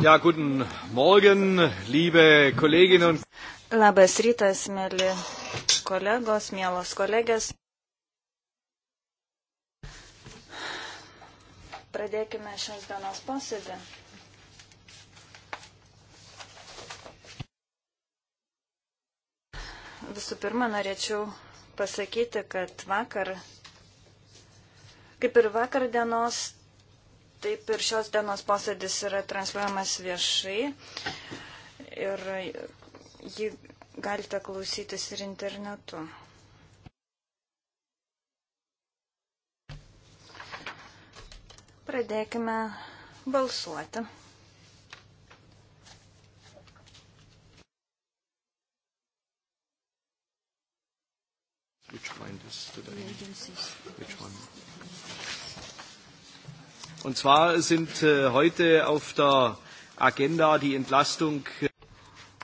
Ja, guten Morgen, liebe Kolleginnen und Labas rytas, mėly kolegos, mielos kolegės. Pradėkime šios dienos posėdį. Visų pirma, norėčiau pasakyti, kad vakar, kaip ir vakar dienos Taip ir šios dienos posėdis yra transliuojamas viešai ir jį galite klausytis ir internetu. Pradėkime balsuoti. Which one is today? Agencies. Which one? Und zwar sind äh, heute auf der Agenda die Entlastung. Äh,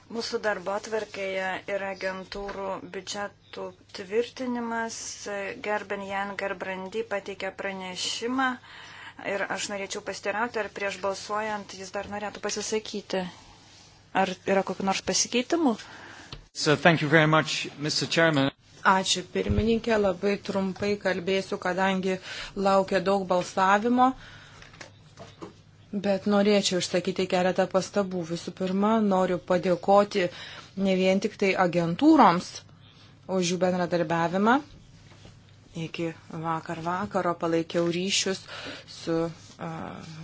Mūsų darbo atverkėje yra agentūrų biudžetų tvirtinimas. Gerben Jan Garbrandy pateikė pranešimą ir aš norėčiau pasitirauti, ar prieš balsuojant jis dar norėtų pasisakyti. Ar yra kokiu nors pasikeitimu? So, much, Ačiū pirmininkė, labai trumpai kalbėsiu, kadangi laukia daug balsavimo. Uh, bet norėčiau išsakyti keletą pastabų. Visų pirma, noriu padėkoti ne vien tik tai agentūroms už jų bendradarbiavimą. Iki vakar vakaro palaikiau ryšius su uh,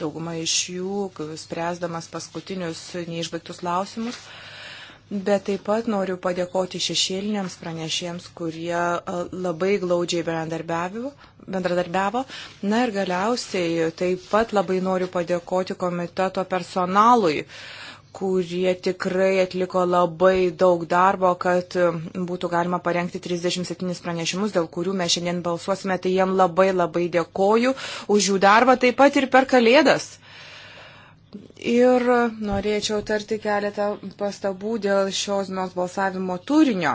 dauguma iš jų, spręsdamas paskutinius neišbaigtus klausimus. Uh, Bet taip pat noriu padėkoti šešėliniams pranešėjams, kurie labai glaudžiai bendradarbiavo. Na ir galiausiai taip pat labai noriu padėkoti komiteto personalui, kurie tikrai atliko labai daug darbo, kad būtų galima parengti 37 pranešimus, dėl kurių mes šiandien balsuosime. Tai jiem labai labai dėkoju už jų darbą taip pat ir per kalėdas. Ir norėčiau tarti keletą pastabų dėl šios dienos balsavimo turinio.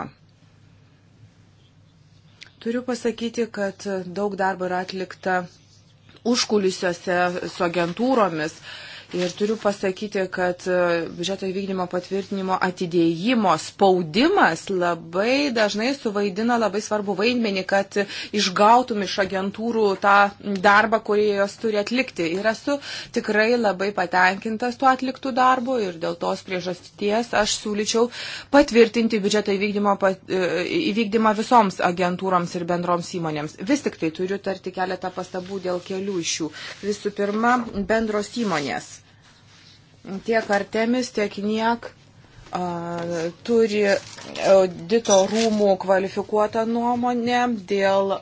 Turiu pasakyti, kad daug darbo yra atlikta užkulisiuose su agentūromis. Uh, Ir turiu pasakyti, kad e, biudžeto įvykdymo patvirtinimo atidėjimo spaudimas labai dažnai suvaidina labai svarbu vaidmenį, kad išgautum iš agentūrų tą darbą, kurį jos turi atlikti. Ir esu tikrai labai patenkintas tuo atliktų darbu ir dėl tos priežasties aš siūlyčiau patvirtinti biudžeto įvykdymo, pat, e, įvykdymą visoms agentūroms ir bendroms įmonėms. Vis tik tai turiu tarti keletą pastabų dėl kelių iš jų. Visų pirma, bendros įmonės tiek Artemis, tiek Niek turi audito rūmų kvalifikuotą nuomonę dėl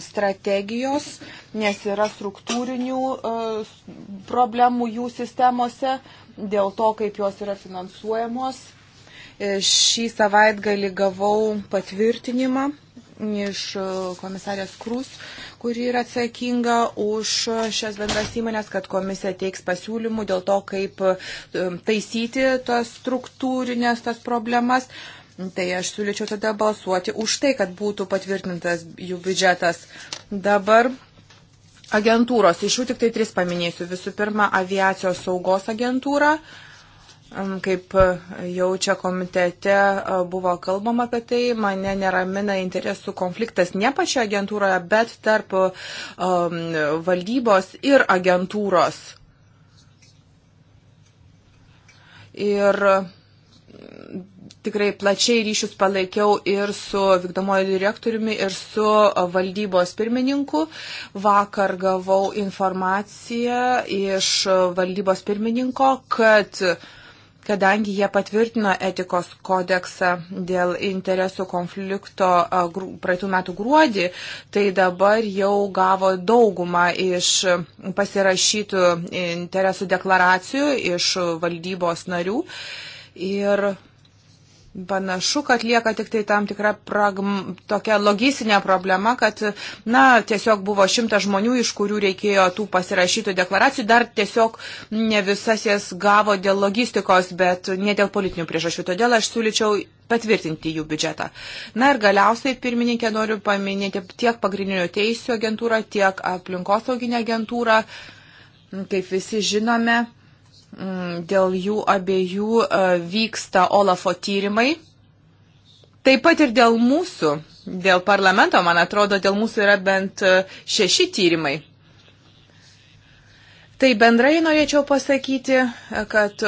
strategijos, nes yra struktūrinių problemų jų sistemose, dėl to, kaip jos yra finansuojamos. E, šį savaitgalį gavau patvirtinimą iš komisarės Krus, kuri yra atsakinga už šias bendras įmonės, kad komisija teiks pasiūlymų dėl to, kaip um, taisyti tas struktūrinės tas problemas. Tai aš siūlyčiau tada balsuoti už tai, kad būtų patvirtintas jų biudžetas. Dabar agentūros, iš jų tik tai tris paminėsiu. Visų pirma, aviacijos saugos agentūra. Uh, Kaip e, jaučia komitete e, buvo kalbama apie tai, mane neramina interesų konfliktas ne pačioje agentūroje, bet tarp um, valdybos ir agentūros. Ir tikrai plačiai ryšius palaikiau ir su vykdomojo direktoriumi, ir su valdybos pirmininku. Vakar gavau informaciją iš valdybos pirmininko, kad uh, kadangi jie patvirtino etikos kodeksą dėl interesų konflikto praeitų metų gruodį, tai dabar jau gavo daugumą iš pasirašytų interesų deklaracijų, iš valdybos narių. Ir Panašu, kad lieka tik tai tam tikra pragm, tokia logistinė problema, kad, na, tiesiog buvo šimtas žmonių, iš kurių reikėjo tų pasirašytų deklaracijų, dar tiesiog ne visas jas gavo dėl logistikos, bet ne dėl politinių priežasčių. Todėl aš siūlyčiau patvirtinti jų biudžetą. Na ir galiausiai, pirmininkė, noriu paminėti tiek pagrindinių teisų agentūrą, tiek aplinkosauginę agentūrą. Kaip visi žinome, Mm, dėl jų abiejų e, vyksta Olafo tyrimai. Taip pat ir dėl mūsų, dėl parlamento, man atrodo, dėl mūsų yra bent e, šeši tyrimai. Tai bendrai norėčiau pasakyti, e, kad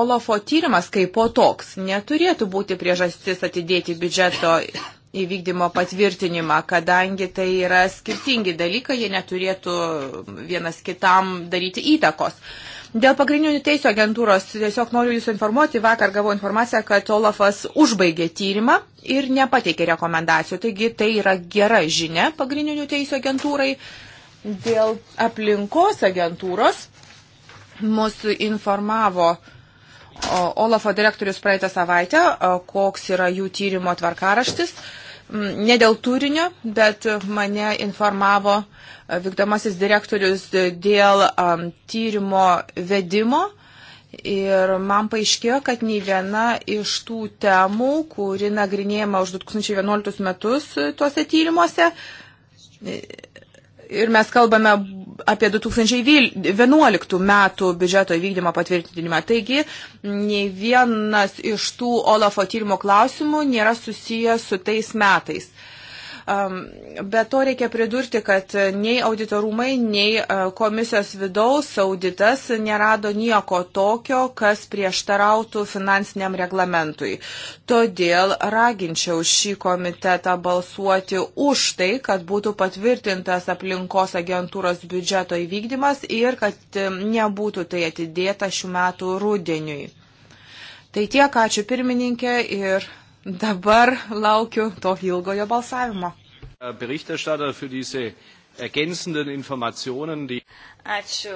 Olafo tyrimas kaip po toks neturėtų būti priežastis atidėti biudžeto įvykdymo patvirtinimą, kadangi tai yra skirtingi dalykai, jie neturėtų vienas kitam daryti įtakos. Uh, Dėl pagrindinių teisų agentūros tiesiog noriu Jūsų informuoti, vakar gavau informaciją, kad Olafas užbaigė tyrimą ir nepateikė rekomendacijų. Taigi tai yra gera žinia pagrindinių teisų agentūrai. Dėl aplinkos agentūros mūsų informavo Olafo direktorius praeitą savaitę, koks yra jų tyrimo tvarkaraštis. Mm, ne dėl turinio, bet mane informavo e, vykdomasis direktorius dėl um, tyrimo vedimo. Ir man paaiškėjo, kad nei viena iš tų temų, kuri nagrinėjama už 2011 metus tuose tyrimuose, Ir mes kalbame apie 2011 metų biudžeto įvykdymo patvirtinimą. Taigi, nei vienas iš tų Olafo tyrimo klausimų nėra susijęs su tais metais. Bet to reikia pridurti, kad nei auditorumai, nei e, komisijos vidaus auditas nerado nieko tokio, kas prieštarautų finansiniam reglamentui. Todėl raginčiau šį komitetą balsuoti už tai, kad būtų patvirtintas aplinkos agentūros biudžeto įvykdymas ir kad e, nebūtų tai atidėta šių metų rudeniui. Tai tiek, ačiū pirmininkė ir Dabar laukiu to ilgojo balsavimo. Ačiū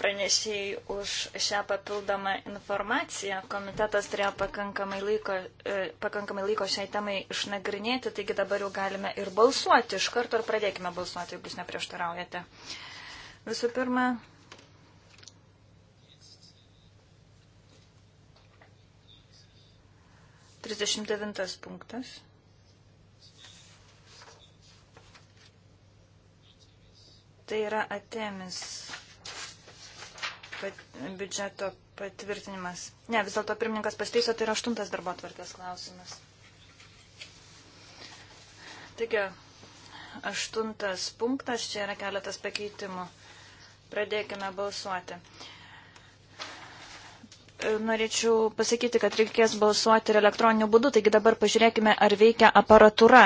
pranešėjai už šią papildomą informaciją. Komitetas turėjo pakankamai laiko, e, pakankamai laiko šiai temai išnagrinėti, taigi dabar jau galime ir balsuoti. Iš karto ir pradėkime balsuoti, jeigu jūs neprieštaraujate. Visų pirma, 39 punktas. Tai yra atėmis pat, biudžeto patvirtinimas. Ne, vis dėlto pirmininkas pasiteiso, tai yra aštuntas darbo tvarkės klausimas. Taigi, aštuntas punktas, čia yra keletas pakeitimų. Pradėkime balsuoti norėčiau pasakyti, kad reikės balsuoti ir elektroniniu būdu, taigi dabar pažiūrėkime, ar veikia aparatūra.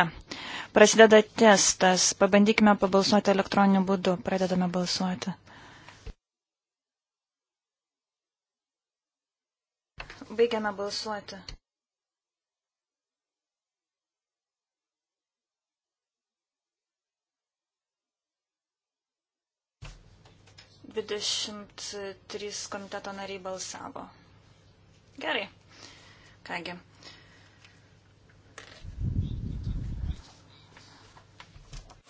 Prasideda testas, pabandykime pabalsuoti elektroniniu būdu, pradedame balsuoti. Baigiame balsuoti. Dvidešimt trys komiteto nariai balsavo. Gerai. Kągi.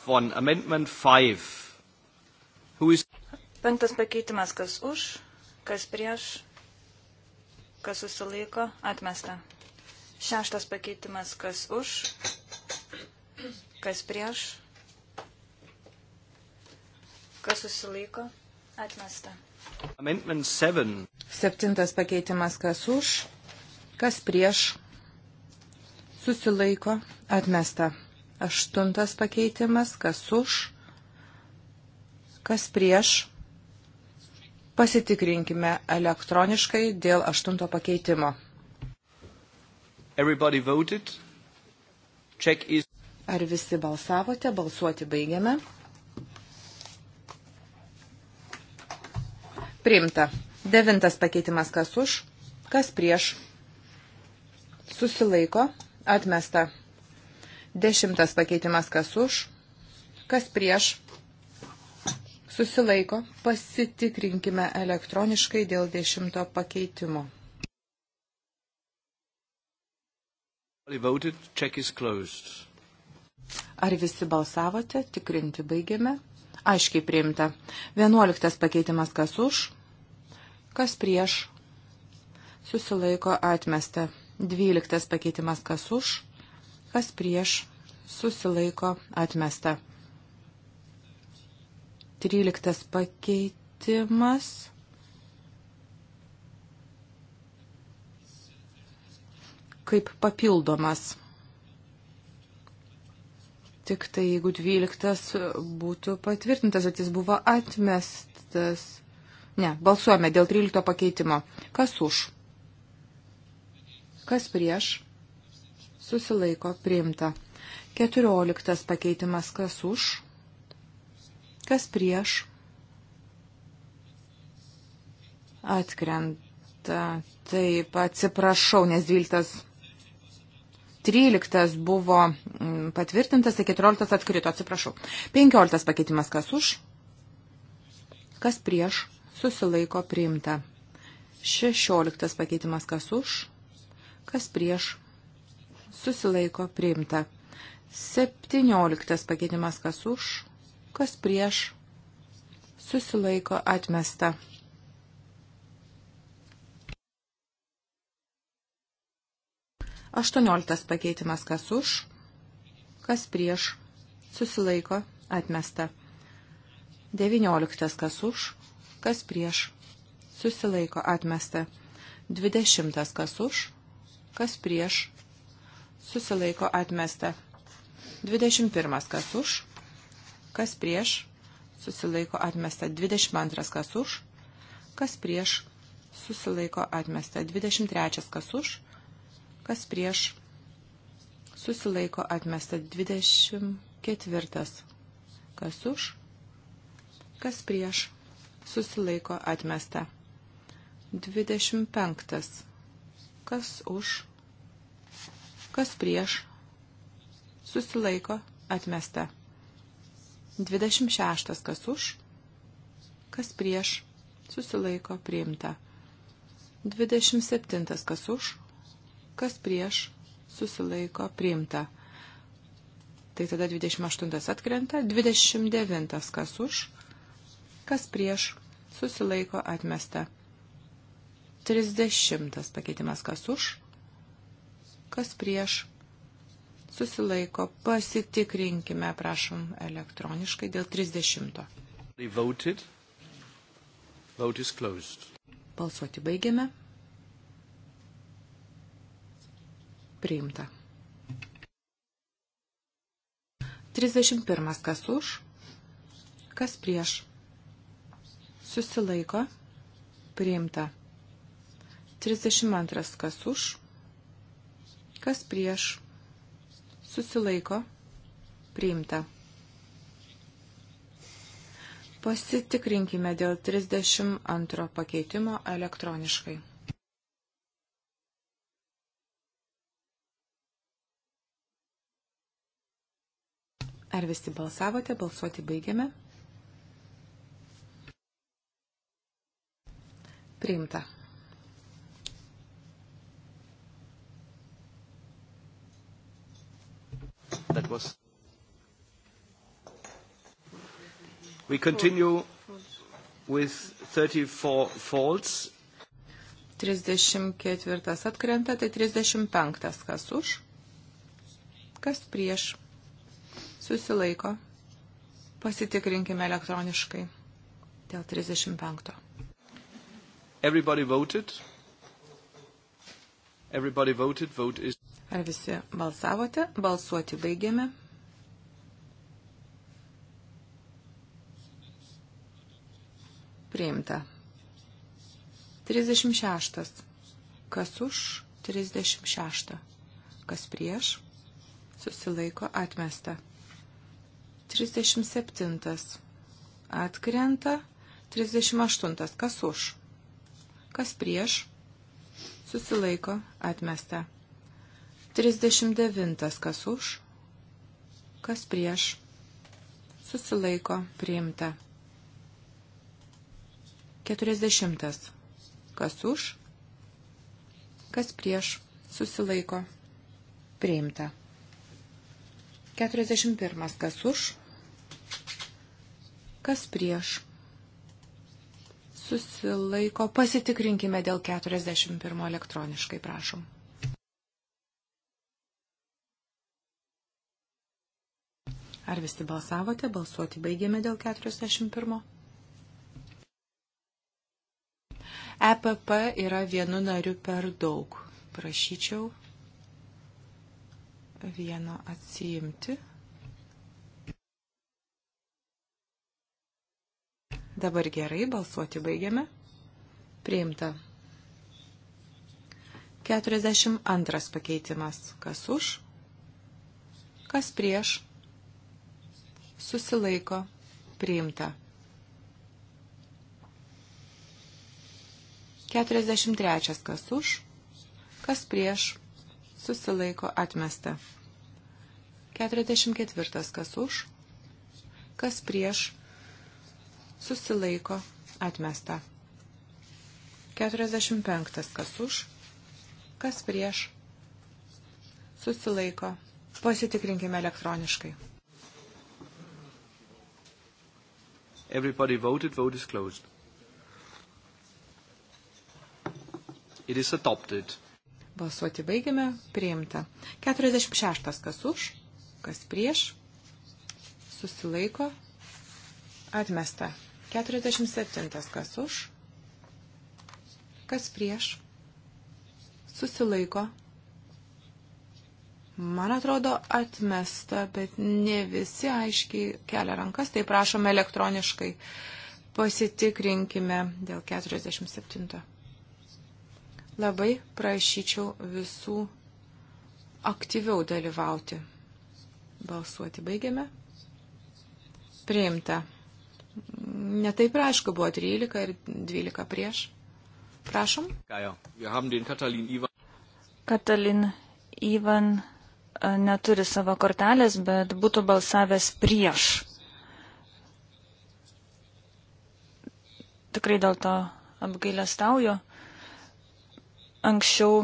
Von Amendment 5. Who is... Penktas pakeitimas, kas už, kas prieš, kas susilaiko, atmesta. Šeštas pakeitimas, kas už, kas prieš, kas susilaiko, atmesta. Septintas pakeitimas kas už, kas prieš, susilaiko, atmesta. Aštuntas pakeitimas kas už, kas prieš. Pasitikrinkime elektroniškai dėl aštunto pakeitimo. Everybody voted. Check is... Ar visi balsavote? Balsuoti baigiame. Primta. Devintas pakeitimas kas už, kas prieš. Susilaiko. Atmesta. Dešimtas pakeitimas kas už, kas prieš. Susilaiko. Pasitikrinkime elektroniškai dėl dešimto pakeitimo. Ar visi balsavote? Tikrinti baigėme. Aiškiai priimta. Vienuoliktas pakeitimas kas už, kas prieš, susilaiko atmesta. Dvyliktas pakeitimas kas už, kas prieš, susilaiko atmesta. Tryliktas pakeitimas. kaip papildomas. Tik tai jeigu dvyliktas būtų patvirtintas, kad jis buvo atmestas. Ne, balsuojame dėl 13 pakeitimo. Kas už? Kas prieš? Susilaiko priimta. 14 pakeitimas. Kas už? Kas prieš? Atkrenta. Taip, atsiprašau, nes 12. 13 buvo mm, patvirtintas, tai 14 atkrito, atsiprašau. 15 pakeitimas kas už, kas prieš, susilaiko priimta. 16 pakeitimas kas už, kas prieš, susilaiko priimta. 17 pakeitimas kas už, kas prieš, susilaiko atmesta. Aštuonioliktas pakeitimas kas už, kas prieš, susilaiko, atmesta. Devynioliktas kas už, kas prieš, susilaiko atmesta. 20 kas už, kas prieš, susilaiko atmesta. 21 kas už, kas prieš, susilaiko atmesta. 22 kas už, kas prieš, susilaiko atmesta. 23 kas už, kas prieš, susilaiko atmesta. 24 kas už, kas prieš, susilaiko atmesta. 25. Kas už, kas prieš, susilaiko atmesta. 26. Kas už, kas prieš, susilaiko priimta. 27. Kas už, kas prieš, susilaiko priimta. Tai tada 28 atkrenta, 29 kas už, Kas prieš? Susilaiko atmesta. 30 pakeitimas. Kas už? Kas prieš? Susilaiko. Pasitikrinkime, prašom, elektroniškai dėl 30. Voted. Vote is closed. Balsuoti baigiame. Priimta. 31. Kas už? Kas prieš? susilaiko, priimta. 32 kas už, kas prieš, susilaiko, priimta. Pasitikrinkime dėl 32 pakeitimo elektroniškai. Ar visi balsavote? Balsuoti baigiame. priimta. That was. We continue with 34 faults. 34 atkrenta, tai 35 kas už, kas prieš, susilaiko. Pasitikrinkime elektroniškai dėl 35. Everybody voted. Everybody voted. Vote is... Ar visi balsavote? Balsuoti baigėme. Priimta. 36. Kas už 36? Kas prieš? Susilaiko atmesta. 37. Atkrenta. 38. Kas už? Kas prieš? Susilaiko atmesta. 39. Kas už? Kas prieš? Susilaiko priimta. 40. Kas už? Kas prieš? Susilaiko priimta. 41. Kas už? Kas prieš? susilaiko. Pasitikrinkime dėl 41 elektroniškai, prašom. Ar visi balsavote? Balsuoti baigėme dėl 41. EPP yra vienu nariu per daug. Prašyčiau vieno atsiimti. Dabar gerai, balsuoti baigiame. Priimta. 42 pakeitimas. Kas už? Kas prieš? Susilaiko. Priimta. 43. Kas už? Kas prieš? Susilaiko. Atmesta. 44. Kas už? Kas prieš? susilaiko, atmesta. 45. Kas už, kas prieš, susilaiko. Pasitikrinkime elektroniškai. Everybody voted, vote is closed. It is adopted. Balsuoti baigiame, priimta. 46. Kas už, kas prieš, susilaiko, atmesta. 47. Kas už? Kas prieš? Susilaiko. Man atrodo atmesta, bet ne visi aiškiai kelia rankas, tai prašome elektroniškai. Pasitikrinkime dėl 47. Labai prašyčiau visų aktyviau dalyvauti. Balsuoti baigiame. Priimta. Netaip aišku, buvo 13 ir 12 prieš. Prašom. Katalin Ivan e, neturi savo kortelės, bet būtų balsavęs prieš. Tikrai dėl to apgailestauju. Anksčiau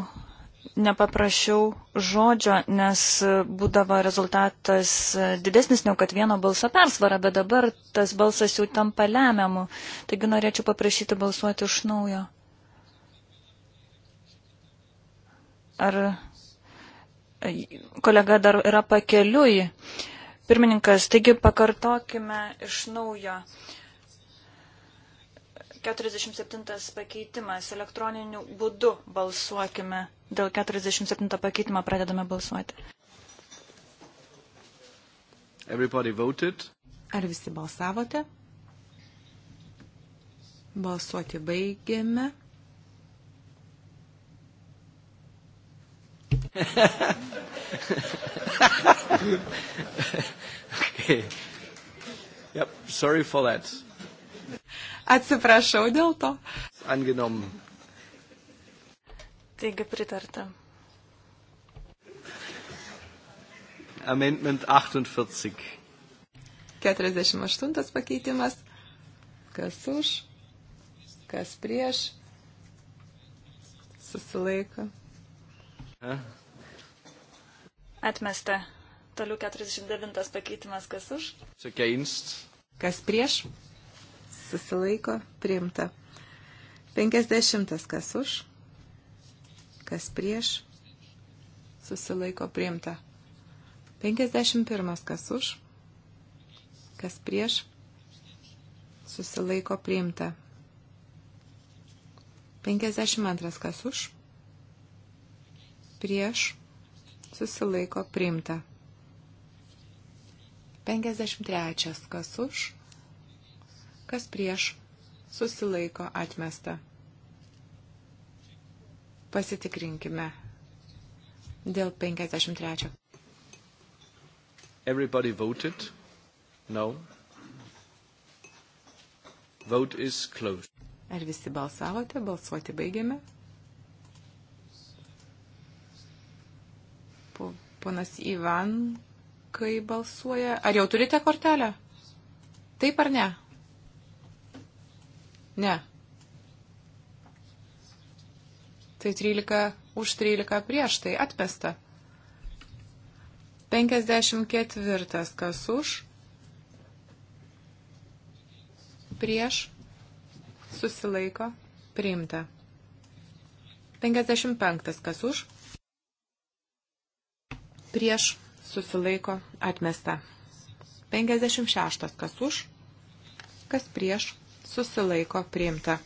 nepaprašiau žodžio, nes būdavo rezultatas didesnis negu kad vieno balso persvara, bet dabar tas balsas jau tampa lemiamu. Taigi norėčiau paprašyti balsuoti iš naujo. Ar kolega dar yra pakeliui? Pirmininkas, taigi pakartokime iš naujo. Uh, 47 pakeitimas. Elektroniniu būdu balsuokime. Dėl 47 pakeitimo pradedame balsuoti. Everybody voted. Ar visi balsavote? Balsuoti baigėme. okay. Yep, sorry for that. Atsiprašau dėl to. Anginom. Taigi pritarta. Amendment 48. 48 pakeitimas. Kas už, kas prieš, susilaiko. Atmesta. Toliau 49 pakeitimas. Kas už? Against. Kas prieš? susilaiko priimta. 50 kas už, kas prieš, susilaiko priimta. 51 kas už, kas prieš, susilaiko priimta. 52 kas už, prieš, susilaiko priimta. 53 kas už, kas prieš, susilaiko atmesta. Pasitikrinkime dėl 53. Everybody voted? No. Vote is closed. Ar visi balsavote? Balsuoti baigėme. Ponas Ivan, kai balsuoja. Ar jau turite kortelę? Taip ar ne? Ne. Tai 13 už 13 prieš tai atmesta. 54 kas už. Prieš susilaiko priimta. 55 kas už. Prieš susilaiko atmesta. 56 kas už. Kas prieš susilaiko priimta.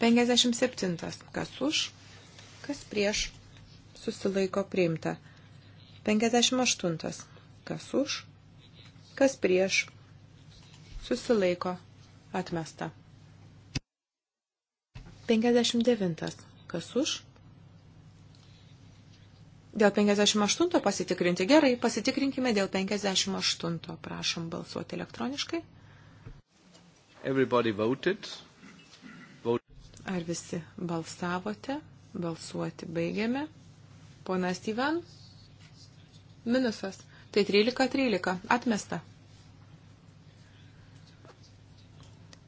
57. Kas už, kas prieš, susilaiko priimta. 58. Kas už, kas prieš, susilaiko atmesta. 59. Kas už? Dėl 58 pasitikrinti gerai, pasitikrinkime dėl 58, prašom balsuoti elektroniškai. Everybody voted. Vote. Ar visi balsavote? Balsuoti baigiame. Ponas Ivan? Minusas. Tai 13-13. Atmesta.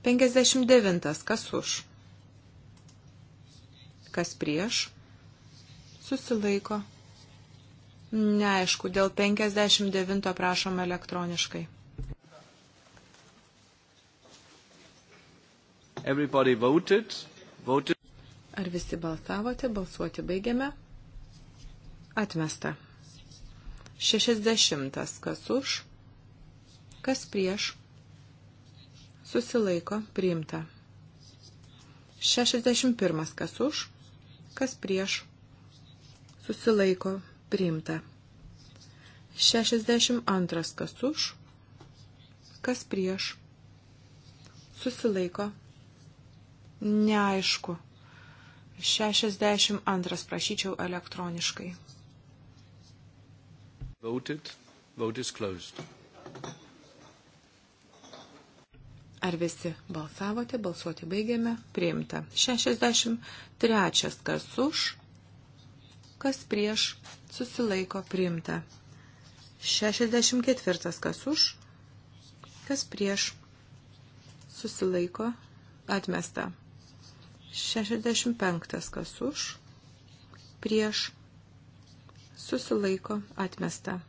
59. Kas už? Kas prieš? Susilaiko. Neaišku, dėl 59 prašom elektroniškai. Everybody voted. voted. Ar visi balsavote? Balsuoti baigiame. Atmesta. 60. Kas už? Kas prieš? Susilaiko. Priimta. 61. Kas už? Kas prieš? Susilaiko. Priimta. 62. Kas už? Kas prieš? Susilaiko neaišku. 62 prašyčiau elektroniškai. Voted. Vote is closed. Ar visi balsavote, balsuoti baigėme, priimta. 63. Kas už, kas prieš, susilaiko, priimta. 64. Kas už, kas prieš, susilaiko, atmesta. 65 kas už, prieš, susilaiko, atmesta.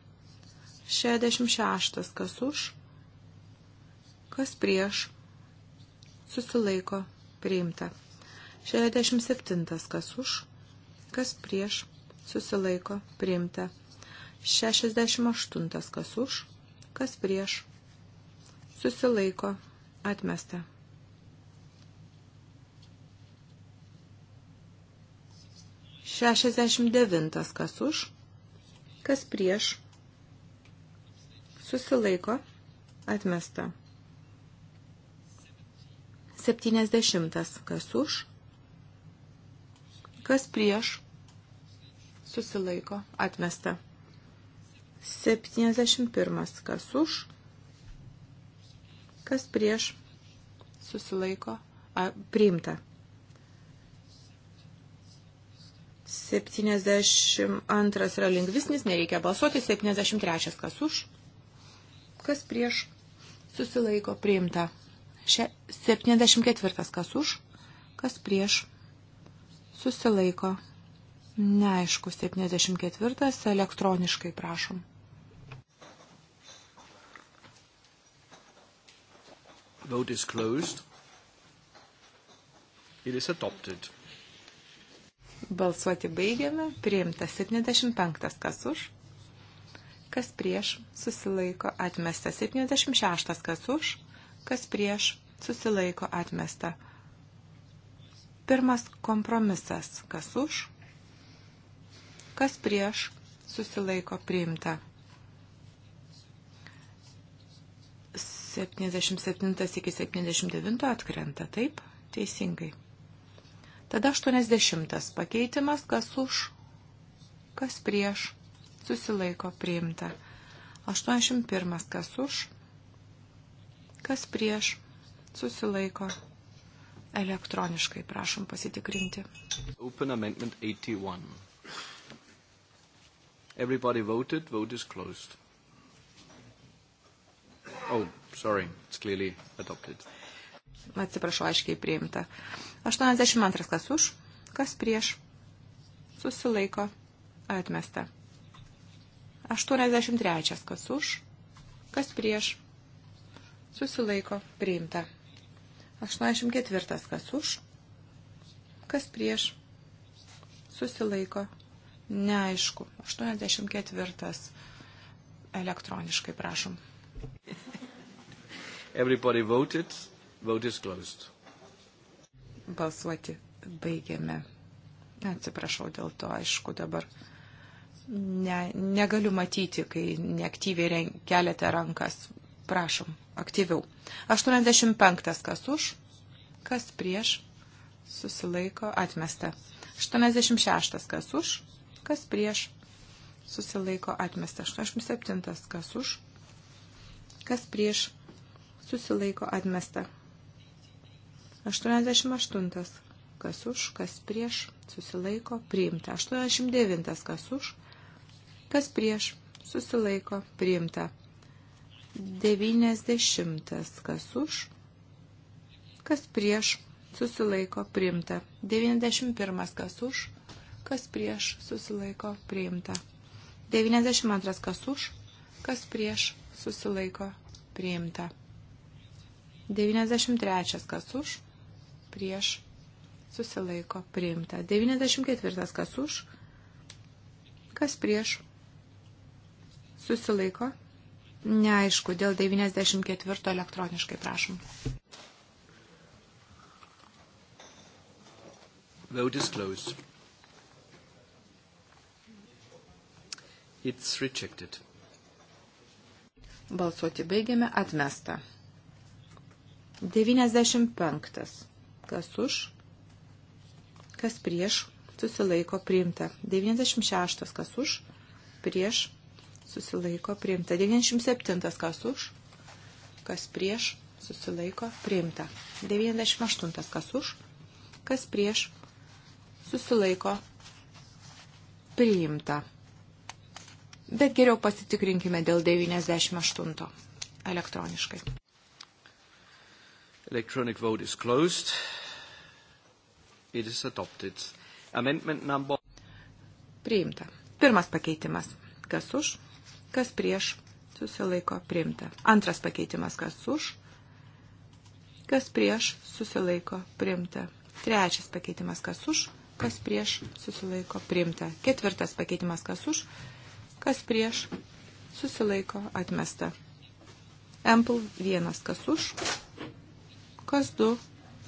66 kas už, kas prieš, susilaiko, priimta. 67 kas už, kas prieš, susilaiko, priimta. 68 kas už, kas prieš, susilaiko, atmesta. 69. Kas už? Kas prieš? Susilaiko. Atmesta. 70. Kas už? Kas prieš? Susilaiko. Atmesta. 71. Kas už? Kas prieš? Susilaiko. A, priimta. 72 yra lingvisnis, nereikia balsuoti. 73 kas už, kas prieš, susilaiko priimta. 74 kas už, kas prieš, susilaiko. Neaišku, 74 elektroniškai prašom. Vote is closed. It is adopted. Balsuoti baigiame. Priimta 75. Kas už? Kas prieš? Susilaiko atmesta. 76. Kas už? Kas prieš? Susilaiko atmesta. Pirmas kompromisas. Kas už? Kas prieš? Susilaiko priimta. 77 iki 79 atkrenta, taip? Teisingai. Tada 80 pakeitimas, kas už, kas prieš, susilaiko priimta. 81 kas už, kas prieš, susilaiko elektroniškai, prašom pasitikrinti. Open amendment 81. Everybody voted, vote is closed. Oh, sorry, it's clearly adopted atsiprašau, aiškiai priimta. 82 kas už, kas prieš, susilaiko, atmesta. 83 kas už, kas prieš, susilaiko, priimta. 84 kas už, kas prieš, susilaiko, neaišku. 84 elektroniškai prašom. Everybody voted. Vote is closed. Balsuoti baigiame. Atsiprašau dėl to, aišku, dabar ne, negaliu matyti, kai neaktyviai keliate rankas. Prašom, aktyviau. 85. Kas už, kas prieš, susilaiko, atmesta. 86. Kas už, kas prieš, susilaiko, atmesta. 87. Kas už, kas prieš, susilaiko, atmesta. 88. Kas už, kas prieš, susilaiko, priimta. 89. Kas už, kas prieš, susilaiko, priimta. 90. Kas už, kas prieš, susilaiko, priimta. 91. Kas už, kas prieš, susilaiko, priimta. 92. Kas už, kas prieš, susilaiko, priimta. 93. Kas už, prieš susilaiko priimta. 94 kas už, kas prieš susilaiko. Neaišku, dėl 94 elektroniškai prašom. Vote is closed. It's rejected. Balsuoti baigiame atmesta. 95. Kas už? Kas prieš? Susilaiko priimta. 96. Kas už? Prieš? Susilaiko priimta. 97. Kas už? Kas prieš? Susilaiko priimta. 98. Kas už? Kas prieš? Susilaiko priimta. Bet geriau pasitikrinkime dėl 98 elektroniškai. Electronic vote is closed. It is adopted. Amendment number. Priimta. Pirmas pakeitimas. Kas už, kas prieš, susilaiko priimta. Antras pakeitimas. Kas už, kas prieš, susilaiko priimta. Trečias pakeitimas. Kas už, kas prieš, susilaiko priimta. Ketvirtas pakeitimas. Kas už, kas prieš, susilaiko atmesta. Ample vienas. Kas už, kas du,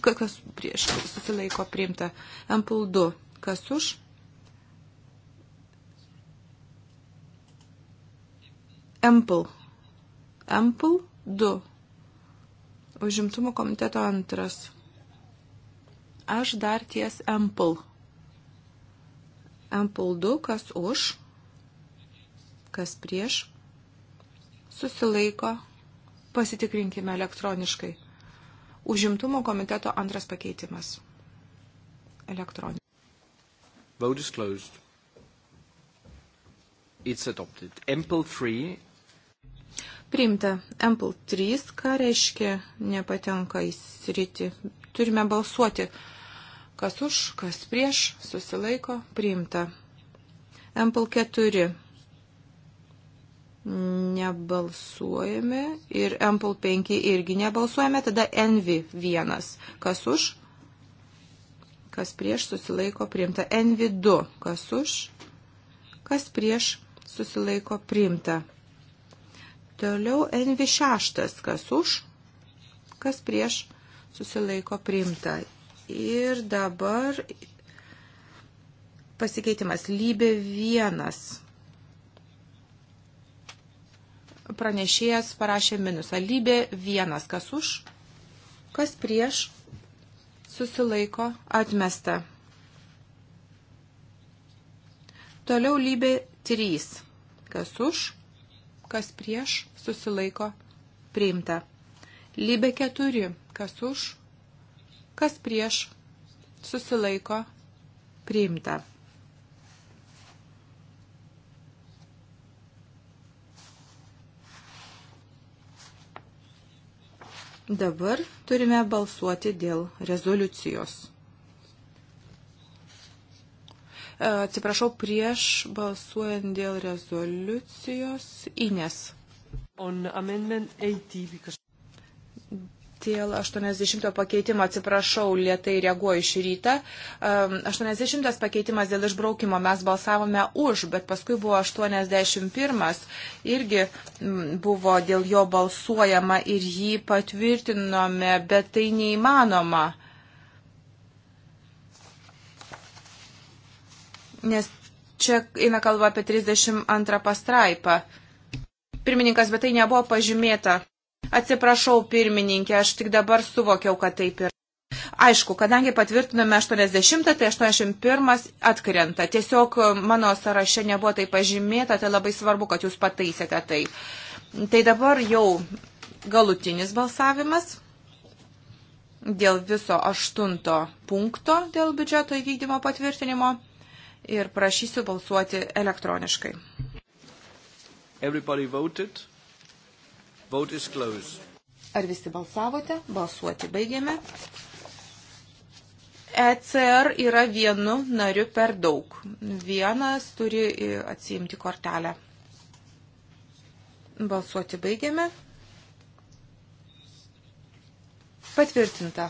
kas prieš susilaiko priimta. Ampul 2, kas už. Ampul. Ampul 2. Užimtumo komiteto antras. Aš dar ties Ampul. Ampul 2, kas už, kas prieš. Susilaiko. Pasitikrinkime elektroniškai. Užimtumo komiteto antras pakeitimas. Elektroninė. Vote is closed. It's adopted. Ample 3. Priimta. Ample 3, ką reiškia nepatenka į sritį. Turime balsuoti. Kas už, kas prieš, susilaiko, priimta. Ample 4 nebalsuojame ir Ample 5 irgi nebalsuojame, tada Envy 1. Kas už? Kas prieš susilaiko priimta? Envy 2. Kas už? Kas prieš susilaiko priimta? Toliau Envy 6. Kas už? Kas prieš susilaiko priimta? Ir dabar pasikeitimas lybė 1 pranešėjas parašė minusą. Lybė vienas, kas už, kas prieš, susilaiko, atmesta. Toliau lybė trys, kas už, kas prieš, susilaiko, priimta. Lybė keturi, kas už, kas prieš, susilaiko, priimta. Dabar turime balsuoti dėl rezoliucijos. E, atsiprašau, prieš balsuojant dėl rezoliucijos Ines. On amendment 80, because... Dėl 80 pakeitimo atsiprašau, lietai reaguoju šį rytą. 80 pakeitimas dėl išbraukimo mes balsavome už, bet paskui buvo 81, irgi buvo dėl jo balsuojama ir jį patvirtinome, bet tai neįmanoma. Nes čia eina kalba apie 32 pastraipą. Pirmininkas, bet tai nebuvo pažymėta. Atsiprašau, pirmininkė, aš tik dabar suvokiau, kad taip yra. Aišku, kadangi patvirtinome 80, tai 81 atkrenta. Tiesiog mano sąraše nebuvo tai pažymėta, tai labai svarbu, kad jūs pataisėte tai. Tai dabar jau galutinis balsavimas dėl viso aštunto punkto dėl biudžeto įvykdymo patvirtinimo ir prašysiu balsuoti elektroniškai. Everybody voted. Vote is closed. Ar visi balsavote? Balsuoti baigėme. ECR yra vienu nariu per daug. Vienas turi e, atsiimti kortelę. Balsuoti baigėme. Patvirtinta.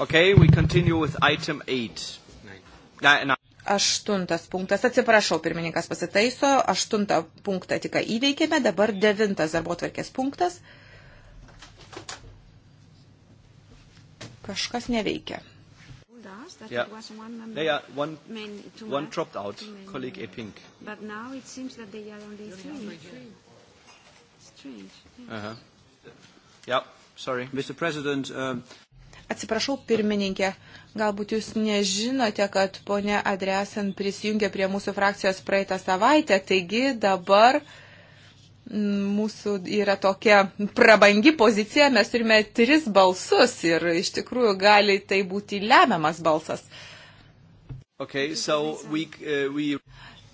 Okay, we continue with item 8. Nine. Nine. Aštuntas punktas, atsiprašau, pirmininkas pasitaiso, aštuntą punktą tik įveikėme, dabar devintas darbo tvarkės punktas. Kažkas neveikia. Yeah. They are one, one dropped out, colleague Epink. But now it seems that they are only three. Strange. Yeah. Uh -huh. Yeah, sorry. Mr. President. Um... Atsiprašau, pirmininkė, galbūt jūs nežinote, kad ponė Adresan prisijungė prie mūsų frakcijos praeitą savaitę, taigi dabar mūsų yra tokia prabangi pozicija, mes turime tris balsus ir iš tikrųjų gali tai būti lemiamas balsas. Okay, so we, uh, we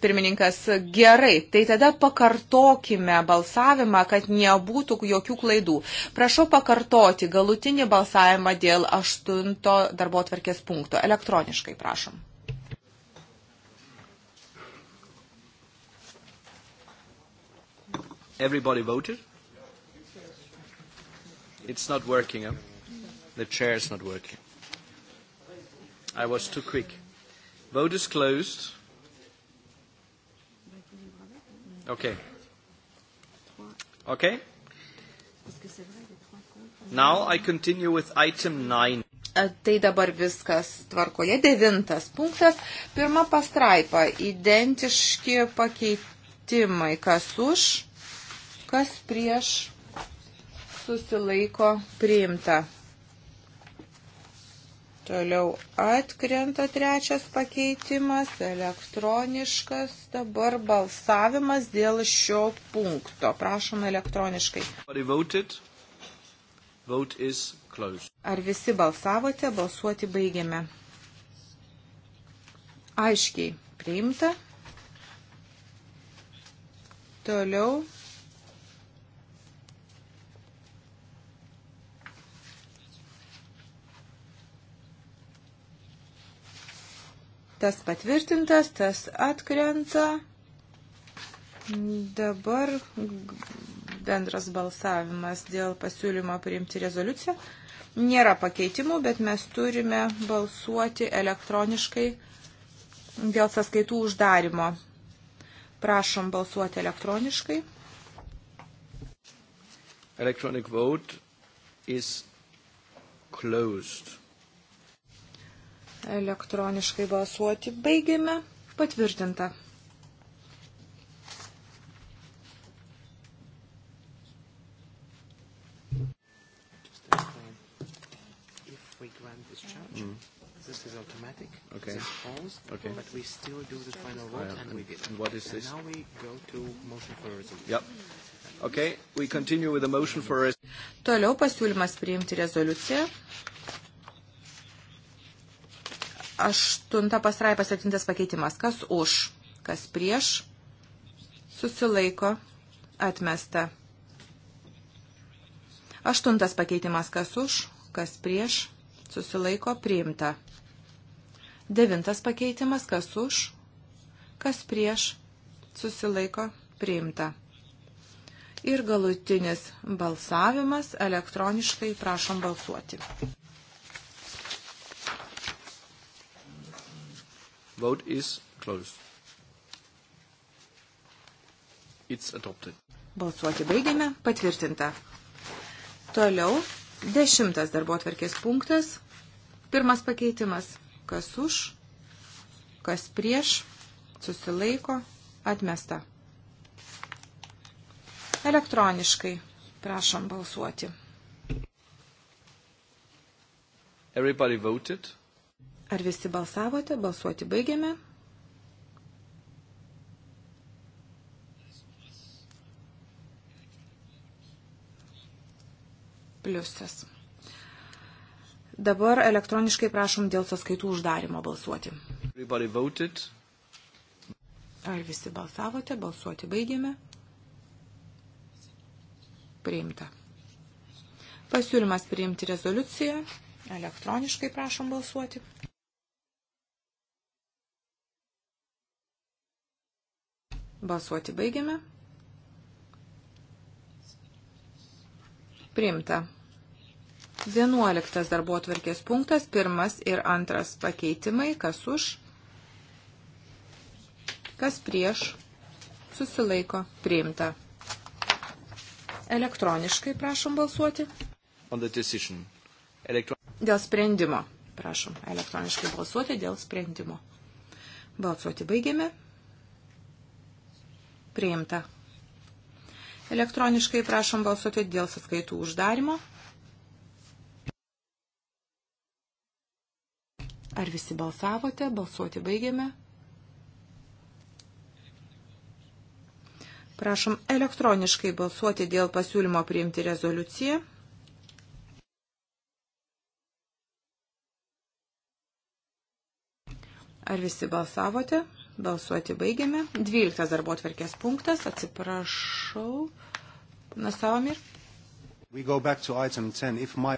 pirmininkas, gerai, tai tada pakartokime balsavimą, kad nebūtų jokių klaidų. Prašau pakartoti galutinį balsavimą dėl aštunto darbo atverkės punkto. Elektroniškai prašom. Everybody voted? It's not working. Huh? The chair is not working. I was too quick. Vote is closed. OK. OK. Now I continue with item 9. Tai dabar viskas tvarkoje. Devintas punktas. Pirma pastraipa. Identiški pakeitimai. Kas už, kas prieš susilaiko priimta. Toliau atkrenta trečias pakeitimas, elektroniškas dabar balsavimas dėl šio punkto. Prašom elektroniškai. Vote Ar visi balsavote, balsuoti baigiame. Aiškiai priimta. Toliau Tas patvirtintas, tas atkrenta. Dabar bendras balsavimas dėl pasiūlymo priimti rezoliuciją. Nėra pakeitimų, bet mes turime balsuoti elektroniškai dėl sąskaitų uždarimo. Prašom balsuoti elektroniškai. Electronic vote is closed. Elektroniškai balsuoti baigėme. Patvirtinta. this is automatic. Okay. This falls. Okay. But we still do the final vote, yeah. and we did. And what is this? And now we go to motion for a resolution. Yep. Okay. We continue with the motion for a. Toliau pasiūlymas priimti rezoliuciją. Aštunta pastraipa septintas pakeitimas. Kas už, kas prieš, susilaiko, atmesta. Aštuntas pakeitimas. Kas už, kas prieš, susilaiko, priimta. Devintas pakeitimas. Kas už, kas prieš, susilaiko, priimta. Ir galutinis balsavimas elektroniškai prašom balsuoti. Vote is closed. It's adopted. Balsuoti baigėme. Patvirtinta. Toliau. Dešimtas darbo atverkės punktas. Pirmas pakeitimas. Kas už, kas prieš, susilaiko, atmesta. Elektroniškai. Prašom balsuoti. Everybody voted. Ar visi balsavote? Balsuoti baigiame. Pliusas. Dabar elektroniškai prašom dėl sąskaitų uždarimo balsuoti. Ar visi balsavote? Balsuoti baigėme. Priimta. Pasiūlymas priimti rezoliuciją. Elektroniškai prašom balsuoti. Balsuoti baigiame. Priimta. 11 darbo atvarkės punktas, pirmas ir antras pakeitimai, kas už, kas prieš, susilaiko, priimta. Elektroniškai prašom balsuoti. Elektron... Dėl sprendimo. Prašom elektroniškai balsuoti dėl sprendimo. Balsuoti baigėme. Priimta. Elektroniškai prašom balsuoti dėl sąskaitų uždarimo. Ar visi balsavote? Balsuoti baigėme. Prašom elektroniškai balsuoti dėl pasiūlymo priimti rezoliuciją. Ar visi balsavote? Balsuoti baigiame. 12 darbo tvarkės punktas. Atsiprašau. Nasavomir. ir. My...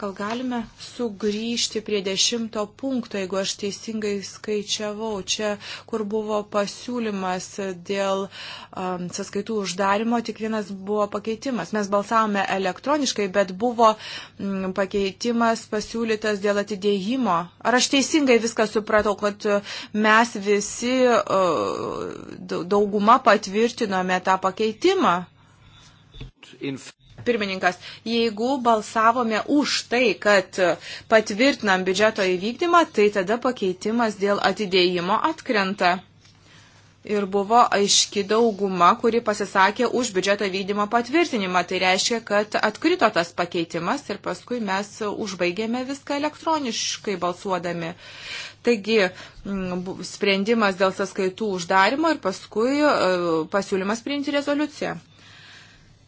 Gal galime sugrįžti prie dešimto punkto, jeigu aš teisingai skaičiavau, čia kur buvo pasiūlymas dėl um, sąskaitų uždarimo, tik vienas buvo pakeitimas. Mes balsavome elektroniškai, bet buvo mm, pakeitimas pasiūlytas dėl atidėjimo. Ar aš teisingai viską supratau, kad uh, mes visi uh, dauguma patvirtinome tą pakeitimą? In pirmininkas, jeigu balsavome už tai, kad patvirtinam biudžeto įvykdymą, tai tada pakeitimas dėl atidėjimo atkrenta. Ir buvo aiški dauguma, kuri pasisakė už biudžeto vykdymo patvirtinimą. Tai reiškia, kad atkrito tas pakeitimas ir paskui mes užbaigėme viską elektroniškai balsuodami. Taigi sprendimas dėl sąskaitų uždarimo ir paskui e, pasiūlymas priimti rezoliuciją.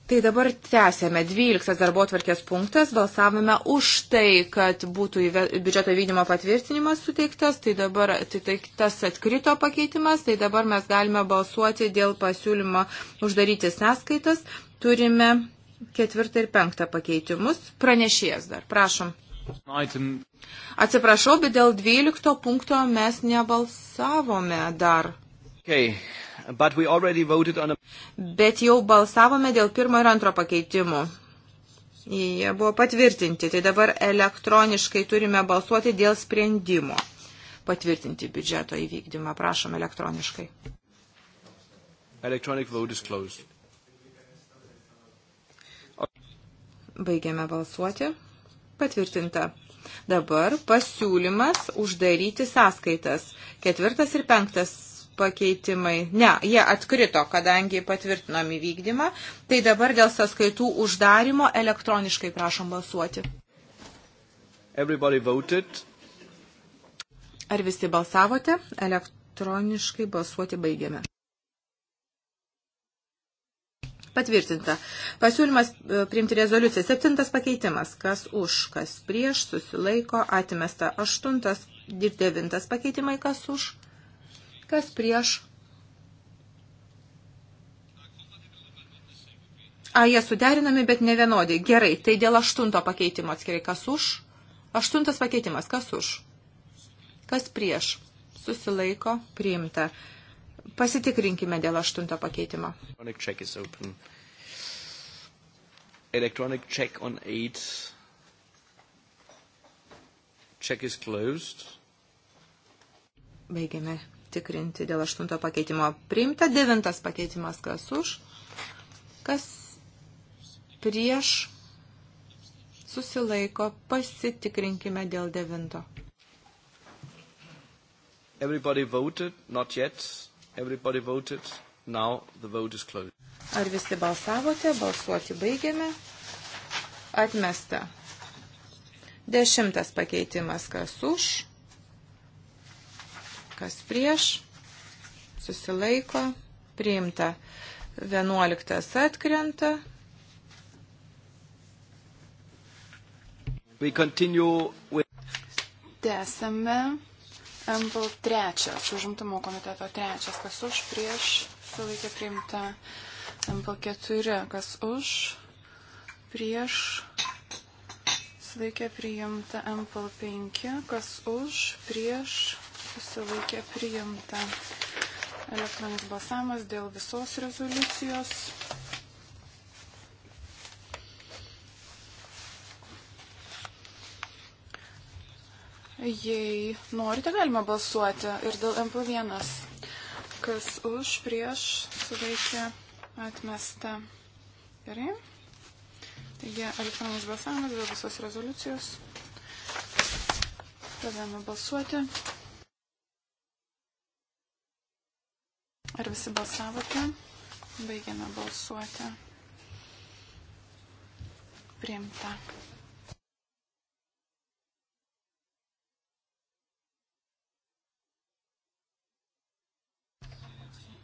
Tai dabar tęsėme 12 darbo tvarkės punktas, balsavome už tai, kad būtų biudžeto vykdymo patvirtinimas suteiktas, tai dabar tai, tai, tas atkrito pakeitimas, tai dabar mes galime balsuoti dėl pasiūlymo uždaryti sąskaitas, turime ketvirtą ir penktą pakeitimus, pranešėjas dar, prašom. Atsiprašau, bet dėl 12 punkto mes nebalsavome dar. Okay but we already voted on a... Bet jau balsavome dėl pirmo ir antro pakeitimų. Jie buvo patvirtinti, tai dabar elektroniškai turime balsuoti dėl sprendimo. Patvirtinti biudžeto įvykdymą, prašom elektroniškai. Electronic vote is closed. Baigiame balsuoti. Patvirtinta. Dabar pasiūlymas uždaryti sąskaitas. Ketvirtas ir penktas pakeitimai. Ne, jie atkrito, kadangi patvirtinom įvykdymą. Tai dabar dėl sąskaitų uždarimo elektroniškai prašom balsuoti. Ar visi balsavote? Elektroniškai balsuoti baigiame. Patvirtinta. Pasiūlymas e, priimti rezoliuciją. Septintas pakeitimas. Kas už, kas prieš, susilaiko, atmesta. Aštuntas ir devintas pakeitimai. Kas už, Kas prieš? A, jie suderinami, bet ne vienodai. Gerai, tai dėl aštunto pakeitimo atskirai. Kas už? Aštuntas pakeitimas. Kas už? Kas prieš? Susilaiko. Priimta. Pasitikrinkime dėl aštunto pakeitimo. Electronic check is open. Electronic check on eight. Check is closed. Baigiame patikrinti dėl aštunto pakeitimo. Priimta devintas pakeitimas, kas už, kas prieš susilaiko, pasitikrinkime dėl devinto. Everybody voted, not yet. Everybody voted. Now the vote is closed. Ar visi balsavote? Balsuoti baigėme. Atmesta. Dešimtas pakeitimas, kas už, kas prieš, susilaiko, priimta. 11 atkrenta. With... Tęsame MPL trečias, užimtumo komiteto trečias, kas už, prieš, sulaikė priimta MPL keturi, kas už, prieš, sulaikė priimta MPL penki, kas už, prieš, susilaikė priimta. Elektroninis balsavimas dėl visos rezoliucijos. Jei norite, galima balsuoti ir dėl MP1. Kas už, prieš, sulaikė, atmesta. Gerai. Taigi elektroninis balsavimas dėl visos rezoliucijos. Pradėjome balsuoti. Ar visi balsavote? Baigiame balsuoti. Priimta.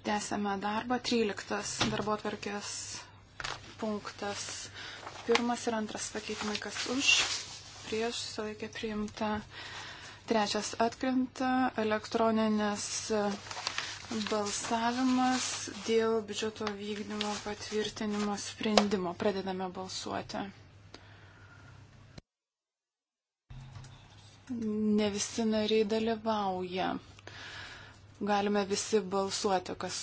Tęsėme darbą. 13 darbo atvarkės punktas. Pirmas ir antras pakeitimai, kas už, prieš, sulaikė priimta. Trečias atkrinta elektroninės Balsavimas dėl biudžeto vykdymo patvirtinimo sprendimo. Pradedame balsuoti. Ne visi nariai dalyvauja. Galime visi balsuoti, kas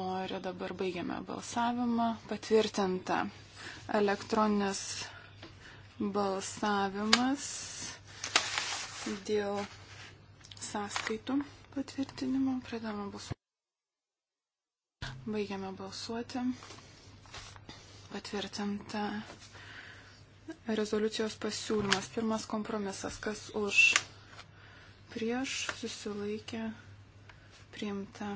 nori. Dabar baigiame balsavimą. Patvirtinta elektroninis balsavimas dėl sąskaitų patvirtinimo. Pradame balsuoti. Baigiame balsuoti. Patvirtinta rezoliucijos pasiūlymas. Pirmas kompromisas. Kas už? Prieš susilaikė. Priimta.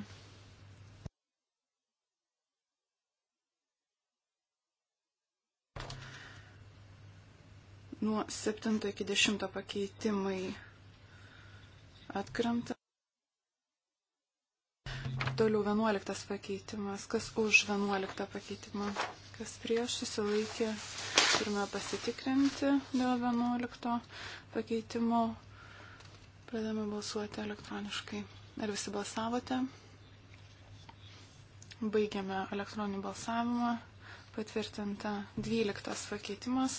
Nuo 7 iki 10 pakeitimai atkrenta. Toliau 11 pakeitimas. Kas už 11 pakeitimą? Kas prieš susilaikė? Turime pasitikrinti dėl 11 pakeitimo. Pradėjome balsuoti elektroniškai. Ar visi balsavote? Baigiame elektroninį balsavimą. Patvirtinta 12 pakeitimas.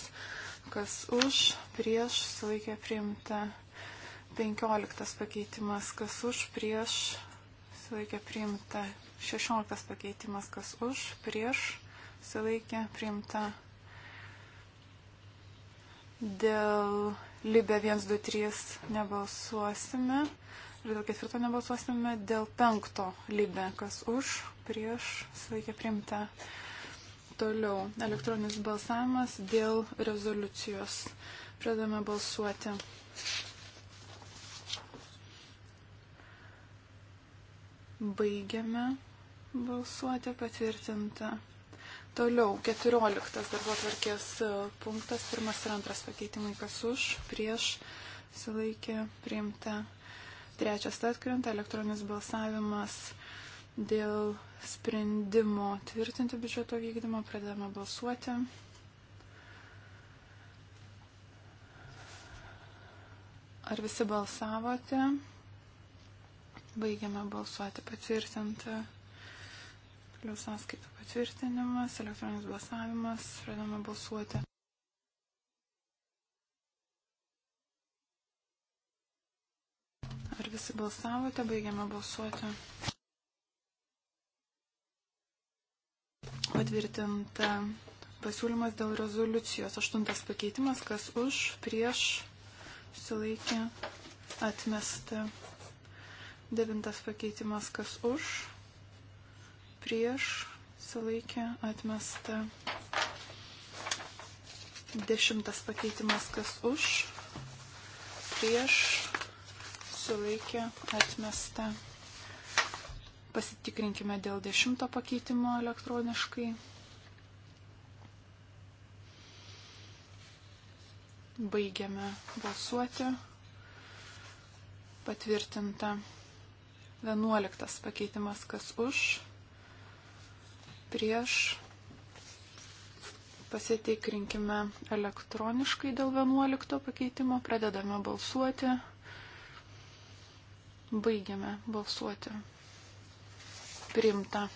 Kas už, prieš, sulaikė priimta 15 pakeitimas. Kas už, prieš, susilaikė priimta 16 pakeitimas, kas už, prieš susilaikė priimta dėl Libė 123 nebalsuosime ir dėl ketvirto nebalsuosime, dėl penkto Libė, kas už, prieš susilaikė priimta. Toliau elektroninis balsavimas dėl rezoliucijos. Pradame balsuoti. Baigiame balsuoti patvirtinta. Toliau, 14 darbo tvarkės e, punktas, pirmas ir antras pakeitimai, kas už, prieš, sulaikė, priimta. Trečias atkrinta elektroninis balsavimas dėl sprendimo tvirtinti biudžeto vykdymą, pradedame balsuoti. Ar visi balsavote? Baigiame balsuoti patvirtinti. Toliau sąskaitų patvirtinimas, elektroninis balsavimas, pradame balsuoti. Ar visi balsavote, baigiame balsuoti. Patvirtinta pasiūlymas dėl rezoliucijos. Aštuntas pakeitimas, kas už, prieš, susilaikė, atmesta. Devintas pakeitimas, kas už, prieš, sulaikė, atmesta. Dešimtas pakeitimas, kas už, prieš, sulaikė, atmesta. Pasitikrinkime dėl dešimto pakeitimo elektroniškai. Baigiame balsuoti. Patvirtinta. 11 pakeitimas, kas už, prieš, pasitikrinkime elektroniškai dėl 11 pakeitimo, pradedame balsuoti, baigiame balsuoti, primta.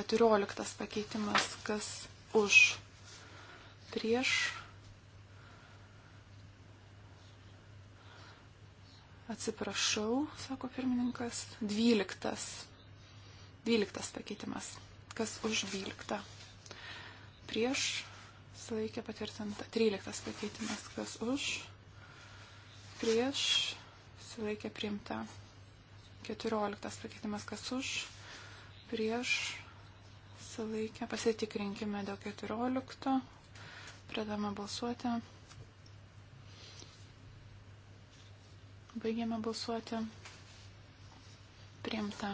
14 pakeitimas, kas už, prieš, Atsiprašau, sako pirmininkas. Dvyliktas. Dvyliktas pakeitimas. Kas už dvyliktą? Prieš sulaikė patvirtinta. Tryliktas pakeitimas. Kas už? Prieš sulaikė priimta. Keturioliktas pakeitimas. Kas už? Prieš sulaikė. Pasitikrinkime dėl keturiolikto. Pradame balsuoti. Baigėme balsuoti. Priimta.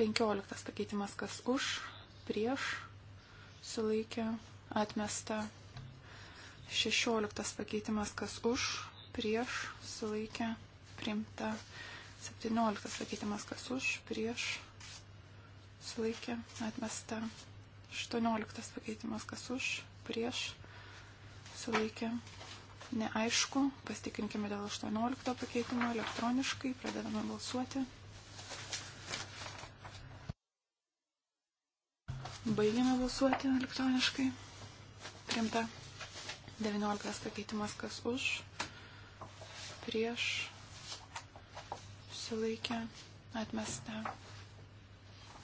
15 pakeitimas kas už, prieš, sulaikė, atmesta. 16 pakeitimas kas už, prieš, sulaikė, priimta. 17 pakeitimas kas už, prieš, sulaikė, atmesta. 18 pakeitimas kas už, prieš, sulaikė, Neaišku, pastikrinkime dėl 18 pakeitimo elektroniškai, pradedame balsuoti. Baigiame balsuoti elektroniškai. Primta 19 pakeitimas, kas už, prieš, susilaikė, atmesta.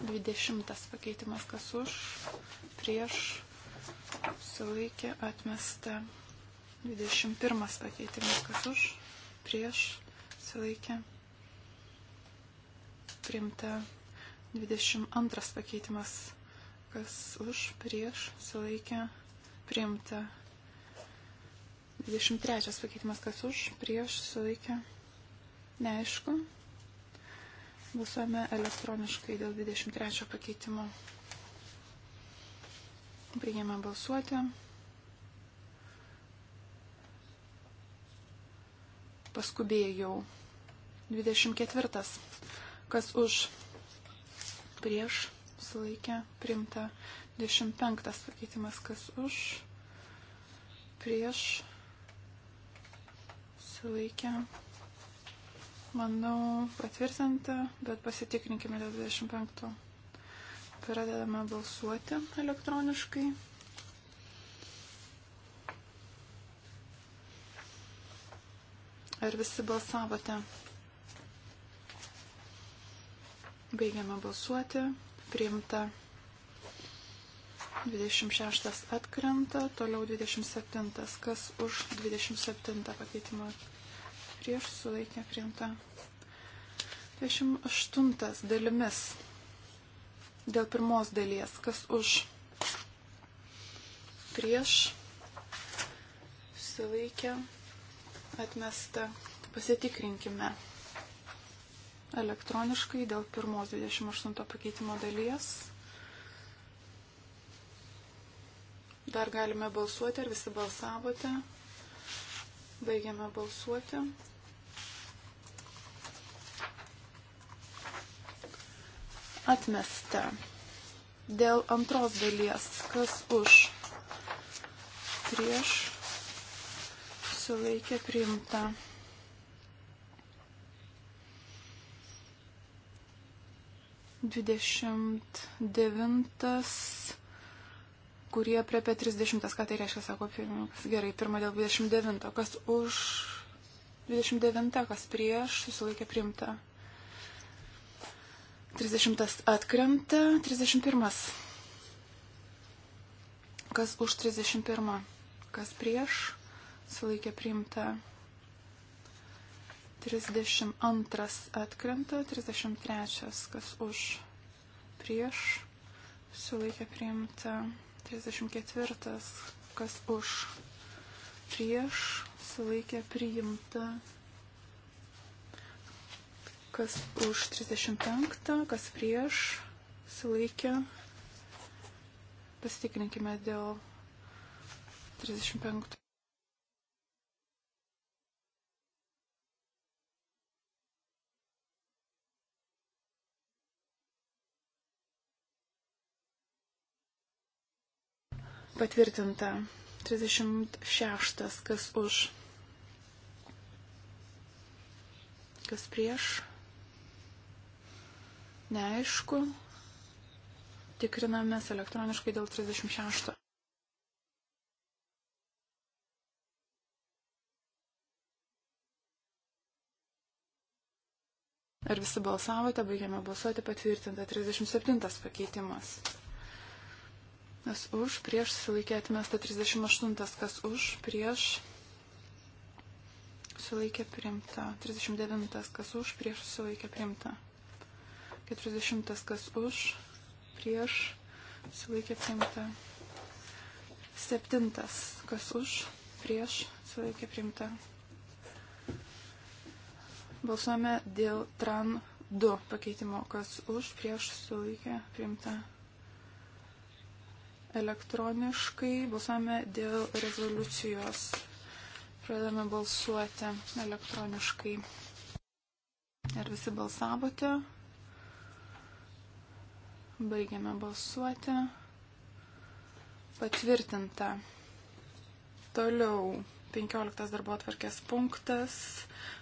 20 pakeitimas, kas už, prieš, susilaikė, atmesta. 21 pakeitimas kas už, prieš, susilaikė, priimta. 22 pakeitimas kas už, prieš, susilaikė, priimta. 23 pakeitimas kas už, prieš, susilaikė, neaišku. Balsuojame elektroniškai dėl 23 pakeitimo. Baigiame balsuoti. Paskubėjau. 24. Kas už prieš sulaikė primta. 25. Pakeitimas kas už prieš sulaikė. Manau patvirtinta, bet pasitikrinkime dėl 25. Pradedame balsuoti elektroniškai. Ar visi balsavote? Baigiame balsuoti. Priimta. 26 atkrenta, toliau 27. Kas už 27 pakeitimą prieš sulaikė priimta. 28 dalimis. Dėl pirmos dalies. Kas už prieš sulaikė priimta atmesta. Pasitikrinkime elektroniškai dėl pirmos 28 pakeitimo dalies. Dar galime balsuoti, ar visi balsavote. Baigiame balsuoti. Atmesta. Dėl antros dalies, kas už prieš susilaikė priimta. Dvidešimt devintas, kurie prie apie trisdešimtas, ką tai reiškia, sako pirmininkas. Gerai, pirma dėl dvidešimt devinto. Kas už dvidešimt devintą, kas prieš, susilaikė priimta. Trisdešimtas atkrenta, trisdešimt pirmas. Kas už trisdešimt pirmą, kas prieš, sulaikė priimta 32 atkrenta, 33 kas už prieš sulaikė priimta, 34 kas už prieš sulaikė priimta, kas už 35, kas prieš sulaikė. Pasitikrinkime dėl 35. Patvirtinta. 36. Kas už? Kas prieš? Neaišku. Tikrinamės elektroniškai dėl 36. Ar visi balsavote, baigėme balsuoti, patvirtinta 37 pakeitimas. Kas už, prieš susilaikė atmesta 38, kas už, prieš susilaikė priimta. 39, kas už, prieš susilaikė priimta. 40, kas už, prieš susilaikė priimta. 7, kas už, prieš susilaikė priimta. Balsuojame dėl TRAN 2 pakeitimo, kas už, prieš susilaikė priimta. Elektroniškai balsuojame dėl rezoliucijos. Pradedame balsuoti elektroniškai. Ar visi balsavote? Baigiame balsuoti. Patvirtinta. Toliau 15 darbo atvarkės punktas.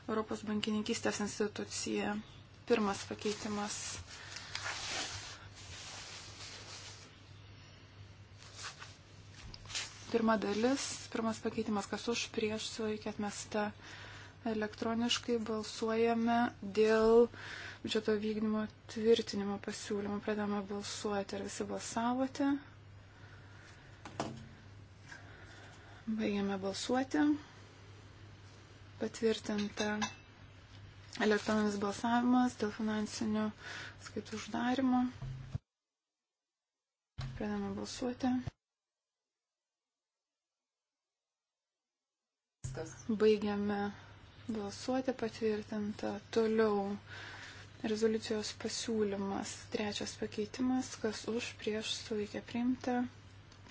Europos bankininkystės institucija. Pirmas pakeitimas Pirma dalis, pirmas pakeitimas, kas už prieš sulaikė atmesta. Elektroniškai balsuojame dėl biudžeto vykdymo tvirtinimo pasiūlymo. Pradame balsuoti, ar visi balsavote. Baigiame balsuoti. Patvirtinta elektroninis balsavimas dėl finansinių skaitų uždarimo. Pradame balsuoti. Viskas. Baigiame balsuoti patvirtinta. Toliau rezoliucijos pasiūlymas. Trečias pakeitimas, kas už, prieš sulaikė priimta.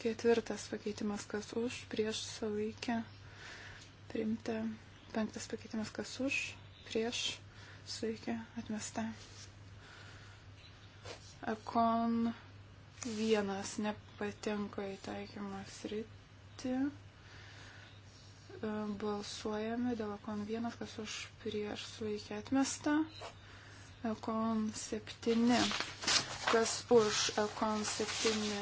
Ketvirtas pakeitimas, kas už, prieš sulaikė priimta. Penktas pakeitimas, kas už, prieš sulaikė atmesta. Ekon vienas nepatenka į taikymą sritį balsuojame dėl kon 1, kas už prieš sulaikė atmestą, kon 7, kas už kon 7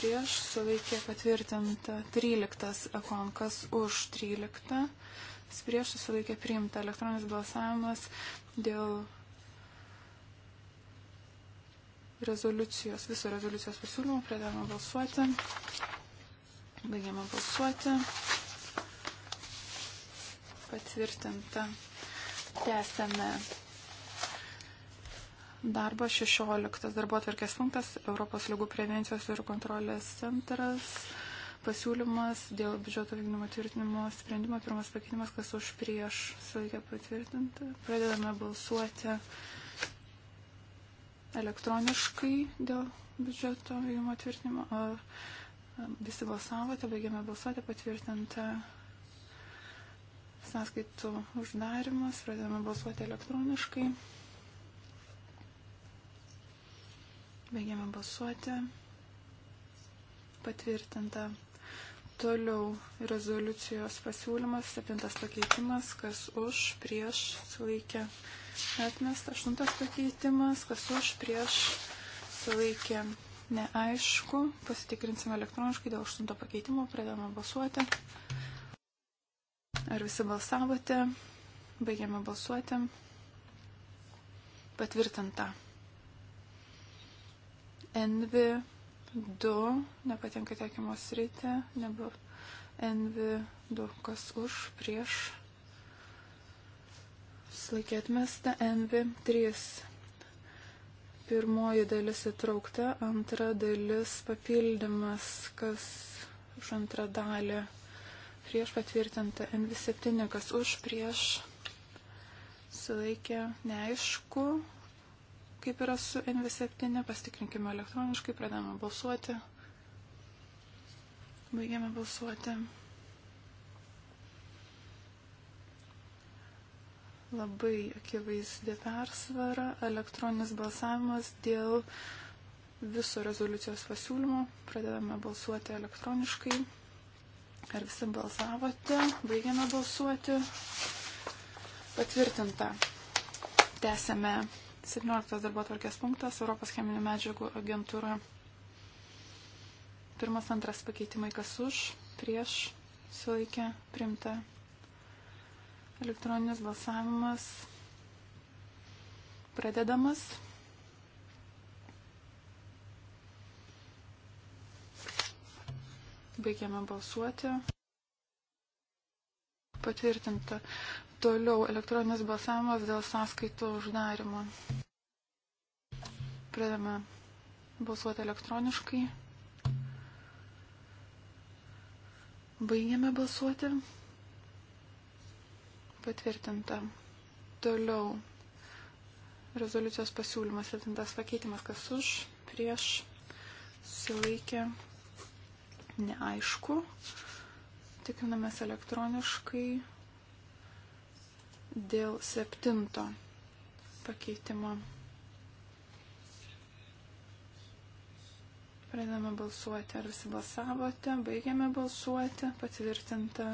prieš sulaikė patvirtinta 13, kon kas už 13, kas prieš sulaikė priimta elektroninis balsavimas dėl rezoliucijos, viso rezoliucijos pasiūlymo, pradėjome balsuoti. Baigiame balsuoti patvirtinta. Tęsėme darbą 16. Darbo atvarkės punktas Europos lygų prevencijos ir kontrolės centras. Pasiūlymas dėl biudžeto vykdymo tvirtinimo sprendimo. Pirmas pakeitimas, kas už prieš sulaikė patvirtinti. Pradedame balsuoti elektroniškai dėl biudžeto vykdymo tvirtinimo. Visi balsavote, baigėme balsuoti, patvirtinti Sąskaitų uždarimas, pradėjome balsuoti elektroniškai. Baigėme balsuoti. Patvirtinta. Toliau rezoliucijos pasiūlymas, septintas pakeitimas, kas už, prieš, sulaikė. Atmest aštuntas pakeitimas, kas už, prieš, sulaikė. Neaišku, pasitikrinsime elektroniškai dėl aštunto pakeitimo, pradėjome balsuoti. Ar visi balsavote? Baigiame balsuoti. Patvirtinta. Envi 2, nepatinka tekimos rytį, nebuvo. Envi 2, kas už, prieš. Slaikė atmesta. Envi 3. Pirmoji dalis įtraukta, antra dalis papildymas, kas už antrą dalį prieš patvirtinta, NV7 kas už, prieš sulaikė neaišku, kaip yra su NV7, pastikrinkime elektroniškai, pradėjome balsuoti, baigėme balsuoti. Labai akivaizdė persvara, elektroninis balsavimas dėl viso rezoliucijos pasiūlymo, pradedame balsuoti elektroniškai. Ar visi balsavote? Baigiame balsuoti. Patvirtinta. Tęsėme 17 darbo tvarkės punktas Europos cheminių medžiagų agentūra. Pirmas, antras pakeitimai kas už, prieš, sulaikė, primta. Elektroninis balsavimas pradedamas. Baigiame balsuoti. Patvirtinta. Toliau elektroninis balsavimas dėl sąskaitų uždarimo. Pradame balsuoti elektroniškai. Baigiame balsuoti. Patvirtinta. Toliau rezoliucijos pasiūlymas, septintas pakeitimas, kas už, prieš, susilaikė, neaišku. Tikrinamės elektroniškai dėl septinto pakeitimo. Pradedame balsuoti, ar visi balsavote, baigiame balsuoti, patvirtinta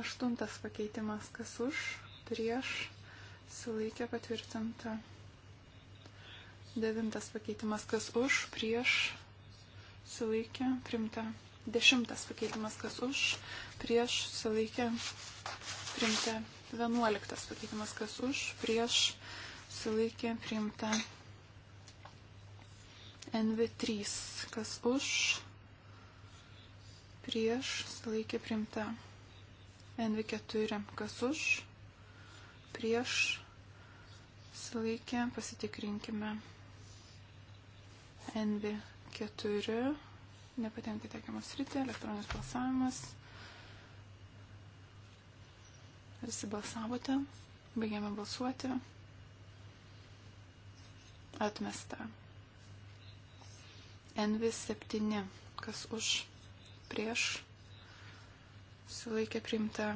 aštuntas pakeitimas, kas už, prieš, sulaikė patvirtinta. Devintas pakeitimas, kas už, prieš, susilaikė, primta. Dešimtas pakeitimas, kas už, prieš, susilaikė, primta. Vienuoliktas pakeitimas, kas už, prieš, susilaikė, primta. NV3, kas už, prieš, susilaikė, primta. NV4, kas už, prieš, susilaikė, pasitikrinkime. NV4. 4, nepatenka teikiamas rytį, elektroninis balsavimas. Visi balsavote, baigėme balsuoti. Atmesta. NV7, kas už, prieš, sulaikė priimta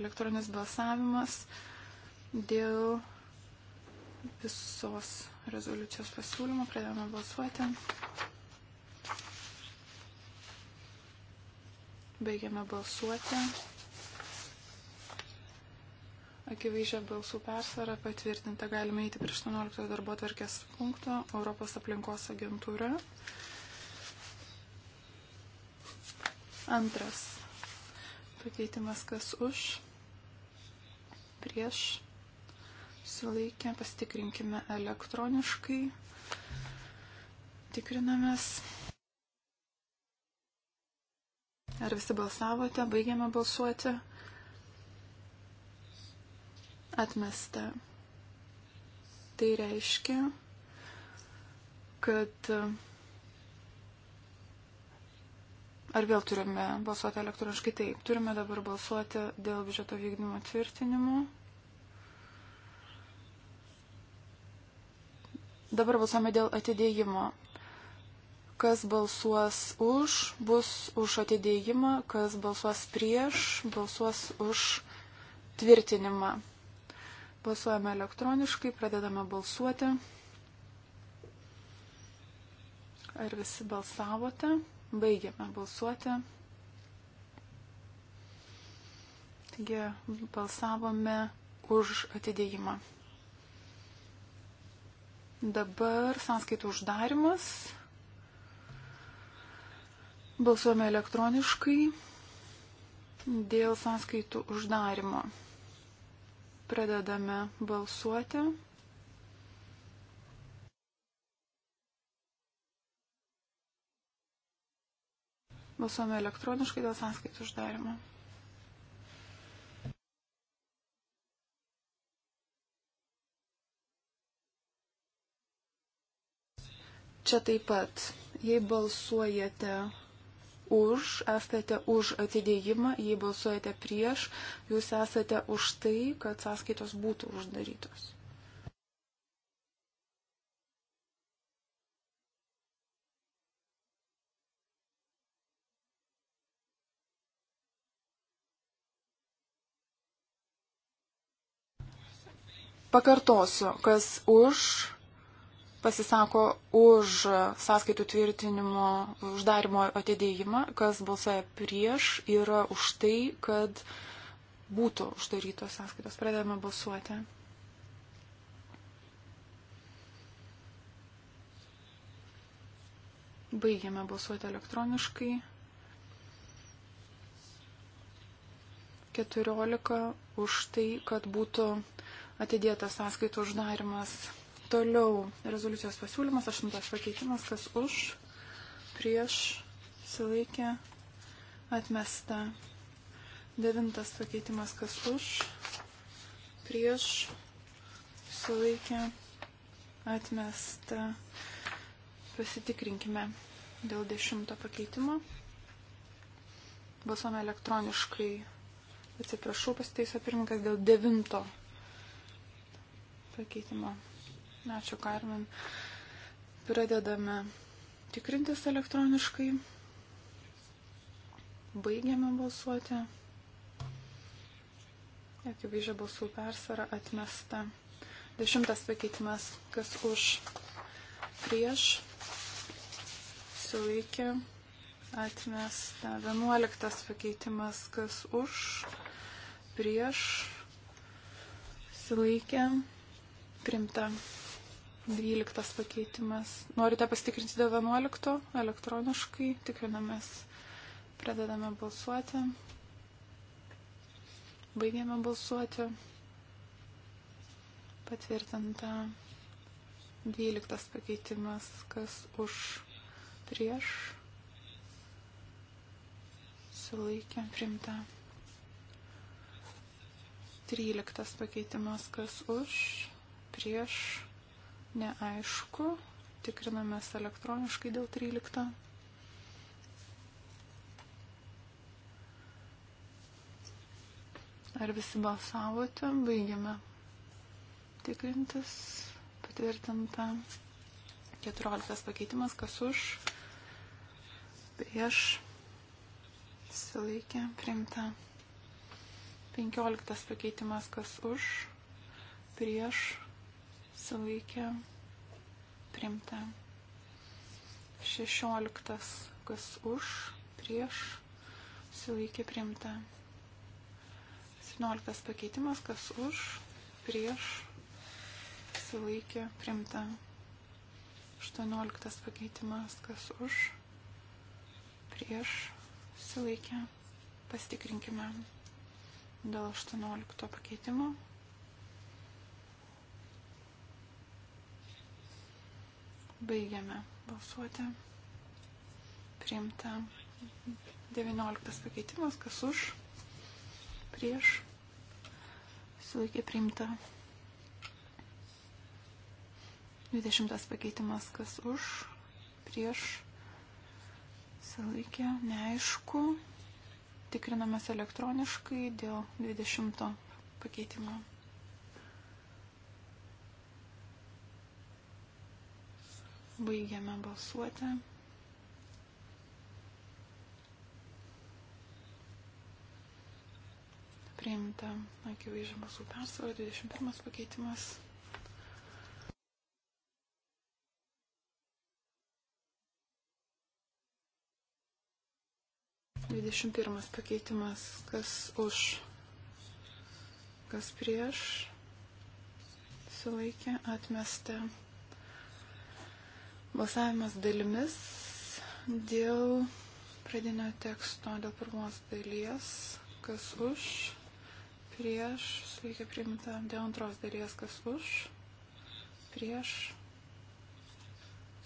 elektroninis balsavimas dėl visos rezoliucijos pasiūlymo, pradėjome balsuoti. Baigiame balsuoti. Akivaizdžia balsų persvara patvirtinta. Galime eiti prie 18 darbo tvarkės punkto Europos aplinkos agentūra. Antras pakeitimas kas už, prieš, sulaikę, pasitikrinkime elektroniškai, tikrinamės. Ar visi balsavote? Baigėme balsuoti. Atmesta. Tai reiškia, kad ar vėl turime balsuoti elektroniškai? Taip, turime dabar balsuoti dėl biudžeto vykdymo tvirtinimo. Dabar balsuojame dėl atidėjimo. Kas balsuos už, bus už atidėjimą, kas balsuos prieš, balsuos už tvirtinimą. Balsuojame elektroniškai, pradedame balsuoti. Ar visi balsavote? Baigiame balsuoti. Taigi balsavome už atidėjimą. Dabar sąskaitų uždarimas. Balsuojame elektroniškai dėl sąskaitų uždarimo. Pradedame balsuoti. Balsuojame elektroniškai dėl sąskaitų uždarimo. Čia taip pat, jei balsuojate už, esate už atidėjimą, jei balsuojate prieš, jūs esate už tai, kad sąskaitos būtų uždarytos. Pakartosiu, kas už pasisako už sąskaitų tvirtinimo uždarimo atidėjimą, kas balsuoja prieš, yra už tai, kad būtų uždarytos sąskaitos. Pradedame balsuoti. Baigiame balsuoti elektroniškai. 14 už tai, kad būtų atidėtas sąskaitų uždarimas Toliau rezoliucijos pasiūlymas, aštuntas pakeitimas, kas už, prieš, silaikė, atmesta. Devintas pakeitimas, kas už, prieš, silaikė, atmesta. Pasitikrinkime dėl dešimto pakeitimo. Balsuome elektroniškai. Atsiprašau, pasiteiso pirmininkas dėl devinto pakeitimo. Ačiū, Karmen. Pradedame tikrintis elektroniškai. Baigiame balsuoti. Akivaizdžia balsų persvara atmesta. Dešimtas pakeitimas, kas už prieš sulaikė atmesta. Vienuoliktas pakeitimas, kas už, prieš, silaikė, primta. Dvyliktas pakeitimas. Norite pasitikrinti dėl vienuolikto elektroniškai? Tikrinamės. Pradedame balsuoti. Baigėme balsuoti. Patvirtinta. Dvyliktas pakeitimas. Kas už prieš? Sulaikė. Primta. Tryliktas pakeitimas. Kas už prieš? neaišku. Tikrinamės elektroniškai dėl 13. Ar visi balsavote? Baigiame tikrintis. Patvirtinta. 14 pakeitimas. Kas už? Prieš. Silaikė. Primta. 15 pakeitimas. Kas už? Prieš Savaikė. Primta. 16. Kas už, prieš. Savaikė. Primta. 17. Pakeitimas. Kas už, prieš. Savaikė. Primta. 18. Pakeitimas. Kas už, prieš. Savaikė. Pasitikrinkime dėl 18 pakeitimo. Baigiame balsuoti. Priimta 19 pakeitimas, kas už, prieš, sulaikė priimta 20 pakeitimas, kas už, prieš, sulaikė, neaišku, tikrinamės elektroniškai dėl 20 pakeitimo. Baigiame balsuoti. Priimta akivaizdžių balsų persvara 21 pakeitimas. Dvidešimt pirmas pakeitimas, kas už, kas prieš, sulaikė, atmestė. Balsavimas dalimis dėl pradinio teksto, dėl pirmos dalies, kas už, prieš, sveikia priimta, dėl antros dalies, kas už, prieš,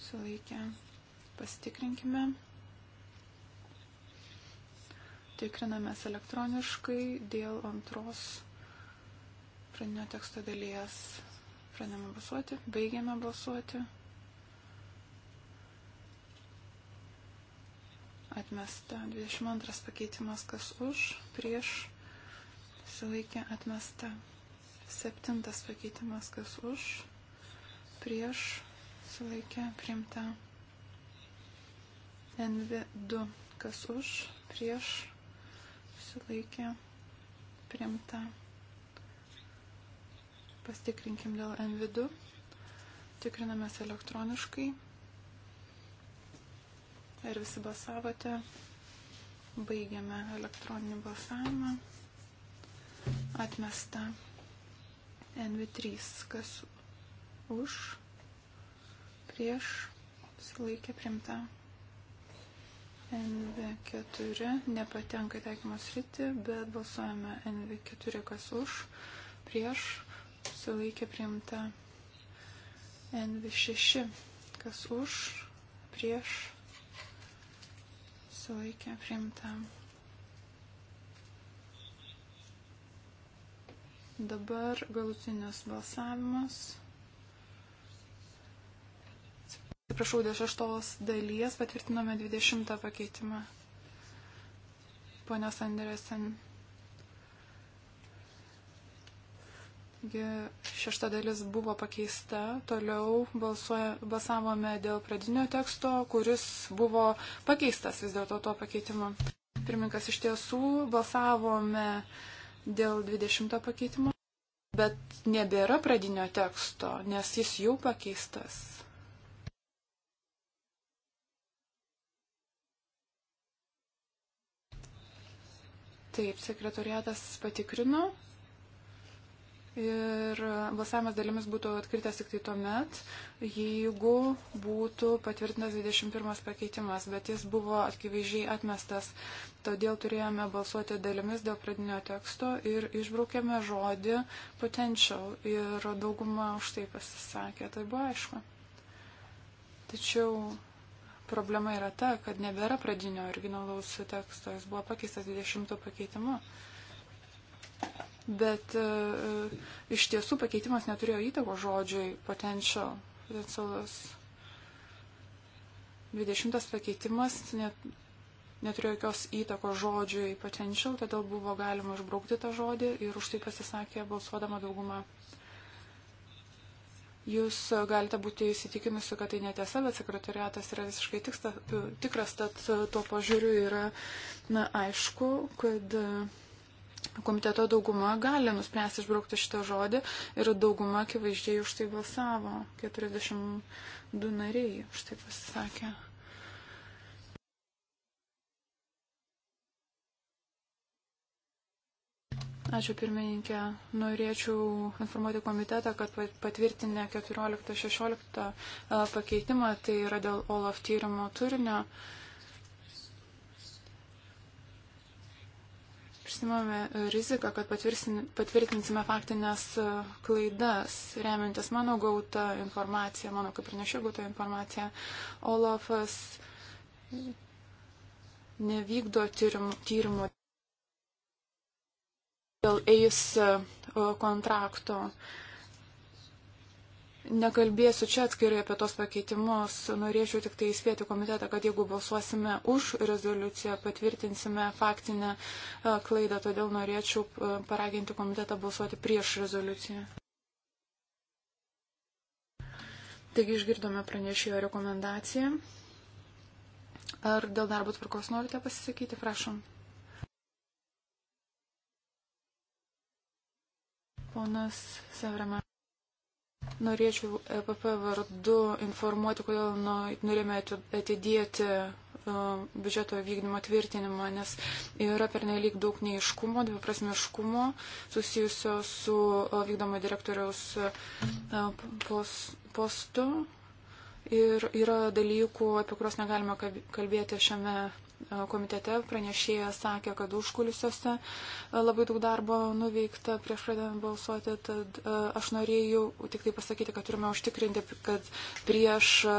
sulaikę, pasitikrinkime tikrinamės elektroniškai dėl antros pradinio teksto dalies. Pradėjome balsuoti, baigėme balsuoti. atmesta. 22 pakeitimas kas už, prieš, susilaikė atmesta. 7 pakeitimas kas už, prieš, susilaikė priimta. NV2 kas už, prieš, susilaikė priimta. Pastikrinkim dėl NV2. Tikrinamės elektroniškai. Ar visi balsavote? Baigiame elektroninį balsavimą. Atmesta NV3. Kas už? Prieš? Sulaikė primta. NV4 nepatenka į taikymo sritį, bet balsuojame NV4 kas už, prieš, sulaikė primta NV6 kas už, prieš, susilaikė priimta. Dabar galutinis balsavimas. Atsiprašau, dėl šeštos dalies patvirtinome 20 pakeitimą. Ponios Andresen. šešta dalis buvo pakeista, toliau balsuoja, balsavome dėl pradinio teksto, kuris buvo pakeistas vis dėlto to pakeitimo. Pirmininkas iš tiesų balsavome dėl 20 pakeitimo, bet nebėra pradinio teksto, nes jis jau pakeistas. Taip, sekretoriatas patikrino Ir balsavimas dalimis būtų atkritęs tik tai tuo met, jeigu būtų patvirtintas 21 pakeitimas, bet jis buvo akivaizdžiai atmestas. Todėl turėjome balsuoti dalimis dėl pradinio teksto ir išbraukėme žodį potential ir dauguma už tai pasisakė, tai buvo aišku. Tačiau problema yra ta, kad nebėra pradinio originalaus teksto, jis buvo pakeistas 20 pakeitimu bet e, e, iš tiesų pakeitimas neturėjo įtako žodžiui potential, potencialus. 20 pakeitimas net, neturėjo jokios įtako žodžiui potential, todėl buvo galima išbraukti tą žodį ir už tai pasisakė balsuodama dauguma. Jūs galite būti įsitikinusi, kad tai netiesa, bet sekretariatas yra visiškai tiksta, tikras, tad tuo požiūriu yra na, aišku, kad uh, komiteto dauguma gali nuspręsti išbraukti šitą žodį ir dauguma akivaizdžiai už tai balsavo. 42 nariai už tai pasisakė. Ačiū pirmininkė. Norėčiau informuoti komitetą, kad patvirtinę 14-16 e, pakeitimą, tai yra dėl OLAF tyrimo turinio. Uh, prisimame riziką, kad patvirtinsime faktinės e, klaidas, remiantis mano gauta informacija, mano kaip pranešė gauta informacija. Olafas nevykdo tyrimų dėl eis e, kontrakto. Uh, Nekalbėsiu čia atskirai apie tos pakeitimus, norėčiau tik tai įspėti komitetą, kad jeigu balsuosime už rezoliuciją, patvirtinsime faktinę e, klaidą, todėl norėčiau e, paraginti komitetą balsuoti prieš rezoliuciją. Taigi išgirdome pranešėjo rekomendaciją. Ar dėl darbo tvarkos norite pasisakyti, prašom. Ponas Sevrama. Norėčiau EPP vardu informuoti, kodėl nu, norėjome atidėti e, biudžeto vykdymo tvirtinimą, nes yra pernelyg daug neiškumo, dviprasmiškumo susijusio su e, vykdomo direktoriaus e, postu. Ir yra dalykų, apie kuriuos negalime kalbėti šiame komitete pranešėjas sakė, kad užkulisiuose e, labai daug darbo nuveikta prieš pradedant balsuoti, tad e, aš norėjau tik tai pasakyti, kad turime užtikrinti, kad prieš e,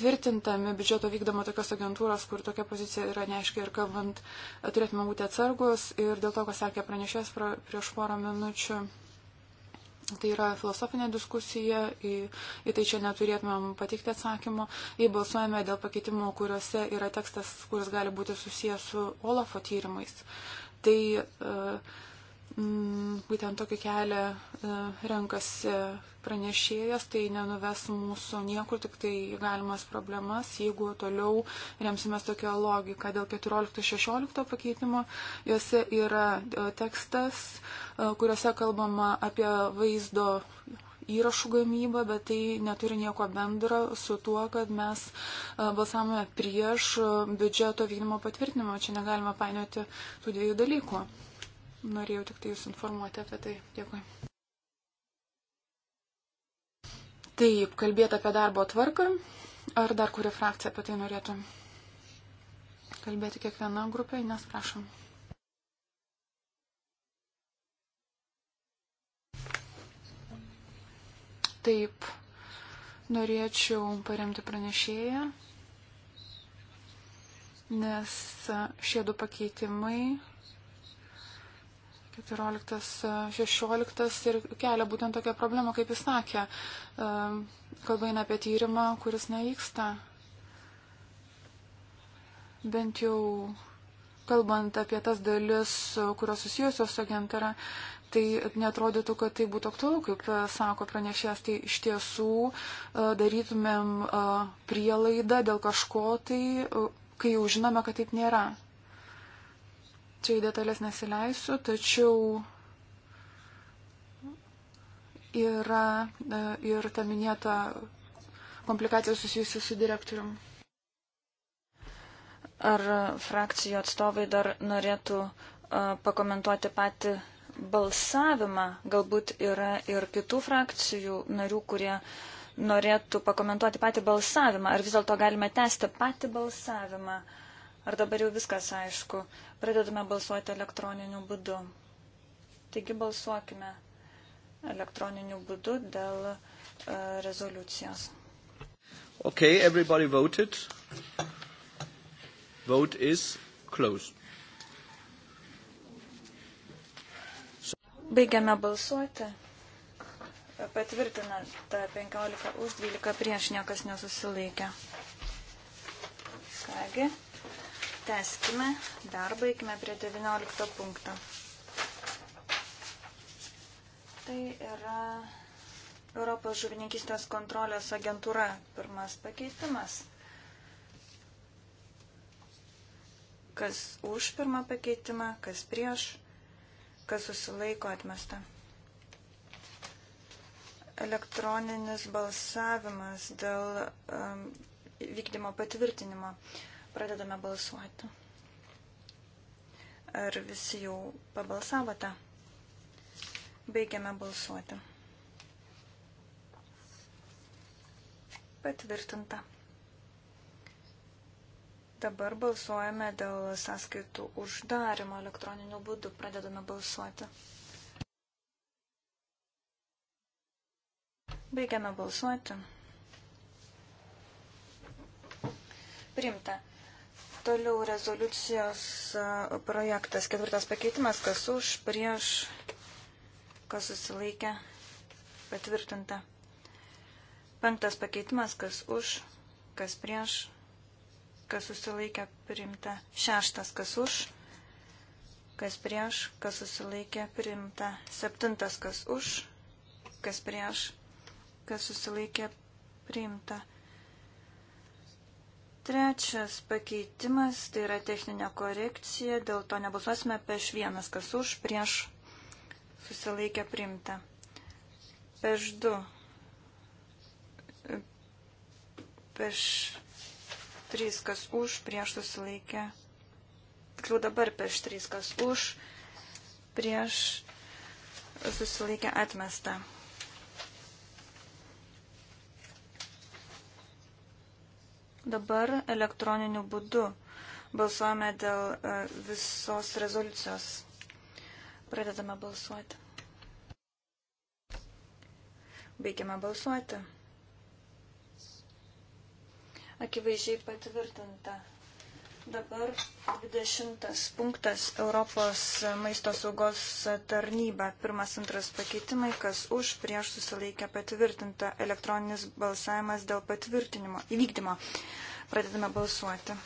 tvirtintami biudžeto vykdomą tokios agentūros, kur tokia pozicija yra neaiškiai ir kalbant, turėtume būti atsargus ir dėl to, ką sakė pranešėjas prieš porą minučių. Tai yra filosofinė diskusija, į, į tai čia neturėtumėm pateikti atsakymo. Jei balsuojame dėl pakeitimų, kuriuose yra tekstas, kuris gali būti susijęs su Olafo tyrimais, tai uh, Mm, būtent tokį kelią e, renkasi pranešėjas, tai nenuves mūsų niekur, tik tai galimas problemas, jeigu toliau remsimės tokią logiką. Dėl 14-16 pakeitimo juose yra e, tekstas, e, kuriuose kalbama apie vaizdo įrašų gamybą, bet tai neturi nieko bendra su tuo, kad mes balsavome prieš biudžeto vykdymo patvirtinimą. Čia negalime painioti tų dviejų dalykų. Norėjau tik tai jūs informuoti apie tai. Dėkui. Taip, kalbėti apie darbo tvarką. Ar dar kuri frakcija apie tai norėtų? Kalbėti kiekviena grupė, nes prašom. Taip, norėčiau paremti pranešėją, nes šie du pakeitimai 14-16 ir kelia būtent tokią problemą, kaip jis sakė, kalba eina apie tyrimą, kuris nevyksta. Bent jau kalbant apie tas dalis, kurios susijusios su agentara, tai netrodytų, kad tai būtų aktualu, kaip e, sako pranešęs, tai iš tiesų e, darytumėm e, prielaidą dėl kažko, tai kai jau žinome, kad taip nėra. Čia į detalės nesileisiu, tačiau yra e, ir ta minėta komplikacija susijusi su direktorium. Ar frakcijų atstovai dar norėtų e, pakomentuoti patį balsavimą? Galbūt yra ir kitų frakcijų narių, kurie norėtų pakomentuoti patį balsavimą. Ar vis dėlto galime tęsti patį balsavimą? Uh, Ar dabar jau viskas aišku? Pradedame balsuoti elektroniniu būdu. Taigi balsuokime elektroniniu būdu dėl uh, rezoliucijos. Okay, everybody voted. Vote is closed. So... Baigiame balsuoti. Patvirtina ta 15 už 12 prieš niekas nesusilaikė. Kągi. Teskime darbą, eikime prie 19 punkto. Tai yra Europos žuvininkistės kontrolės agentūra pirmas pakeitimas. Kas už pirmą pakeitimą, kas prieš, kas susilaiko atmesta. Elektroninis balsavimas dėl um, vykdymo patvirtinimo. Uh, Pradedame balsuoti. Ar visi jau pabalsavote? Baigiame balsuoti. Patvirtinta. Dabar balsuojame dėl sąskaitų uždarimo elektroniniu būdu. Pradedame balsuoti. Baigiame balsuoti. Primta. Toliau rezoliucijos projektas, ketvirtas pakeitimas, kas už, prieš, kas susilaikė, patvirtinta. Penktas pakeitimas, kas už, kas prieš, kas susilaikė, priimta. Šeštas, kas už, kas prieš, kas susilaikė, priimta. Septintas, kas už, kas prieš, kas susilaikė, priimta. Trečias pakeitimas, tai yra techninė korekcija, dėl to nebalsuosime peš vienas, kas už, prieš susilaikę primta. Peš du. Peš trys, kas už, prieš susilaikę. Tiksliau dabar peš trys, kas už, prieš susilaikę atmestą. Dabar elektroniniu būdu balsuojame dėl e, visos rezoliucijos. Pradedame balsuoti. Baigiame balsuoti. Akivaizdžiai patvirtinta Dabar 20 punktas Europos maisto saugos tarnyba. Pirmas, antras pakeitimai, kas už, prieš susilaikę patvirtinta elektroninis balsavimas dėl patvirtinimo, įvykdymo. Pradedame balsuoti.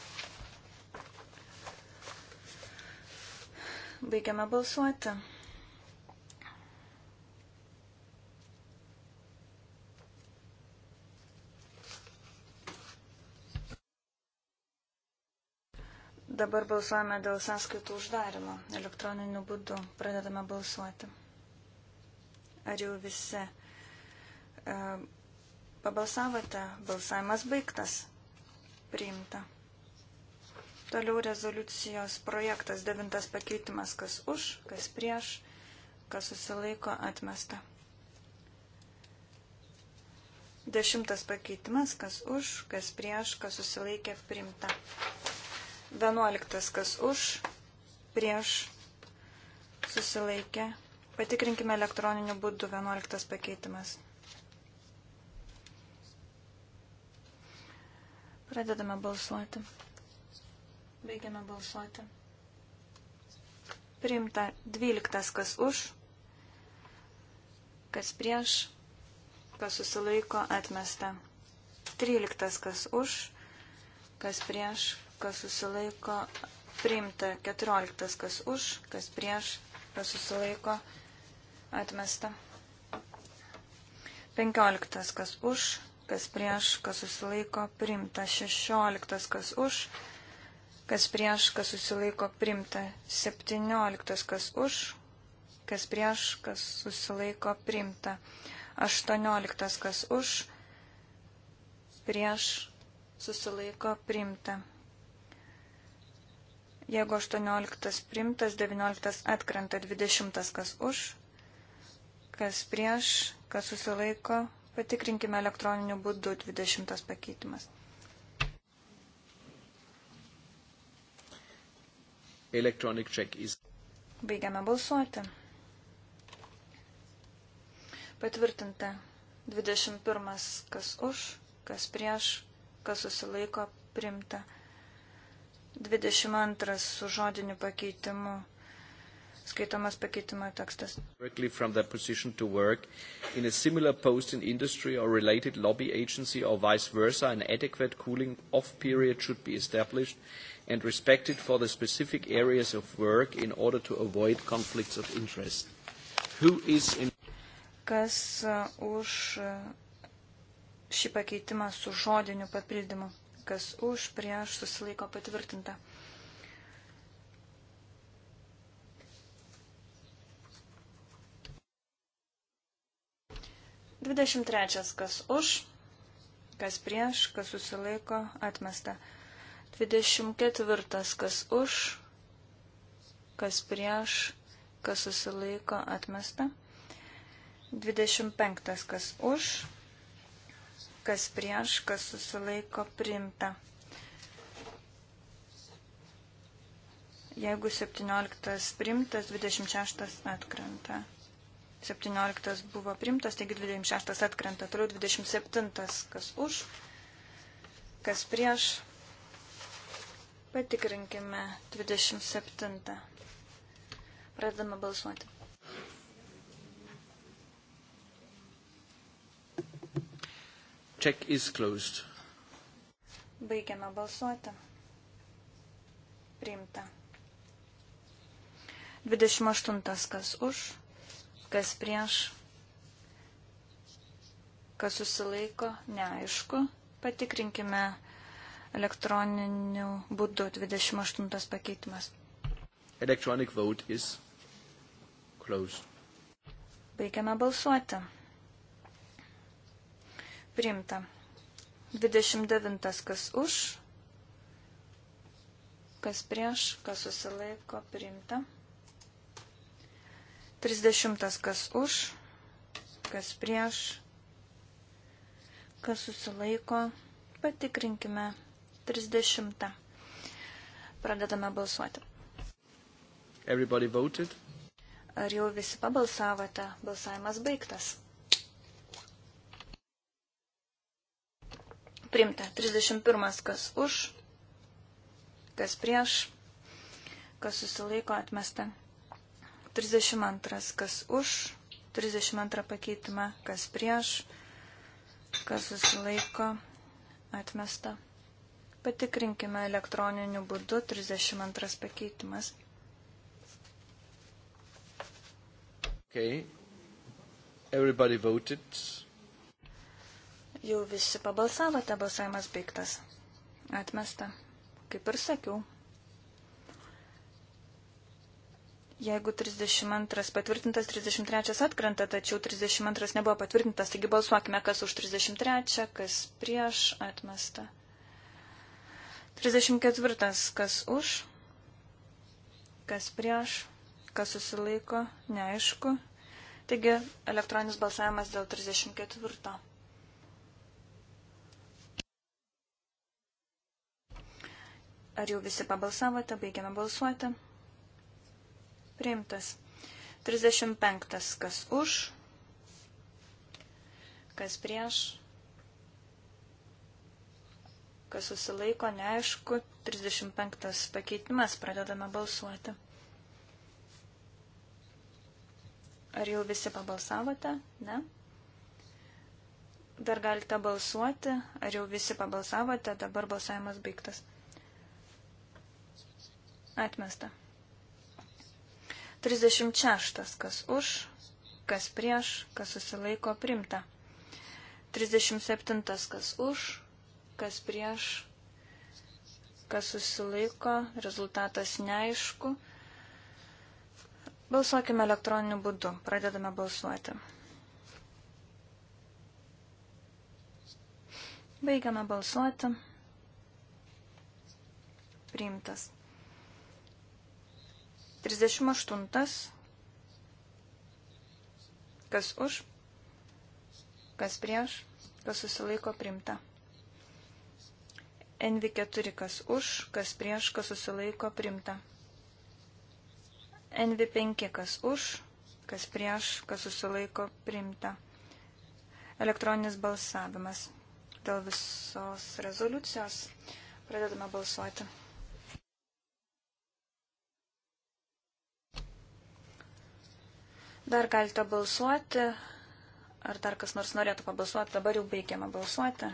Baigiame balsuoti. Dabar balsuojame dėl sąskaitų uždarimo. Elektroniniu būdu pradedame balsuoti. Ar jau visi e, pabalsavote? Balsavimas baigtas. Priimta. Toliau rezoliucijos projektas devintas pakeitimas, kas už, kas prieš, kas susilaiko atmesta. Dešimtas pakeitimas, kas už, kas prieš, kas susilaikė priimta. 11. Kas už, prieš, susilaikė. Patikrinkime elektroniniu būdu 11 pakeitimas. Pradedame balsuoti. Baigiame balsuoti. Priimta 12 kas už, kas prieš, kas susilaiko atmesta. 13 kas už, kas prieš, kas susilaiko, priimta. 14, kas už, kas prieš, kas susilaiko, atmesta. 15, kas už, kas prieš, kas susilaiko, priimta. 16, kas už, kas prieš, kas susilaiko, priimta. 17, kas už, kas prieš, kas susilaiko, priimta. 18, kas už, prieš, susilaiko, priimta. Jeigu 18 primtas, 19 atkrenta, 20 kas už, kas prieš, kas susilaiko, patikrinkime elektroniniu būdu 20 pakeitimas. Electronic check is. Baigiame balsuoti. Patvirtinta 21 kas už, kas prieš, kas susilaiko, primta 22 su žodiniu pakeitimu. Skaitomas pakeitimo tekstas. Directly from their position to work in a similar post in industry or related lobby agency or vice versa, an adequate cooling off period should be established and respected for the specific areas of work in order to avoid conflicts of interest. Who is in Kas uh, už uh, šį pakeitimą su žodiniu papildymu? kas už, prieš, susilaiko patvirtinta. Dvidešimt trečias, kas už, kas prieš, kas susilaiko, atmesta. Dvidešimt ketvirtas, kas už, kas prieš, kas susilaiko, atmesta. Dvidešimt penktas, kas už, kas prieš, kas susilaiko priimta. Jeigu 17 priimtas, 26 atkrenta. 17 buvo priimtas, taigi 26 atkrenta. Toliau 27, kas už, kas prieš. Patikrinkime 27. Pradedame balsuoti. Check is closed. Baigiame balsuoti. Priimta. 28. Kas už, kas prieš, kas susilaiko, neaišku. Patikrinkime elektroniniu būdu 28 pakeitimas. Electronic vote is closed. Baigiame balsuoti. Priimta. 29. Kas už, kas prieš, kas susilaiko, priimta. 30. Kas už, kas prieš, kas susilaiko, patikrinkime. 30. Pradedame balsuoti. Everybody voted? Ar jau visi pabalsavote? Balsavimas baigtas. Primta. 31. Kas už, kas prieš, kas susilaiko atmesta. 32. Kas už, 32 pakeitimą, kas prieš, kas susilaiko atmesta. Patikrinkime elektroniniu būdu 32 pakeitimas. Okay. Everybody voted. Jau visi pabalsavote, balsavimas baigtas. Atmesta. Kaip ir sakiau. Jeigu 32 patvirtintas, 33 atkrenta, tačiau 32 nebuvo patvirtintas, taigi balsuokime, kas už 33, kas prieš atmesta. 34, kas už, kas prieš, kas susilaiko, neaišku. Taigi elektroninis balsavimas dėl 34. Ar jau visi pabalsavote? Baigiame balsuoti. Priimtas. 35. Kas už? Kas prieš? Kas susilaiko? Neaišku. 35. Pakeitimas. Pradedame balsuoti. Ar jau visi pabalsavote? Ne? Dar galite balsuoti. Ar jau visi pabalsavote? Dabar balsavimas baigtas. Atmesta. 36. Kas už, kas prieš, kas susilaiko primta. 37. Kas už, kas prieš, kas susilaiko, rezultatas neaišku. Balsuokime elektroniniu būdu. Pradedame balsuoti. Baigiame balsuoti. Priimtas. 38. Kas už, kas prieš, kas susilaiko primta. NV4 kas už, kas prieš, kas susilaiko primta. NV5 kas už, kas prieš, kas susilaiko primta. Elektroninis balsavimas dėl visos rezoliucijos. Pradedame balsuoti. Dar galite balsuoti. Ar dar kas nors norėtų pabalsuoti? Dabar jau baigiama balsuoti.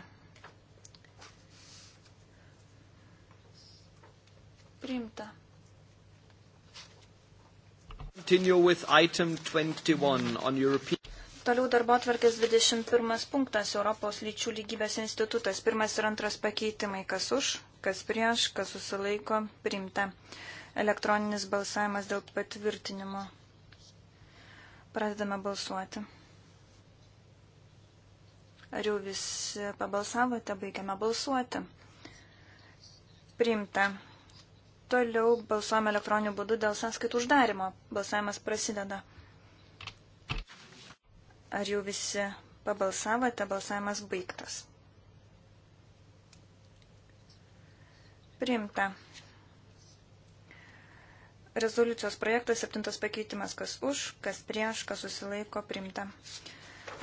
Priimta. Continue with item 21 on European. Toliau darbo atvarkės 21 punktas Europos lyčių lygybės institutas. Pirmas ir antras pakeitimai. Kas už, kas prieš, kas susilaiko, primta. Elektroninis balsavimas dėl patvirtinimo. Pradedame balsuoti. Ar jau visi pabalsavote, baigiame balsuoti. Priimta. Toliau balsuojame elektroniniu būdu dėl sąskaitų uždarimo. Balsavimas prasideda. Ar jau visi pabalsavote, balsavimas baigtas. Priimta. Rezoliucijos projektas septintas pakeitimas, kas už, kas prieš, kas susilaiko primta.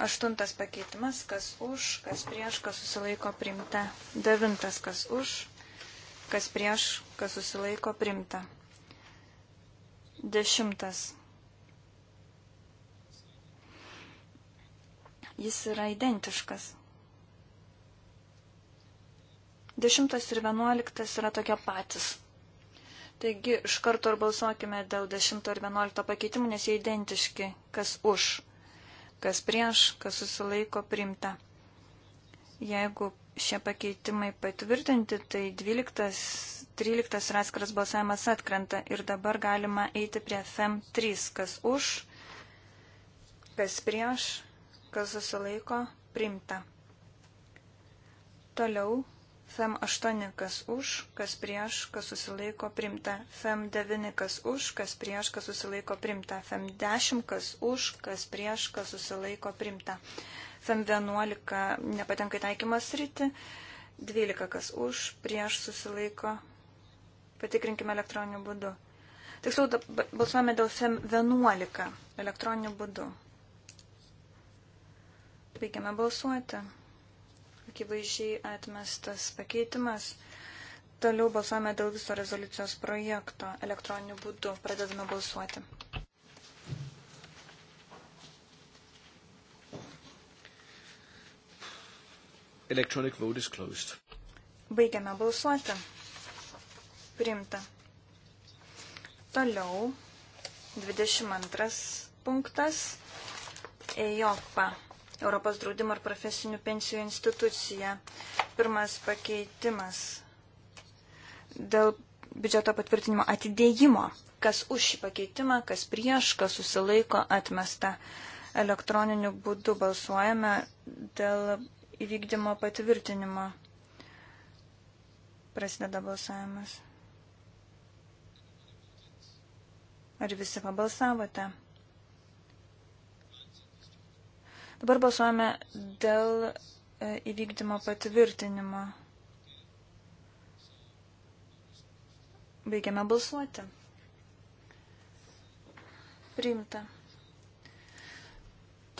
Aštuntas pakeitimas, kas už, kas prieš, kas susilaiko primta. Devintas, kas už, kas prieš, kas susilaiko primta. Dešimtas. Jis yra identiškas. Dešimtas ir vienuoliktas yra tokie patys. Taigi iš karto ir balsuokime dėl 10 ir 11 pakeitimų, nes jie identiški, kas už, kas prieš, kas susilaiko primta. Jeigu šie pakeitimai patvirtinti, tai 12, 13 ir atskiras balsavimas atkrenta ir dabar galima eiti prie FM3, e kas už, kas prieš, kas susilaiko primta. Toliau FEM 8 kas už, kas prieš, kas susilaiko primta. FEM 9 kas už, kas prieš, kas susilaiko primta. FEM 10 kas už, kas prieš, kas susilaiko primta. FEM 11 nepatenka į taikymas rytį. 12 kas už, prieš susilaiko. Patikrinkime elektroniniu būdu. Tiksliau, balsuojame dėl FEM 11 elektroniniu būdu. Baigiame balsuoti akivaizdžiai atmestas pakeitimas. Toliau balsuojame dėl viso rezoliucijos projekto elektroniniu būdu. Pradedame balsuoti. Electronic vote is closed. Baigiame balsuoti. Primta. Toliau 22 punktas. Ejopa Europos draudimo ir profesinių pensijų instituciją. Pirmas pakeitimas dėl biudžeto patvirtinimo atidėjimo. Kas už šį pakeitimą, kas prieš, kas susilaiko atmesta. Elektroniniu būdu balsuojame dėl įvykdymo patvirtinimo. Prasideda balsavimas. Ar visi pabalsavote? Dabar balsuojame dėl e, įvykdymo patvirtinimo. Baigiame balsuoti. Priimta.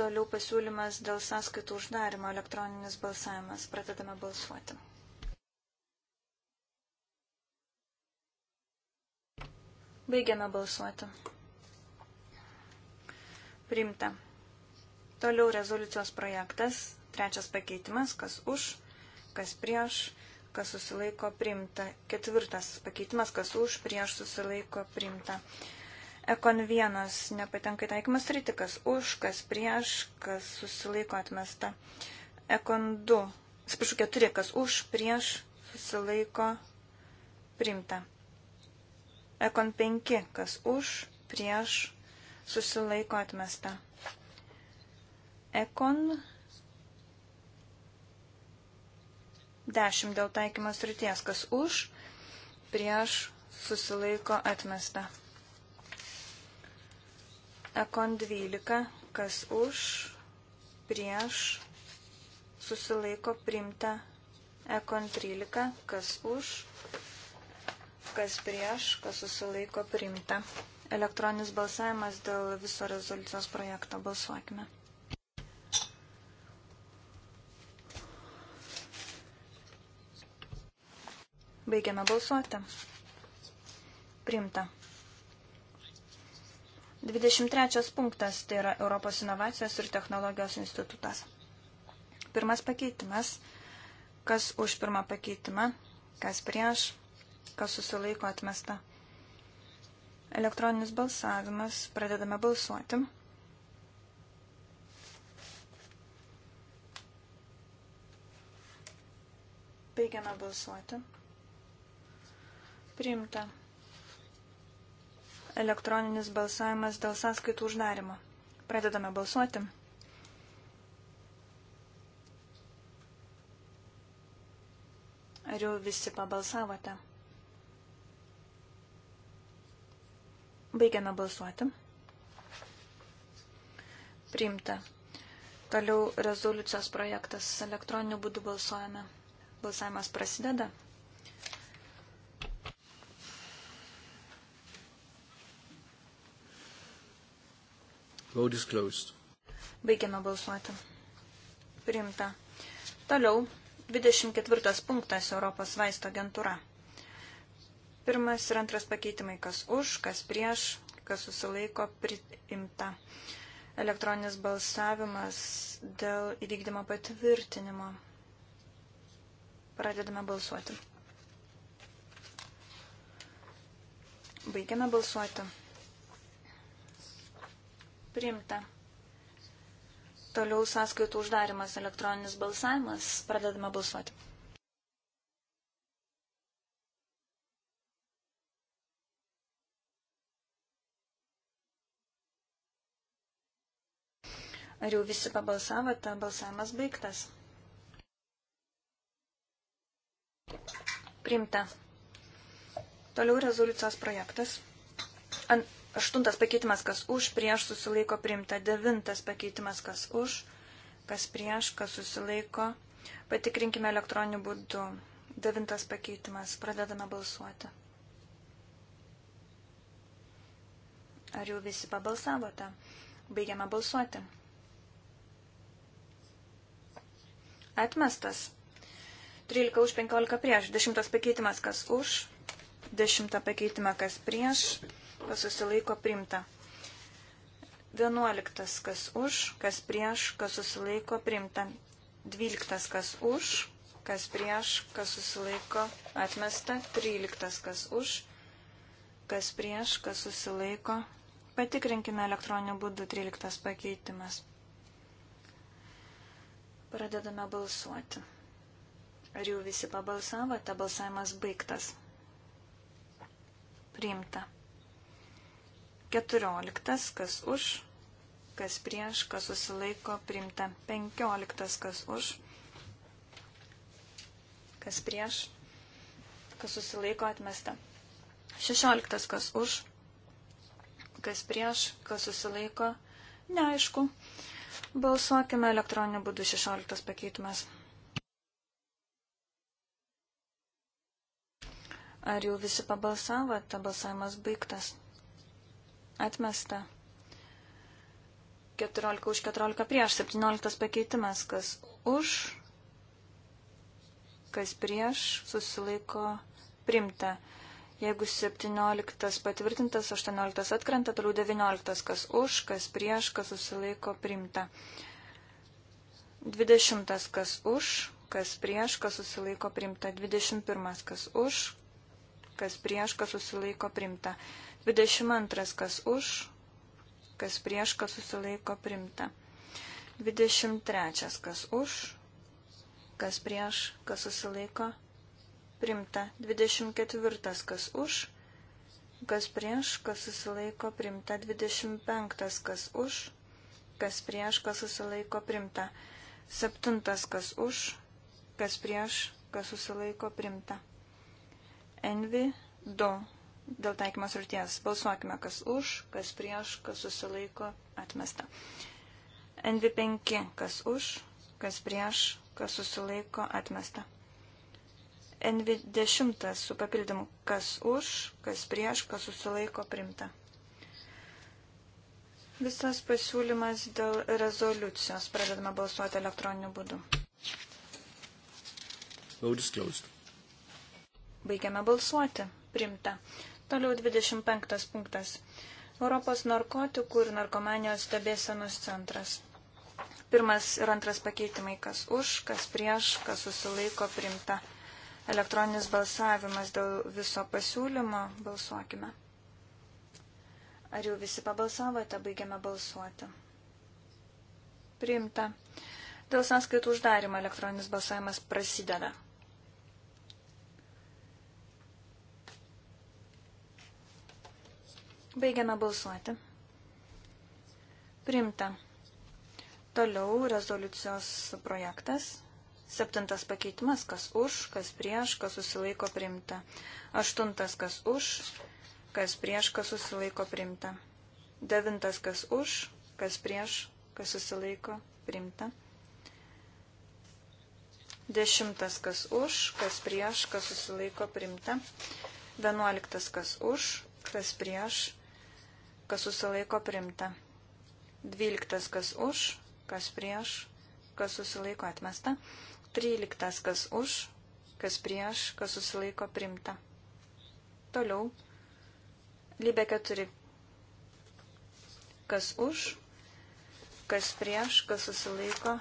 Toliau pasiūlymas dėl sąskaitų uždarimo elektroninis balsavimas. Pradedame balsuoti. Baigiame balsuoti. Priimta. Toliau rezoliucijos projektas, trečias pakeitimas, kas už, kas prieš, kas susilaiko priimta. Ketvirtas pakeitimas, kas už, prieš susilaiko priimta. Ekon vienas nepatenka į taikymas rytį, kas už, kas prieš, kas susilaiko atmesta. Ekon du, atsiprašau, keturi, kas už, prieš susilaiko priimta. Ekon penki, kas už, prieš susilaiko atmesta. Ekon 10 dėl taikymas ryties, kas už, prieš, susilaiko atmesta. Ekon 12, kas už, prieš, susilaiko primta. Ekon 13, kas už, kas prieš, kas susilaiko primta. Elektroninis balsavimas dėl viso rezoliucijos projekto. Balsuokime. Baigiame balsuoti. Primta. 23 punktas tai yra Europos inovacijos ir technologijos institutas. Pirmas pakeitimas. Kas už pirmą pakeitimą, kas prieš, kas susilaiko atmesta. Elektroninis balsavimas. Pradedame balsuoti. Baigiame balsuoti. Priimta. Elektroninis balsavimas dėl sąskaitų uždarimo. Pradedame balsuoti. Ar jau visi pabalsavote? Baigiame balsuoti. Priimta. Toliau rezoliucijos projektas. Elektroniniu būdu balsuojame. Balsavimas prasideda. Vote is closed. Baigiame balsuoti. Priimta. Toliau 24 punktas Europos vaisto agentūra. Pirmas ir antras pakeitimai, kas už, kas prieš, kas susilaiko, priimta. Elektroninis balsavimas dėl įvykdymo patvirtinimo. Pradedame balsuoti. Baigiame balsuoti. Priimta. Toliau sąskaitų uždarimas elektroninis balsavimas. Pradedame balsuoti. Ar jau visi pabalsavote? Balsavimas baigtas. Priimta. Toliau rezoliucijos projektas. Ant Aštuntas pakeitimas, kas už, prieš susilaiko priimta. Devintas pakeitimas, kas už, kas prieš, kas susilaiko. Patikrinkime elektroniniu būdu. Devintas pakeitimas. Pradedame balsuoti. Ar jau visi pabalsavote? Baigiame balsuoti. Atmestas. 13 už 15 prieš. Dešimtas pakeitimas, kas už. Dešimtą pakeitimą, kas prieš kas susilaiko primta. 11. kas už, kas prieš, kas susilaiko primta. 12. kas už, kas prieš, kas susilaiko atmesta. 13. kas už, kas prieš, kas susilaiko. Patikrinkime elektroniniu būdu 13. pakeitimas. Pradedame balsuoti. Ar jau visi pabalsavote? Balsavimas baigtas. Priimta. 14, kas už, kas prieš, kas susilaiko priimta. 15, kas už, kas prieš, kas susilaiko atmesta. 16, kas už, kas prieš, kas susilaiko, neaišku. Balsuokime elektroniniu būdu 16 pakeitimas. Ar jau visi pabalsavote? Balsavimas baigtas. Atmesta. 14 už 14 prieš. 17 pakeitimas. Kas už, kas prieš, susilaiko primta. Jeigu 17 patvirtintas, 18 atkrenta, toliau 19, kas už, kas prieš, kas susilaiko primta. 20, kas už, kas prieš, kas susilaiko primta. 21, kas už, kas prieš, kas susilaiko primta. 22 kas už, kas prieš, kas susilaiko primta. 23 kas už, kas prieš, kas susilaiko primta. 24 kas už, kas prieš, kas susilaiko primta. 25 kas už, kas prieš, kas susilaiko primta. 7 kas už, kas prieš, kas susilaiko primta. Envi 2 dėl taikymos ryties. Balsuokime, kas už, kas prieš, kas susilaiko, atmesta. NV5, kas už, kas prieš, kas susilaiko, atmesta. NV10 su papildymu, kas už, kas prieš, kas susilaiko, primta. Visas pasiūlymas dėl rezoliucijos pradedame balsuoti elektroniniu būdu. Vote is closed. Baigiame balsuoti. Primta. Toliau 25 punktas. Europos narkotikų ir narkomanijos stebėsenos centras. Pirmas ir antras pakeitimai, kas už, kas prieš, kas susilaiko primta. Elektroninis balsavimas dėl viso pasiūlymo. Balsuokime. Ar jau visi pabalsavote, baigiame balsuoti. Priimta. Dėl sąskaitų uždarimo elektroninis balsavimas prasideda. Baigiame balsuoti. Primta. Toliau rezoliucijos projektas. Septintas pakeitimas, kas už, kas prieš, kas susilaiko primta. Aštuntas, kas už, kas prieš, kas susilaiko primta. Devintas, kas už, kas prieš, kas susilaiko primta. Dešimtas, kas už, kas prieš, kas susilaiko primta. Vienuoliktas, kas už, kas prieš, kas susilaiko primta. 12 kas už, kas prieš, kas susilaiko atmesta. 13 kas už, kas prieš, kas susilaiko primta. Toliau. Lybė 4. Kas už, kas prieš, kas susilaiko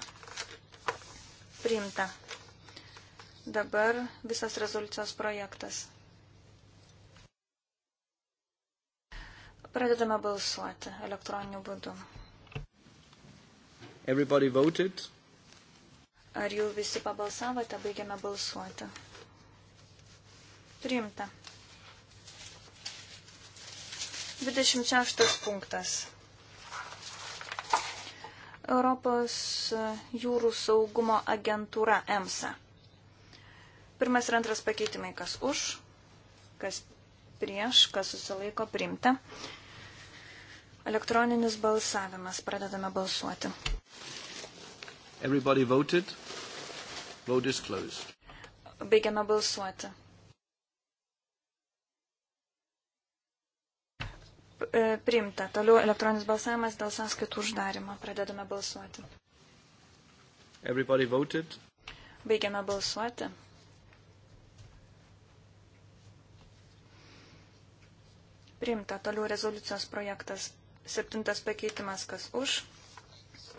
primta. Dabar visas rezoliucijos projektas. Pradedame balsuoti elektroniniu būdu. Everybody voted. Ar jau visi pabalsavote, baigiame balsuoti. Priimta. 26 punktas. Europos jūrų saugumo agentūra EMSA. Pirmas ir antras pakeitimai, kas už, kas prieš, kas susilaiko primta. Elektroninis balsavimas. Pradedame balsuoti. Everybody voted. Vote is closed. Baigiame balsuoti. E, priimta. Toliau elektroninis balsavimas dėl sąskaitų uždarimo. Pradedame balsuoti. Everybody voted. Baigiame balsuoti. Priimta. Toliau rezoliucijos projektas. Septintas pakeitimas, kas už,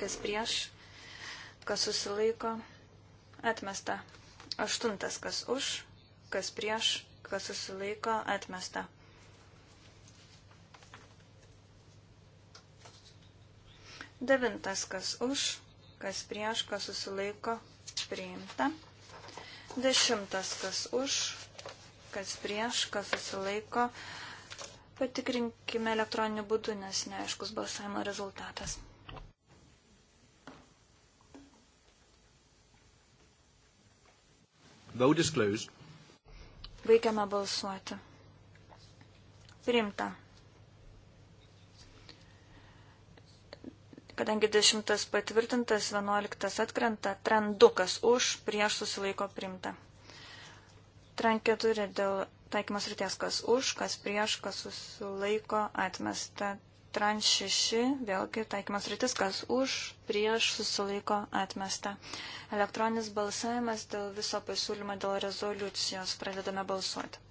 kas prieš, kas susilaiko, atmesta. Aštuntas, kas už, kas prieš, kas susilaiko, atmesta. Devintas, kas už, kas prieš, kas susilaiko, priimta. Dešimtas, kas už, kas prieš, kas susilaiko, priimta Patikrinkime elektroniniu būdu, nes neaiškus balsavimo rezultatas. Vote is closed. Baigiame balsuoti. Rimta. Kadangi dešimtas patvirtintas, vienuoliktas atkrenta, trendukas už, prieš susilaiko primta. Tran keturi dėl taikymas ryties, kas už, kas prieš, kas susilaiko, atmesta. Trans 6, vėlgi taikymas rytis, kas už, prieš, susilaiko, atmesta. Elektroninis balsavimas dėl viso pasiūlymo dėl rezoliucijos. Pradedame balsuoti.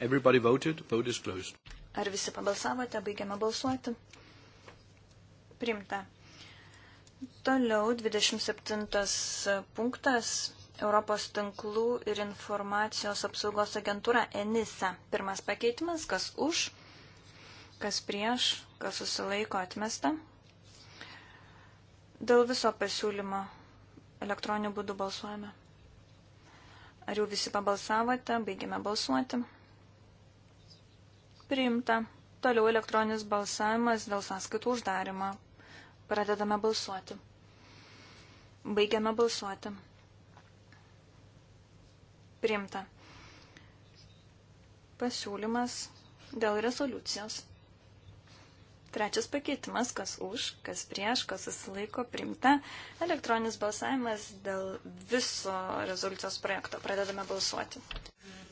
Everybody voted, vote is closed. Ar visi pabalsavote, baigiame balsuoti? Primta. Toliau 27 punktas Europos tinklų ir informacijos apsaugos agentūra ENISA. Pirmas pakeitimas, kas už, kas prieš, kas susilaiko atmesta. Dėl viso pasiūlymo elektroniniu būdu balsuojame. Ar jau visi pabalsavote? Baigėme balsuoti. Priimta. Toliau elektroninis balsavimas dėl sąskaitų uždarimo. Pradedame balsuoti. Baigiame balsuoti. Priimta. Pasiūlymas dėl rezoliucijos. Trečias pakeitimas, kas už, kas prieš, kas susilaiko, priimta. Elektroninis balsavimas dėl viso rezoliucijos projekto. Pradedame balsuoti. Mm.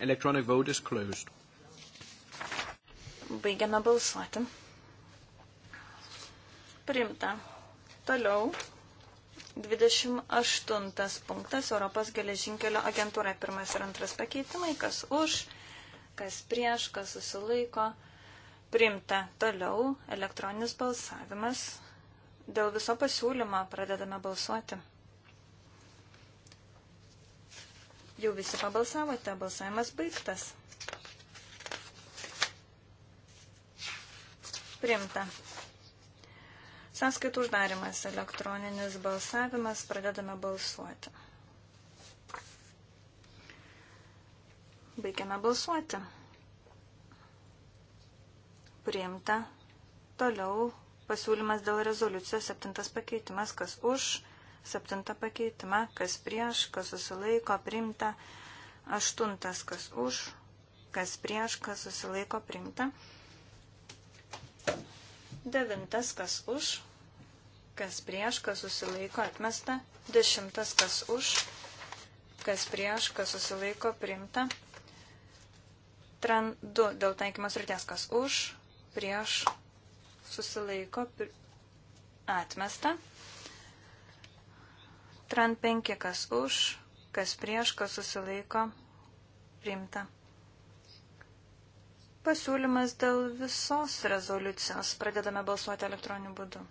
Electronic vote is closed. Baigiame balsuoti. Primta. Toliau. 28 punktas Europos geležinkelio agentūra. Pirmas ir antras pakeitimai. Kas už, kas prieš, kas susilaiko. Primta. Toliau. Elektroninis balsavimas. Dėl viso pasiūlymo pradedame balsuoti. Jau visi pabalsavote, balsavimas baigtas. Primta. Sąskaitų uždarimas, elektroninis balsavimas, pradedame balsuoti. Baigiame balsuoti. Priimta. Toliau pasiūlymas dėl rezoliucijos, septintas pakeitimas, kas už, Septinta pakeitimą, kas prieš, kas susilaiko priimta. Aštuntas, kas už, kas prieš, kas susilaiko priimta. Devintas, kas už, kas prieš, kas susilaiko atmesta. Dešimtas, kas už, kas prieš, kas susilaiko priimta. Tran 2 dėl taikymas ryties, kas už, prieš, susilaiko atmesta. Tran 5, kas už, kas prieš, kas susilaiko, priimta. Pasiūlymas dėl visos rezoliucijos. Pradedame balsuoti elektroniniu būdu.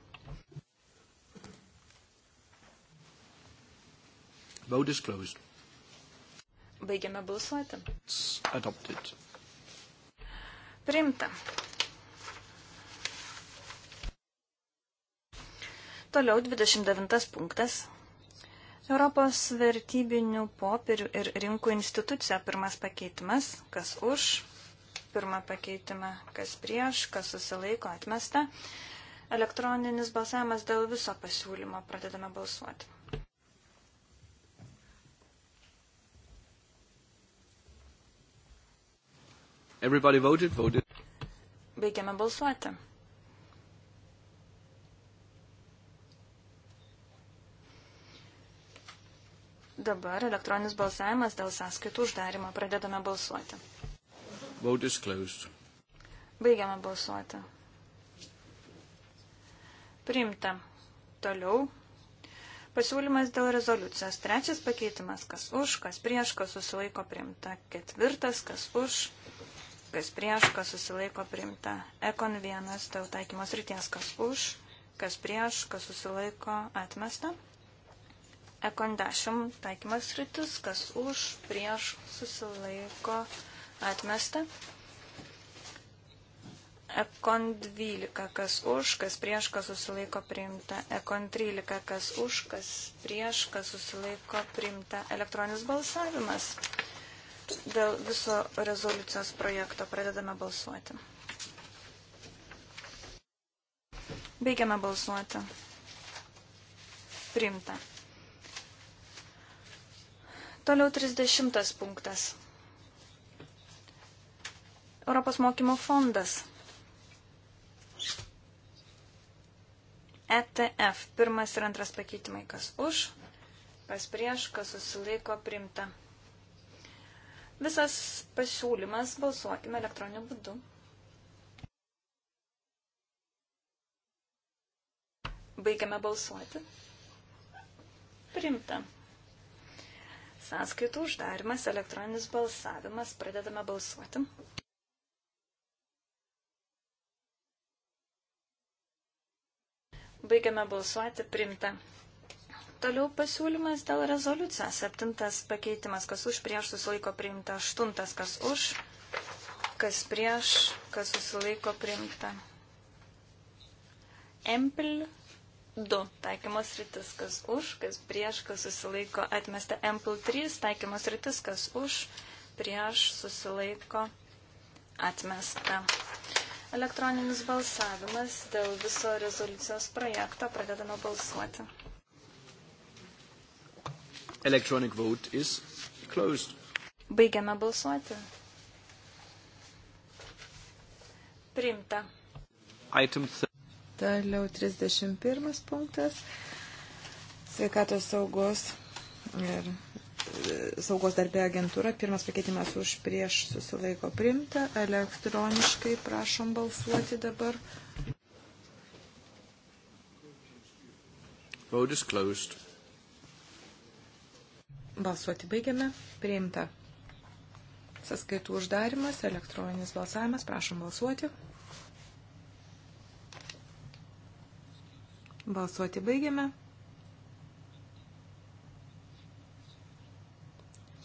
Vote is closed. Baigiame balsuoti. It's adopted. Priimta. Toliau 29 punktas. Europos vertybinių popierių ir rinkų institucija pirmas pakeitimas, kas už, pirmą pakeitimą, kas prieš, kas susilaiko atmesta. Elektroninis balsavimas dėl viso pasiūlymo pradedame balsuoti. Everybody voted, voted. Baigiame balsuoti. Dabar elektroninis balsavimas dėl sąskaitų uždarimo. Pradedame balsuoti. Vote is closed. Baigiame balsuoti. Priimta. Toliau. Pasiūlymas dėl rezoliucijos. Trečias pakeitimas. Kas už, kas prieš, kas susilaiko priimta. Ketvirtas. Kas už, kas prieš, kas susilaiko priimta. Ekon vienas dėl taikymos ryties. Kas už, kas prieš, kas susilaiko atmesta. Ekon 10 taikymas rytis, kas už, prieš, susilaiko, atmesta. Ekon 12, kas už, kas prieš, kas susilaiko priimta. Ekon 13, kas už, kas prieš, kas susilaiko priimta. Elektroninis balsavimas. Dėl viso rezoliucijos projekto pradedame balsuoti. Baigiame balsuoti. Priimta. Toliau 30 punktas. Europos mokymo fondas. ETF. Pirmas ir antras pakeitimai. Kas už, kas prieš, kas susilaiko primta. Visas pasiūlymas balsuokime elektroniniu būdu. Baigiame balsuoti. Primta. Sąskaitų uždarimas, elektroninis balsavimas. Pradedame balsuoti. Baigiame balsuoti. Primta. Toliau pasiūlymas dėl rezoliucijos. Septintas pakeitimas, kas už prieš susilaiko priimta. Aštuntas, kas už, kas prieš, kas susilaiko priimta. Empil 2 taikymos rytis, kas už, kas prieš, kas susilaiko atmesta. Ample 3 taikymos rytis, kas už, prieš, susilaiko atmesta. Elektroninis balsavimas dėl viso rezoliucijos projekto. Pradedame balsuoti. Electronic vote is closed. Baigiame balsuoti. Priimta. Item 3. Toliau 31 punktas. Sveikatos saugos ir e, saugos darbė agentūra. Pirmas pakeitimas už prieš susilaiko primta. Elektroniškai prašom balsuoti dabar. Vote is closed. Balsuoti baigiame. Priimta. Saskaitų uždarimas, elektroninis balsavimas. Prašom balsuoti. Balsuoti baigiame.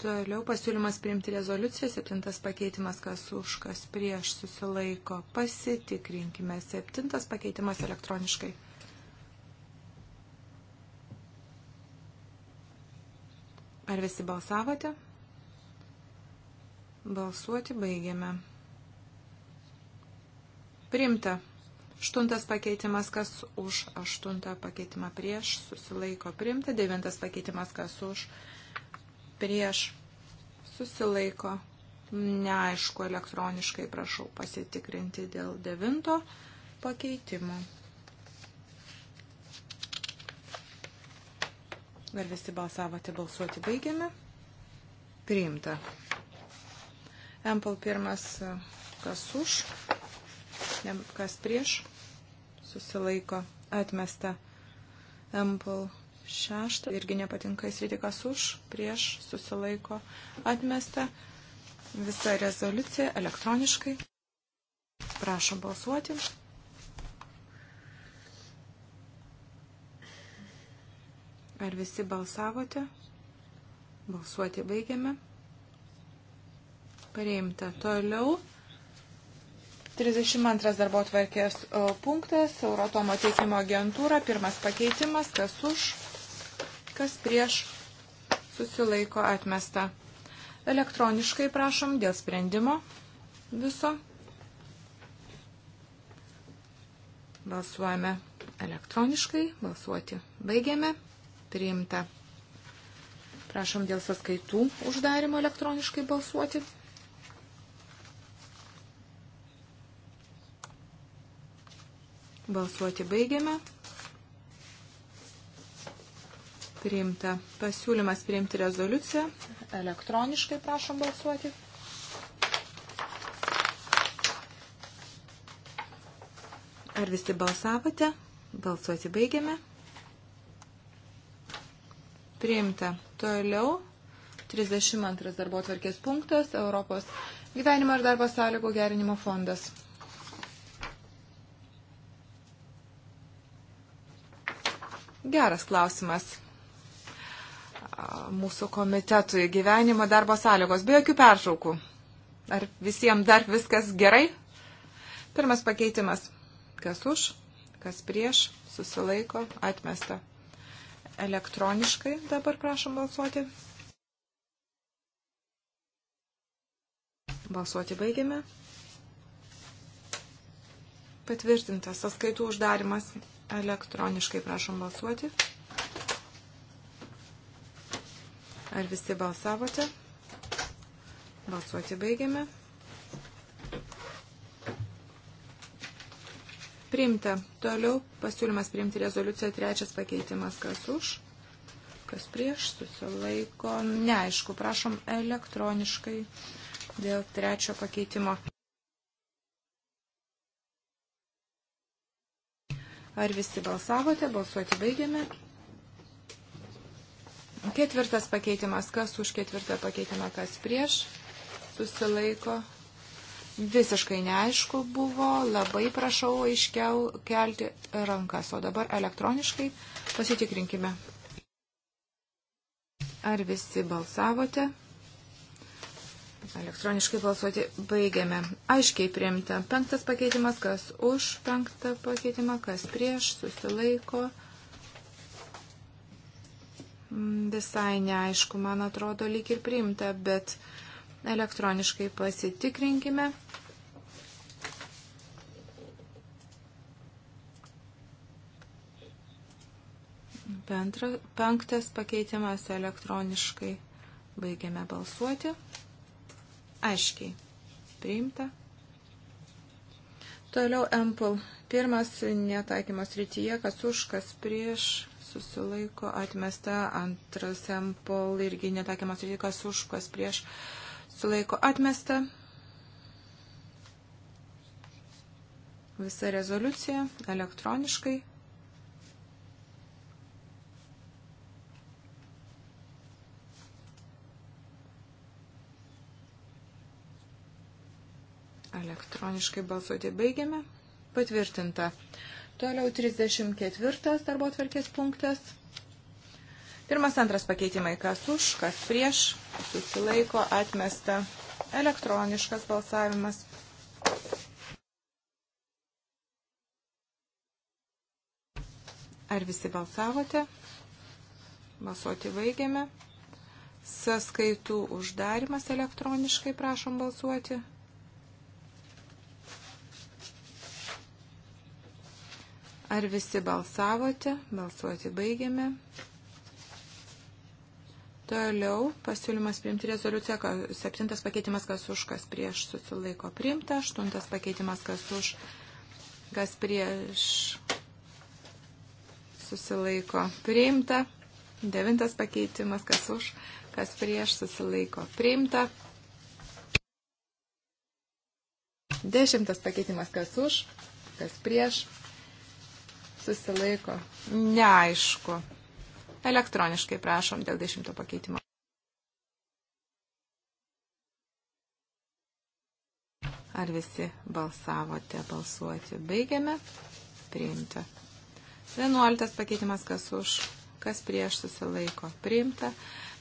Toliau pasiūlymas priimti rezoliuciją, septintas pakeitimas, kas už, kas prieš susilaiko, pasitikrinkime, septintas pakeitimas elektroniškai. Ar visi balsavote? Balsuoti baigiame. Primta. Aštuntas pakeitimas, kas už aštuntą pakeitimą prieš, susilaiko priimta. Devintas pakeitimas, kas už prieš, susilaiko. Neaišku, elektroniškai prašau pasitikrinti dėl devinto pakeitimo. Ar visi balsavote balsuoti baigiame? Priimta. Ample pirmas, kas už kas prieš, susilaiko atmesta. Empul 6 irgi nepatinka įsitikas už, prieš, susilaiko atmesta. Visa rezoliucija elektroniškai. Prašom balsuoti. Ar visi balsavote? Balsuoti baigiame. Pareimta. Toliau 32 darbo tvarkės punktas, Euratomo teikimo agentūra, pirmas pakeitimas, kas už, kas prieš, susilaiko atmesta. Elektroniškai prašom dėl sprendimo viso. Balsuojame elektroniškai, balsuoti baigiame, priimta. Prašom dėl sąskaitų uždarimo elektroniškai balsuoti. Balsuoti baigiame. Priimta. Pasiūlymas priimti rezoliuciją. Elektroniškai prašom balsuoti. Ar visi balsavote? Balsuoti baigiame. Priimta. Toliau 32 darbo tvarkės punktas Europos gyvenimo ir darbo sąlygų gerinimo fondas. Geras klausimas mūsų komitetui gyvenimo darbo sąlygos, be jokių peršaukų. Ar visiems dar viskas gerai? Pirmas pakeitimas. Kas už, kas prieš, susilaiko, atmesta. Elektroniškai dabar prašom balsuoti. Balsuoti baigiame. Patvirtintas sąskaitų uždarimas. Elektroniškai prašom balsuoti. Ar visi balsavote? Balsuoti baigiame. Priimta. Toliau pasiūlymas priimti rezoliuciją. Trečias pakeitimas. Kas už? Kas prieš? Susilaiko. Neaišku. Prašom elektroniškai dėl trečio pakeitimo. Ar visi balsavote? Balsuoti baigiame. Ketvirtas pakeitimas. Kas už ketvirtą pakeitimą, kas prieš? Susilaiko. Visiškai neaišku buvo. Labai prašau aiškiau kelti rankas. O dabar elektroniškai pasitikrinkime. Ar visi balsavote? Elektroniškai balsuoti baigiame. Aiškiai priimta. Penktas pakeitimas, kas už penktą pakeitimą, kas prieš, susilaiko. Mm, visai neaišku, man atrodo, lyg ir priimta, bet elektroniškai pasitikrinkime. Penktas pakeitimas elektroniškai. Baigiame balsuoti aiškiai priimta. Toliau Ample. Pirmas netaikymas rytyje, kas už, kas prieš, susilaiko, atmesta. Antras Ample irgi netaikymas rytyje, kas už, kas prieš, susilaiko, atmesta. Visa rezoliucija elektroniškai. Elektroniškai balsuoti baigiame. Patvirtinta. Toliau 34 darbo atverkės punktas. Pirmas, antras pakeitimai, kas už, kas prieš, susilaiko, atmesta, elektroniškas balsavimas. Ar visi balsavote? Balsuoti baigiame. Saskaitų uždarimas elektroniškai, prašom balsuoti. Ar visi balsavote? Balsuoti baigiame. Toliau pasiūlymas priimti rezoliuciją, kad septintas pakeitimas kas už, kas prieš susilaiko priimta, aštuntas pakeitimas kas už, kas prieš susilaiko priimta, devintas pakeitimas kas už, kas prieš susilaiko priimta, dešimtas pakeitimas kas už, kas prieš susilaiko. Neaišku. Elektroniškai prašom dėl dešimto pakeitimo. Ar visi balsavote balsuoti? Baigiame. Priimta. Vienuoliktas pakeitimas kas už, kas prieš susilaiko. Priimta.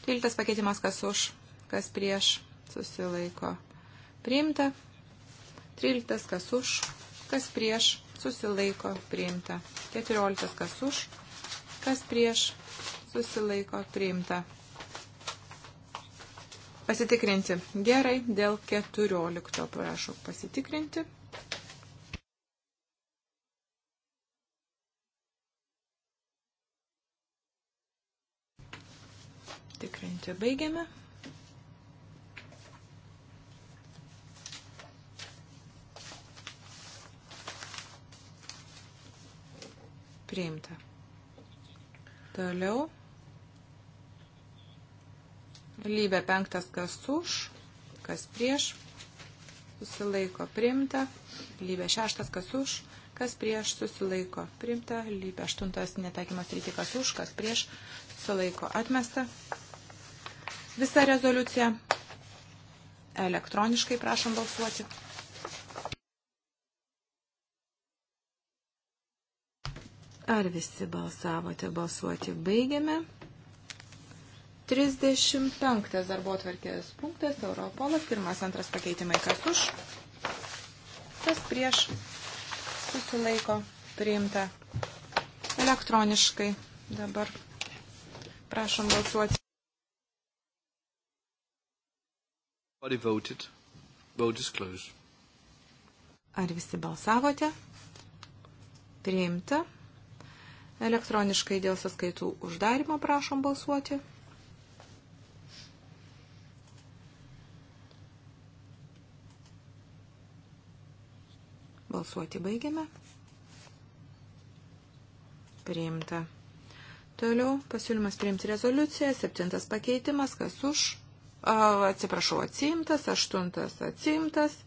Dvyliktas pakeitimas kas už, kas prieš susilaiko. Priimta. Tryliktas kas už, kas prieš susilaiko priimta. 14 kas už, kas prieš, susilaiko priimta. Pasitikrinti. Gerai, dėl 14 prašau pasitikrinti. Tikrinti baigiame. priimta. Toliau. Lybė penktas kas už, kas prieš, susilaiko priimta. Lybė šeštas kas už, kas prieš, susilaiko priimta. Lybė aštuntas netaikymas ryti kas už, kas prieš, susilaiko atmesta. Visa rezoliucija. Elektroniškai prašom balsuoti. Ar visi balsavote? Balsuoti baigiame. 35 darbo atvarkės punktas Europolas. Pirmas, antras pakeitimai. Kas už? Kas prieš? Susilaiko. Priimta. Elektroniškai. Dabar prašom balsuoti. Body voted. Vote is closed. Ar visi balsavote? Priimta. Elektroniškai dėl sąskaitų uždarimo prašom balsuoti. Balsuoti baigiame. Priimta. Toliau pasiūlymas priimti rezoliuciją. Septintas pakeitimas. Kas už? A, atsiprašau, atsimtas. Aštuntas atsimtas.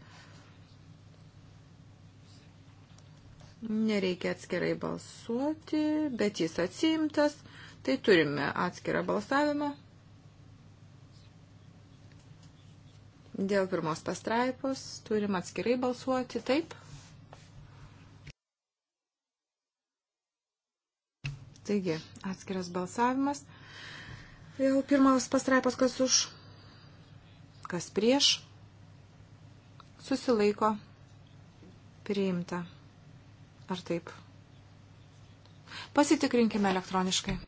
Nereikia atskirai balsuoti, bet jis atsiimtas. Tai turime atskirą balsavimą. Dėl pirmos pastraipos turim atskirai balsuoti. Taip. Taigi, atskiras balsavimas. Vėl pirmas pastraipos, kas už, kas prieš, susilaiko, priimta. Ar taip? Pasitikrinkime elektroniškai.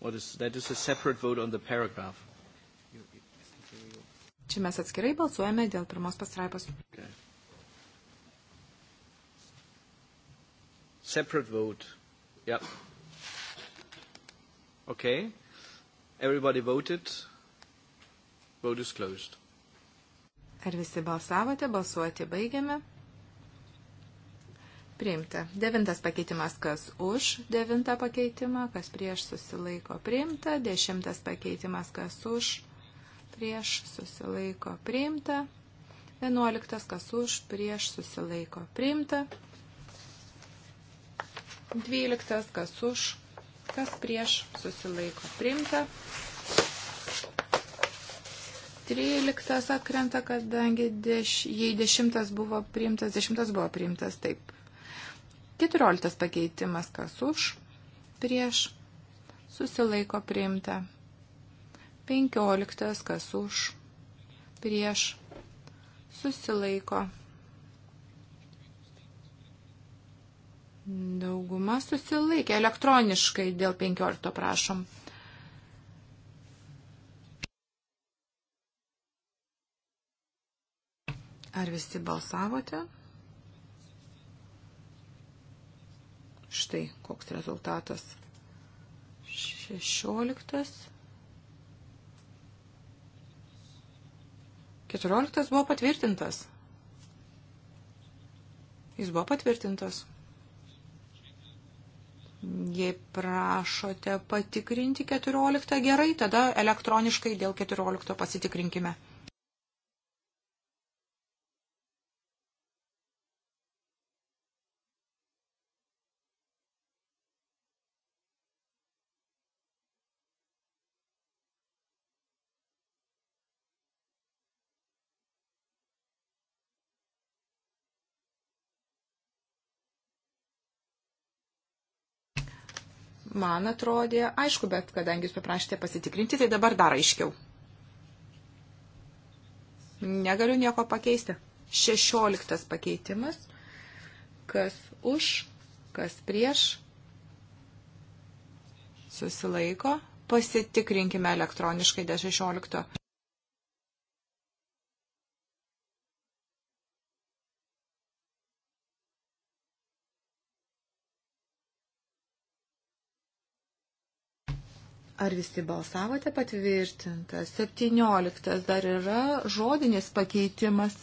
What is, that is a separate vote on the paragraph. Čia mes atskirai balsuojame dėl pirmos pastraipos. Okay. Separate vote. Yep. Okay. Everybody voted. Vote is closed. Ar visi balsavote? Balsuoti baigiame. Priimta. Devintas pakeitimas, kas už devintą pakeitimą, kas prieš susilaiko priimta. Dešimtas pakeitimas, kas už prieš susilaiko priimta. Vienuoliktas, kas už prieš susilaiko priimta. Dvyliktas, kas už, kas prieš susilaiko priimta. 13 atkrenta, kadangi deš, jei 10 buvo priimtas, 10 buvo priimtas taip. 14 pakeitimas, kas už, prieš, susilaiko priimta. 15 kas už, prieš, susilaiko. Dauguma susilaikė elektroniškai dėl 15 prašom. Ar visi balsavote? Štai koks rezultatas. 16. 14 buvo patvirtintas. Jis buvo patvirtintas. Jei prašote patikrinti 14, gerai, tada elektroniškai dėl 14 pasitikrinkime. man atrodė aišku, bet kadangi jūs paprašėte pasitikrinti, tai dabar dar aiškiau. Negaliu nieko pakeisti. Šešioliktas pakeitimas. Kas už, kas prieš. Susilaiko. Pasitikrinkime elektroniškai dėl šešiolikto. Ar visi balsavote patvirtinta? 17 dar yra žodinis pakeitimas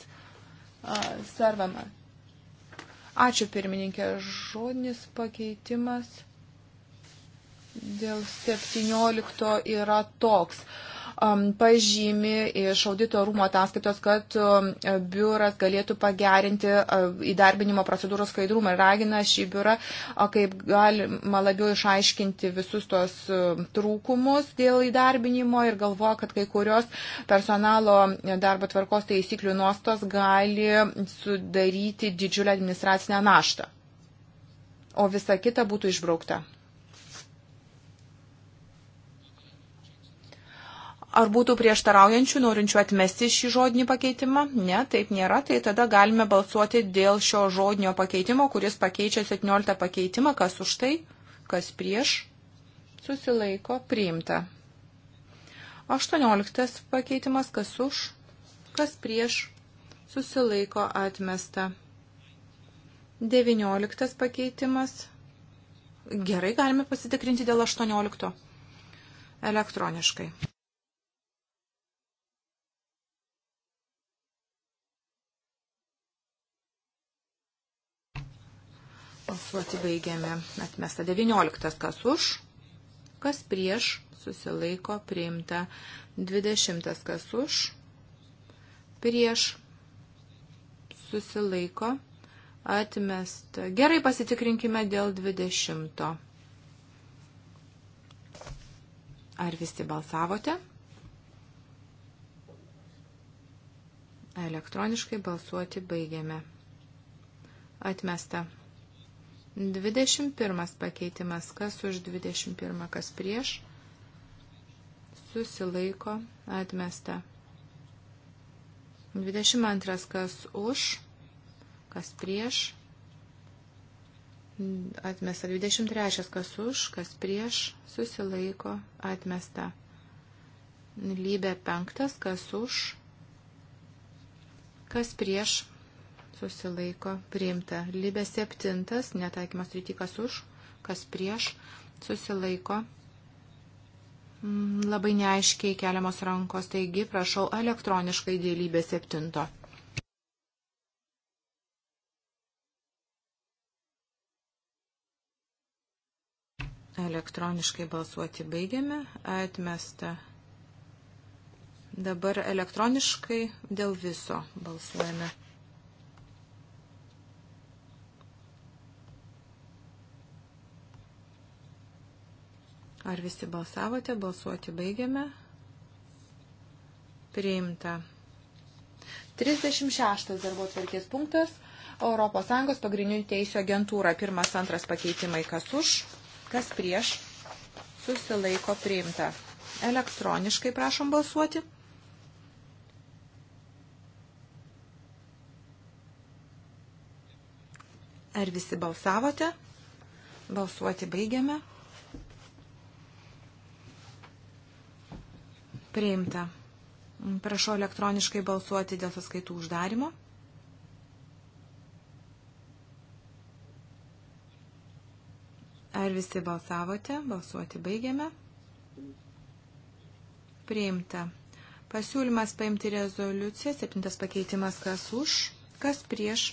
servama. Ačiū pirmininkė, žodinis pakeitimas dėl 17 yra toks. A, Um, pažymi iš audito rūmo ataskaitos, kad um, biuras galėtų pagerinti uh, įdarbinimo procedūros skaidrumą ir ragina šį biurą, uh, kaip galima labiau išaiškinti visus tos um, trūkumus dėl įdarbinimo ir galvoja, kad kai kurios personalo darbo tvarkos taisyklių nuostos gali sudaryti didžiulę administracinę naštą o visa kita būtų išbraukta. Ar būtų prieštaraujančių, norinčių atmesti šį žodinį pakeitimą? Ne, taip nėra. Tai tada galime balsuoti dėl šio žodinio pakeitimo, kuris pakeičia 17 pakeitimą. Kas už tai? Kas prieš? Susilaiko. Priimta. 18 pakeitimas. Kas už? Kas prieš? Susilaiko. Atmesta. 19 pakeitimas. Gerai, galime pasitikrinti dėl 18 elektroniškai. Balsuoti baigiame. Atmesta 19. Kas už? Kas prieš? Susilaiko priimta. 20. Kas už? Prieš? Susilaiko. Atmesta. Gerai pasitikrinkime dėl 20. Ar visi balsavote? Elektroniškai balsuoti baigiame. Atmesta. 21 pakeitimas, kas už 21, kas prieš, susilaiko atmesta. 22, kas už, kas prieš, atmesta. 23, kas už, kas prieš, susilaiko atmesta. Lybė 5, kas už, kas prieš, susilaiko priimta. Libė septintas, netaikymas rytikas už, kas prieš, susilaiko. Mm, labai neaiškiai keliamos rankos, taigi prašau elektroniškai dėl Libė septinto. Elektroniškai balsuoti baigiame. Atmesta. Dabar elektroniškai dėl viso balsuojame. Ar visi balsavote? Balsuoti baigiame. Priimta. 36 darbo tvarkės punktas. ES pagrindinių teisų agentūra. Pirmas, antras pakeitimai. Kas už, kas prieš. Susilaiko priimta. Elektroniškai prašom balsuoti. Ar visi balsavote? Balsuoti baigiame. Priimta. Prašau elektroniškai balsuoti dėl sąskaitų uždarimo. Ar visi balsavote? Balsuoti baigiame. Priimta. Pasiūlymas paimti rezoliuciją. Septintas pakeitimas kas už, kas prieš.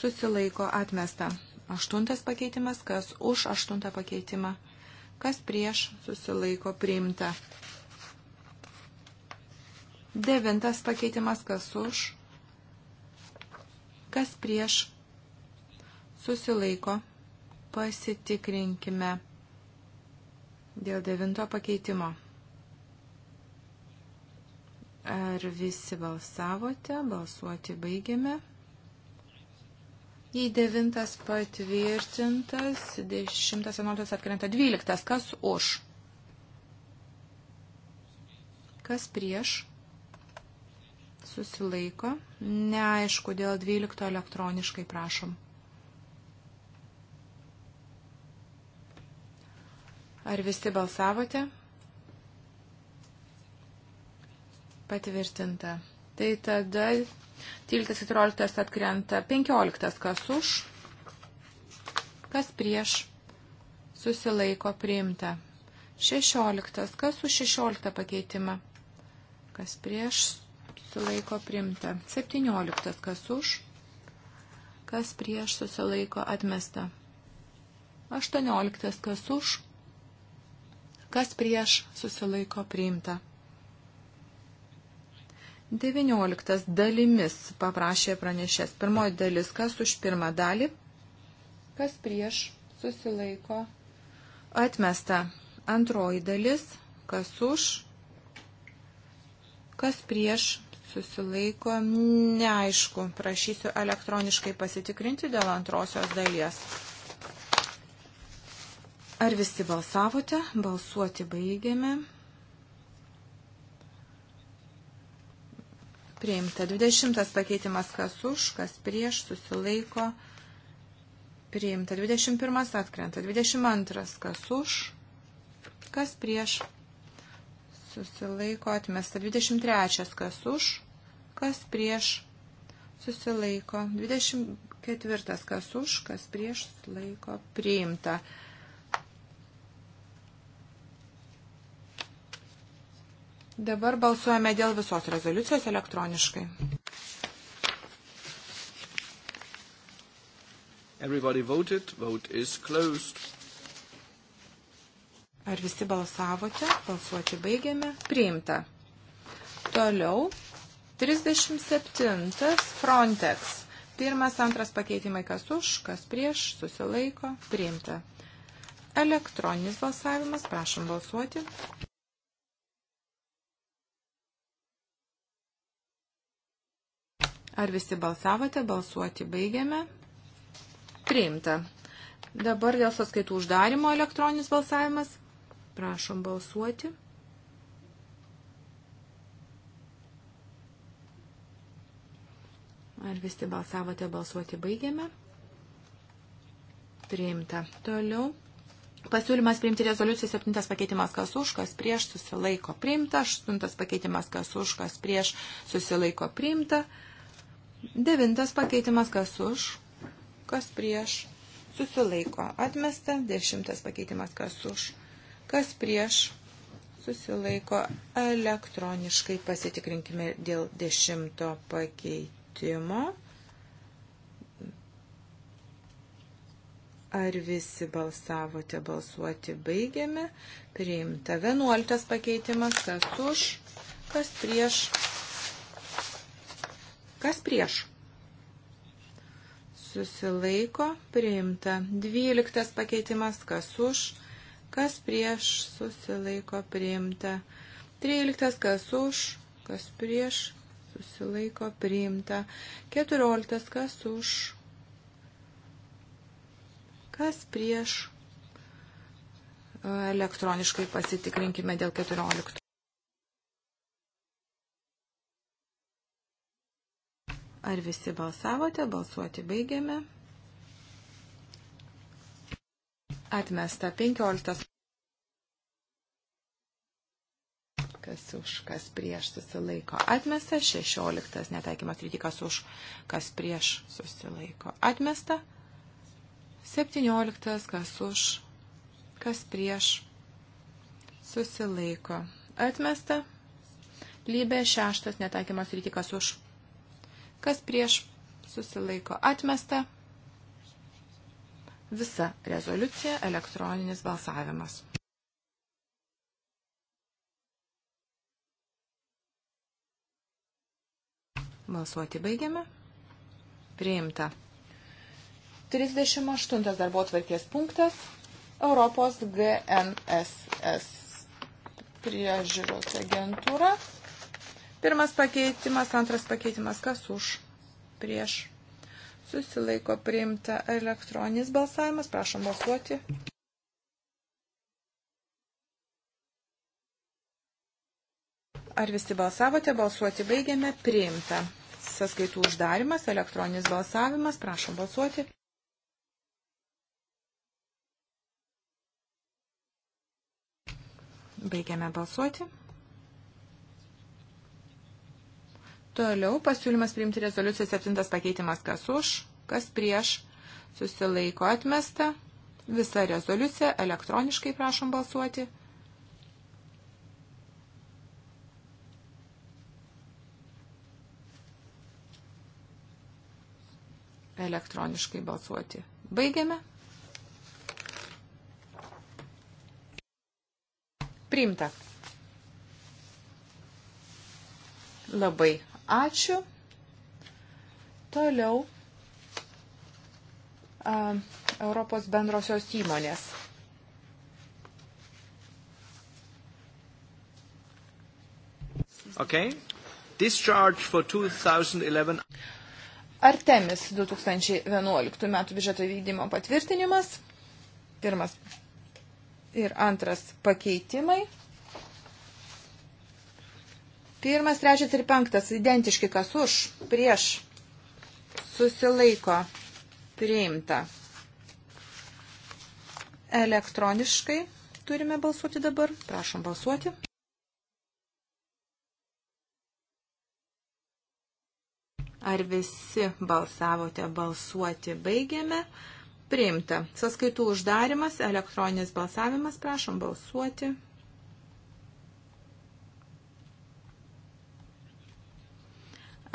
Susilaiko atmesta. Aštuntas pakeitimas kas už aštuntą pakeitimą. Kas prieš susilaiko priimta. Devintas pakeitimas kas už, kas prieš, susilaiko, pasitikrinkime dėl devinto pakeitimo. Ar visi balsavote, balsuoti baigėme. Jei devintas patvirtintas, dešimtas vienuolis atkrenta dvyliktas, kas už? Kas prieš? susilaiko, neaišku, dėl 12 elektroniškai prašom. Ar visi balsavote? Patvirtinta. Tai tada 13-14 atkrenta 15, kas už, kas prieš, susilaiko priimta. 16, kas už 16 pakeitimą, kas prieš, susilaiko primta. 17. Kas už, kas prieš susilaiko atmesta. 18. Kas už, kas prieš susilaiko priimta. 19. Dalimis paprašė pranešės. Pirmoji dalis, kas už pirmą dalį, kas prieš susilaiko atmesta. Antroji dalis, kas už, kas prieš susilaiko, neaišku. Prašysiu elektroniškai pasitikrinti dėl antrosios dalies. Ar visi balsavote? Balsuoti baigėme. Priimta 20 pakeitimas kas už, kas prieš, susilaiko. Priimta 21 atkrenta, 22 kas už, kas prieš, susilaiko atmesta, 23 kas už, kas prieš susilaiko. 24. Kas už, kas prieš susilaiko priimta. Dabar balsuojame dėl visos rezoliucijos elektroniškai. Everybody voted. Vote is closed. Ar visi balsavote? Balsuoti baigėme. Priimta. Toliau 37. Frontex. Pirmas, antras pakeitimai, kas už, kas prieš, susilaiko, priimta. Elektroninis balsavimas, prašom balsuoti. Ar visi balsavote, balsuoti baigiame. Priimta. Dabar dėl sąskaitų uždarimo elektroninis balsavimas. Prašom balsuoti. Ar visi balsavote, balsuoti baigėme? Priimta. Toliau. Pasiūlymas priimti rezoliuciją septintas pakeitimas kas už, kas prieš susilaiko priimta, aštuntas pakeitimas kas už, kas prieš susilaiko priimta, devintas pakeitimas kas už, kas prieš susilaiko atmesta, dešimtas pakeitimas kas už, kas prieš susilaiko elektroniškai pasitikrinkime dėl dešimto pakeitimo pakeitimo. Ar visi balsavote, balsuoti baigiame. Priimta 11 pakeitimas, kas už, kas prieš. Kas prieš? Susilaiko, priimta 12 pakeitimas, kas už, kas prieš, susilaiko, priimta 13, kas už, kas prieš, susilaiko priimta. 14 kas už, kas prieš. Elektroniškai pasitikrinkime dėl 14. Ar visi balsavote? Balsuoti baigiame. Atmesta 15. kas už, kas prieš susilaiko. Atmesta 16, netaikymas rytikas už, kas prieš susilaiko. Atmesta 17, kas už, kas prieš susilaiko. Atmesta lybė 6, netaikymas rytikas už, kas prieš susilaiko. Atmesta visa rezoliucija elektroninis balsavimas. Balsuoti baigiame. Priimta. 38 darbo tvarkės punktas Europos GNSS priežiūros agentūra. Pirmas pakeitimas, antras pakeitimas, kas už, prieš. Susilaiko priimta elektroninis balsavimas, prašom balsuoti. Ar visi balsavote? Balsuoti baigiame. Priimta. Saskaitų uždarimas, elektroninis balsavimas. Prašom balsuoti. Baigiame balsuoti. Toliau pasiūlymas priimti rezoliuciją septintas pakeitimas kas už, kas prieš, susilaiko atmesta. Visa rezoliucija elektroniškai prašom balsuoti. elektroniškai balsuoti. Baigiame. Priimta. Labai ačiū. Toliau a, Europos bendrosios įmonės. Okay. Discharge for 2011. Artemis 2011 metų biudžeto vykdymo patvirtinimas. Pirmas ir antras pakeitimai. Pirmas, trečias ir penktas identiški, kas už, prieš, susilaiko, priimta. Elektroniškai turime balsuoti dabar. Prašom balsuoti. Ar visi balsavote balsuoti baigiame? Priimta. Saskaitų uždarimas, elektroninis balsavimas, prašom balsuoti.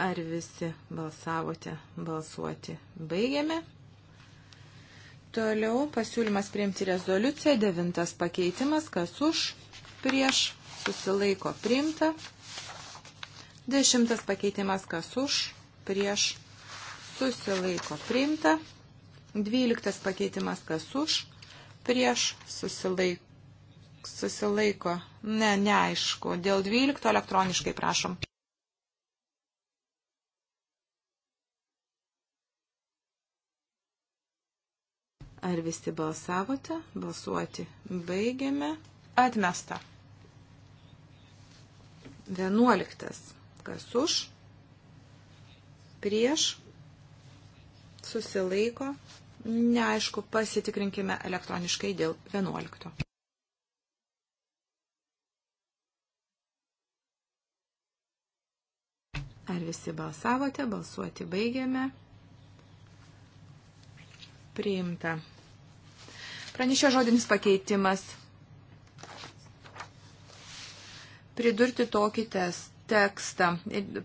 Ar visi balsavote balsuoti? Baigiame. Toliau pasiūlymas priimti rezoliuciją. Devintas pakeitimas. Kas už? Prieš. Susilaiko priimta. Dešimtas pakeitimas. Kas už? prieš susilaiko priimta. Dvyliktas pakeitimas kas už, prieš susilaiko. Susilaiko. Ne, neaišku. Dėl 12 elektroniškai prašom. Ar visi balsavote? Balsuoti baigiame. Atmesta. 11. Kas už? prieš, susilaiko, neaišku, pasitikrinkime elektroniškai dėl 11. Ar visi balsavote? Balsuoti baigiame. Priimta. Pranešė žodinis pakeitimas. Pridurti tokį testą tekstą.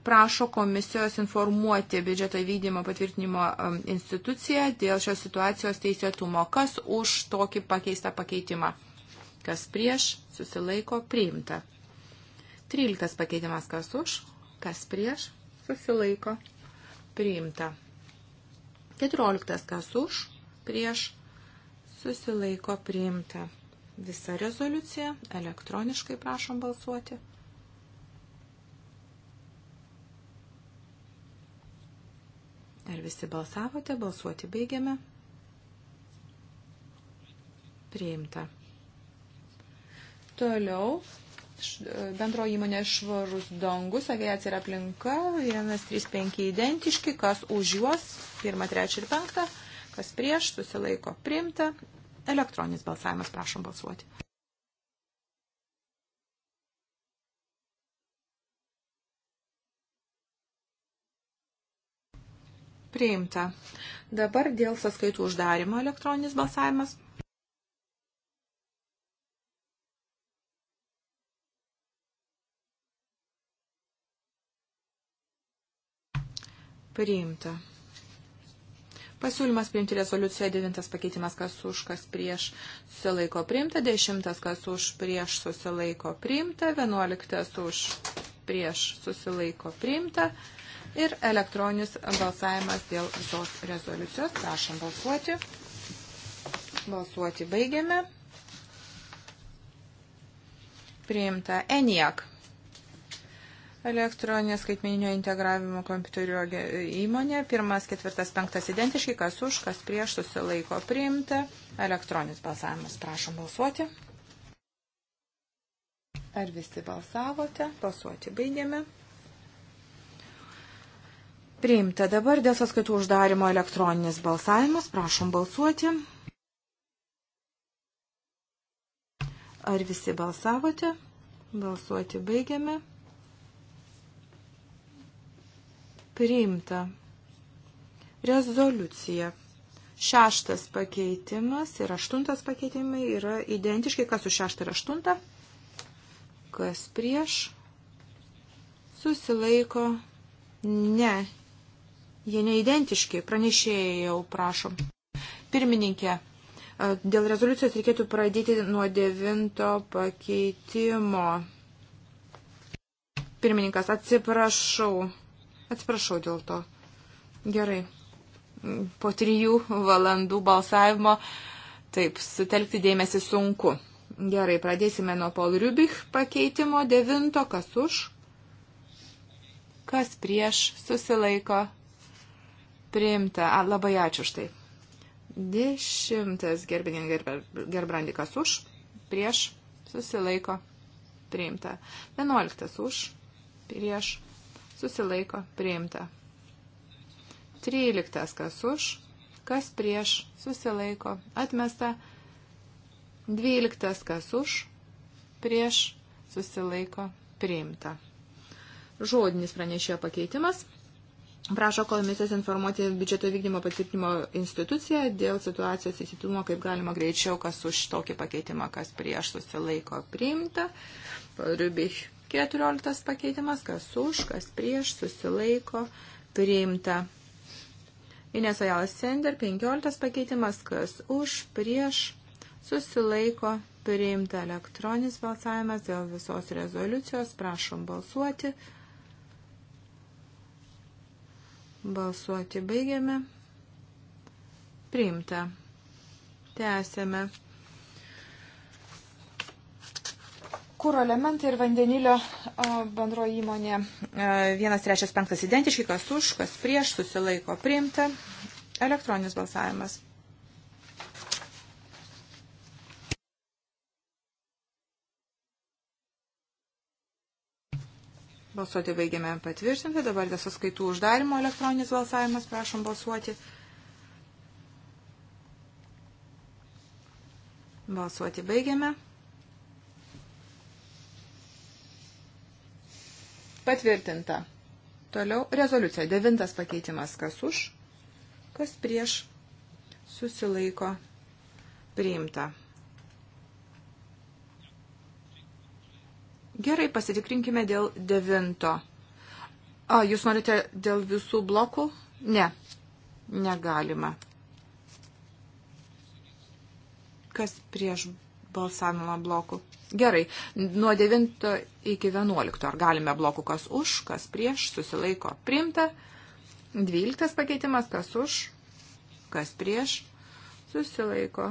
Prašo komisijos informuoti biudžeto vykdymo patvirtinimo um, instituciją dėl šios situacijos teisėtumo. Kas už tokį pakeistą pakeitimą? Kas prieš? Susilaiko priimta. 13 pakeitimas. Kas už? Kas prieš? Susilaiko priimta. 14 kas už? Prieš? Susilaiko priimta. Visa rezoliucija elektroniškai prašom balsuoti. Ar visi balsavote? Balsuoti baigiame. Priimta. Toliau bendro įmonė švarus dangus, aviacija ir aplinka, 1, 3, 5 identiški, kas už juos, 1, 3 ir 5, kas prieš, susilaiko priimta. Elektroninis balsavimas, prašom balsuoti. priimta. Dabar dėl sąskaitų uždarimo elektroninis balsavimas. Priimta. Pasiūlymas priimti rezoliuciją 9 pakeitimas, kas už, kas prieš susilaiko priimta, 10 kas už, prieš susilaiko priimta, 11 už, prieš susilaiko priimta ir elektroninis balsavimas dėl visos rezoliucijos. Prašom balsuoti. Balsuoti baigiame. Priimta ENIAC. Elektroninės skaitmeninio integravimo kompiuterio įmonė. Pirmas, ketvirtas, penktas identiški. Kas už, kas prieš susilaiko priimta. Elektroninis balsavimas. Prašom balsuoti. Ar visi balsavote? Balsuoti baigiame. Priimta. Dabar dėl sąskaitų uždarimo elektroninis balsavimas. Prašom balsuoti. Ar visi balsavote? Balsuoti baigiame. Priimta. Rezoliucija. Šeštas pakeitimas ir aštuntas pakeitimai yra identiški, kas už šeštą ir aštuntą, kas prieš, susilaiko, ne, Jie neidentiški. Pranešėjai jau prašom. Pirmininkė, dėl rezoliucijos reikėtų pradėti nuo devinto pakeitimo. Pirmininkas, atsiprašau. Atsiprašau dėl to. Gerai. Po trijų valandų balsavimo taip sutelkti dėmesį sunku. Gerai, pradėsime nuo Paul Rubich pakeitimo devinto, kas už, kas prieš, susilaiko, priimta. A, labai ačiū už tai. Dešimtas gerbinin gerbrandikas už, prieš, susilaiko, priimta. Vienuoliktas už, prieš, susilaiko, priimta. Tryliktas kas už, kas prieš, susilaiko, atmesta. Dvyliktas kas už, prieš, susilaiko, priimta. Žodinis pranešėjo pakeitimas – prašo komisijos informuoti biudžeto vykdymo patvirtinimo instituciją dėl situacijos įsitumo, kaip galima greičiau, kas už tokį pakeitimą, kas prieš susilaiko priimta. Rubik 14 pakeitimas, kas už, kas prieš susilaiko priimta. Ines Ajalas Sender 15 pakeitimas, kas už, prieš susilaiko priimta elektroninis balsavimas dėl visos rezoliucijos. Prašom balsuoti. Balsuoti baigiame. Priimta. Tęsėme. Kūro elementai ir vandenilio bendroji įmonė. 1, 3, 5 identiški, kas už, kas prieš, susilaiko priimta. Elektroninis balsavimas. Balsuoti baigiame patvirtinti. Dabar dėl sąskaitų uždarimo elektroninis balsavimas. Prašom balsuoti. Balsuoti baigiame. Patvirtinta. Toliau rezoliucija. Devintas pakeitimas. Kas už, kas prieš, susilaiko, priimta. Gerai, pasitikrinkime dėl devinto. O, jūs norite dėl visų blokų? Ne, negalima. Kas prieš balsavimą blokų? Gerai, nuo 9 iki 11. Ar galime blokų kas už, kas prieš, susilaiko primta. 12 pakeitimas, kas už, kas prieš, susilaiko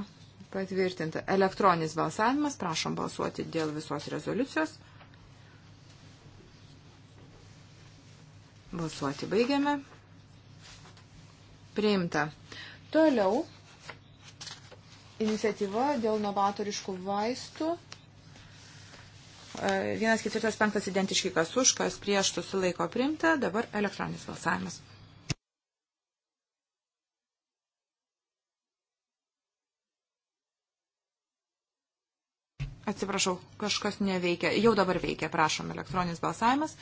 patvirtinta. Elektroninis balsavimas, prašom balsuoti dėl visos rezoliucijos. Balsuoti baigiame. Priimta. Toliau. Iniciatyva dėl novatoriškų vaistų. E, vienas, ketvirtas, penktas identiškai kas už, kas prieš susilaiko priimta. Dabar elektroninis balsavimas. Atsiprašau, kažkas neveikia. Jau dabar veikia, prašom, elektroninis balsavimas.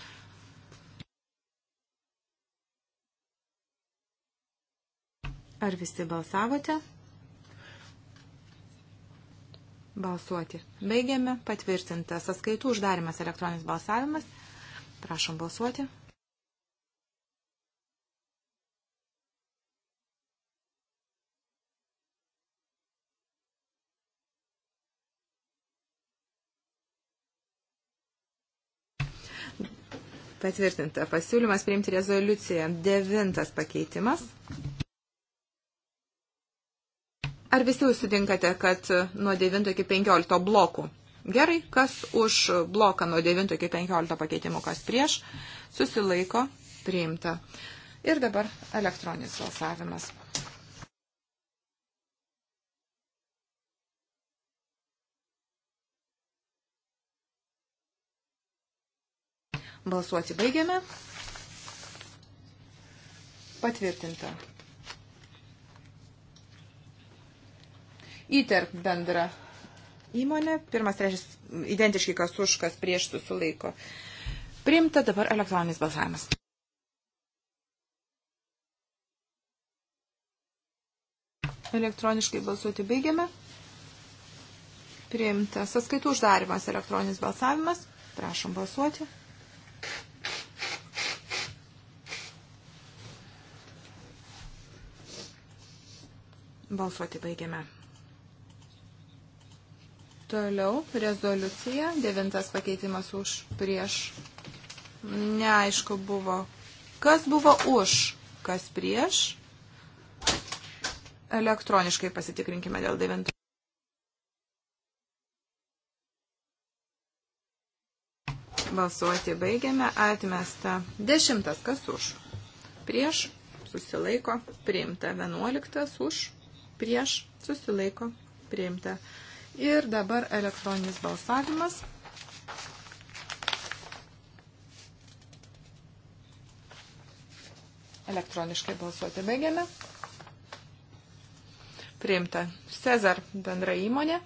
Ar visi balsavote? Balsuoti. Baigiame. Patvirtintas sąskaitų uždarimas elektroninis balsavimas. Prašom balsuoti. Patvirtinta pasiūlymas priimti rezoliuciją. Devintas pakeitimas. Ar visi jūs sutinkate, kad nuo 9 iki 15 blokų? Gerai, kas už bloką nuo 9 iki 15 pakeitimų, kas prieš, susilaiko, priimta. Ir dabar elektroninis balsavimas. Balsuoti baigiame. Patvirtinta. įterp bendrą įmonę. Pirmas, trečias, identiški kas už, kas prieš susilaiko. Priimta dabar elektroninis balsavimas. Elektroniškai balsuoti baigiame. Priimta sąskaitų uždarimas elektroninis balsavimas. Prašom balsuoti. Balsuoti baigiame. Toliau rezoliucija, devintas pakeitimas už prieš. Neaišku buvo, kas buvo už, kas prieš. Elektroniškai pasitikrinkime dėl devinto. Balsuoti baigiame, atmesta. Dešimtas, kas už? Prieš, susilaiko, priimta. Vienuoliktas, už, prieš, susilaiko, priimta. Priimta. Ir dabar elektroninis balsavimas. Elektroniškai balsuoti baigiame. Priimta. Cezar bendra įmonė.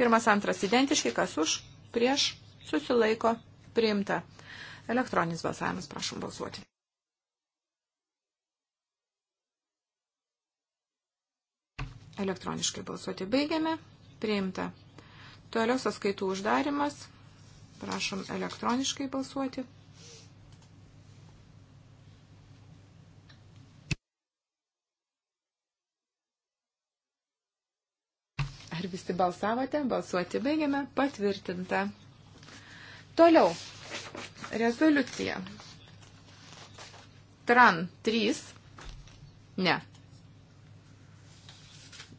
Pirmas, antras identiški, kas už, prieš, susilaiko, priimta. Elektroninis balsavimas, prašom balsuoti. Elektroniškai balsuoti baigiame priimta. Toliau sąskaitų uždarimas. Prašom elektroniškai balsuoti. Ar visi balsavote? Balsuoti baigiame. Patvirtinta. Toliau. Rezoliucija. Tran 3. Ne.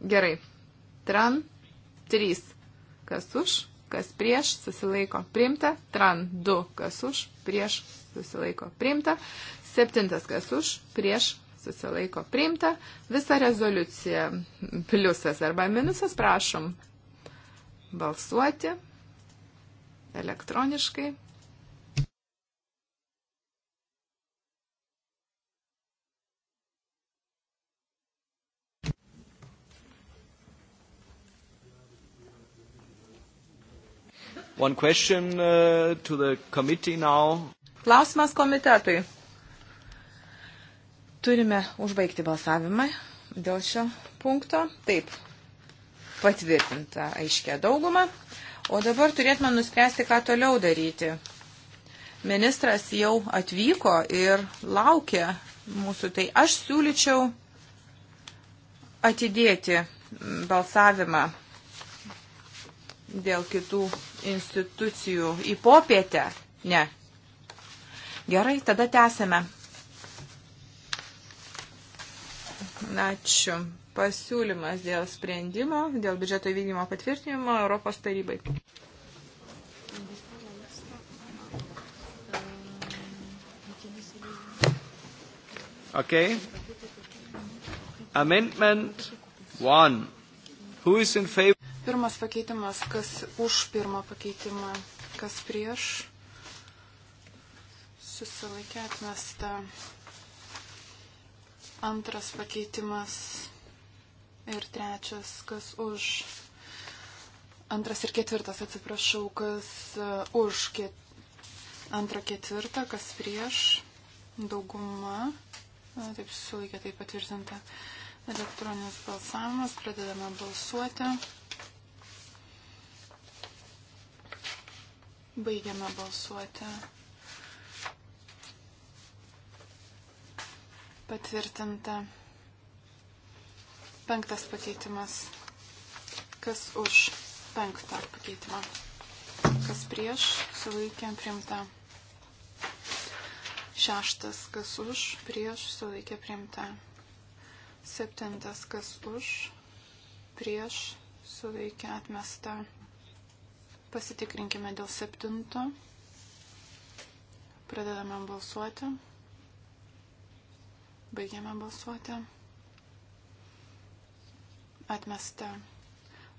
Gerai. Tran 3. 3. Kas už, kas prieš, susilaiko priimta. Tran 2. Kas už, prieš, susilaiko priimta. 7. Kas už, prieš, susilaiko priimta. Visa rezoliucija pliusas arba minusas, prašom balsuoti elektroniškai. One question uh, to the committee now. Klausimas komitetui. Turime užbaigti balsavimą dėl šio punkto. Taip, patvirtinta aiškia dauguma. O dabar turėtume nuspręsti, ką toliau daryti. Ministras jau atvyko ir laukia mūsų. Tai aš siūlyčiau atidėti balsavimą dėl kitų institucijų į popietę? Ne. Gerai, tada tęsime. Ačiū. Pasiūlymas dėl sprendimo, dėl biudžeto įvykdymo patvirtinimo Europos tarybai. Okay. Amendment 1. Who is in favor? Pirmas pakeitimas, kas už pirmą pakeitimą, kas prieš, susilaikė atmesta. Antras pakeitimas ir trečias, kas už. Antras ir ketvirtas, atsiprašau, kas uh, už ket... antrą ketvirtą, kas prieš, dauguma, na, taip susilaikė, taip patvirtinta. Elektroninis balsavimas, pradedame balsuoti. Baigiame balsuoti. Patvirtinta. Penktas pakeitimas. Kas už penktą pakeitimą? Kas prieš? Sulaikėm primta. Šeštas. Kas už? Prieš? Sulaikė primta. Septintas. Kas už? Prieš? Sulaikė atmesta. Pasitikrinkime dėl septinto. Pradedame balsuoti. Baigiame balsuoti. Atmesta.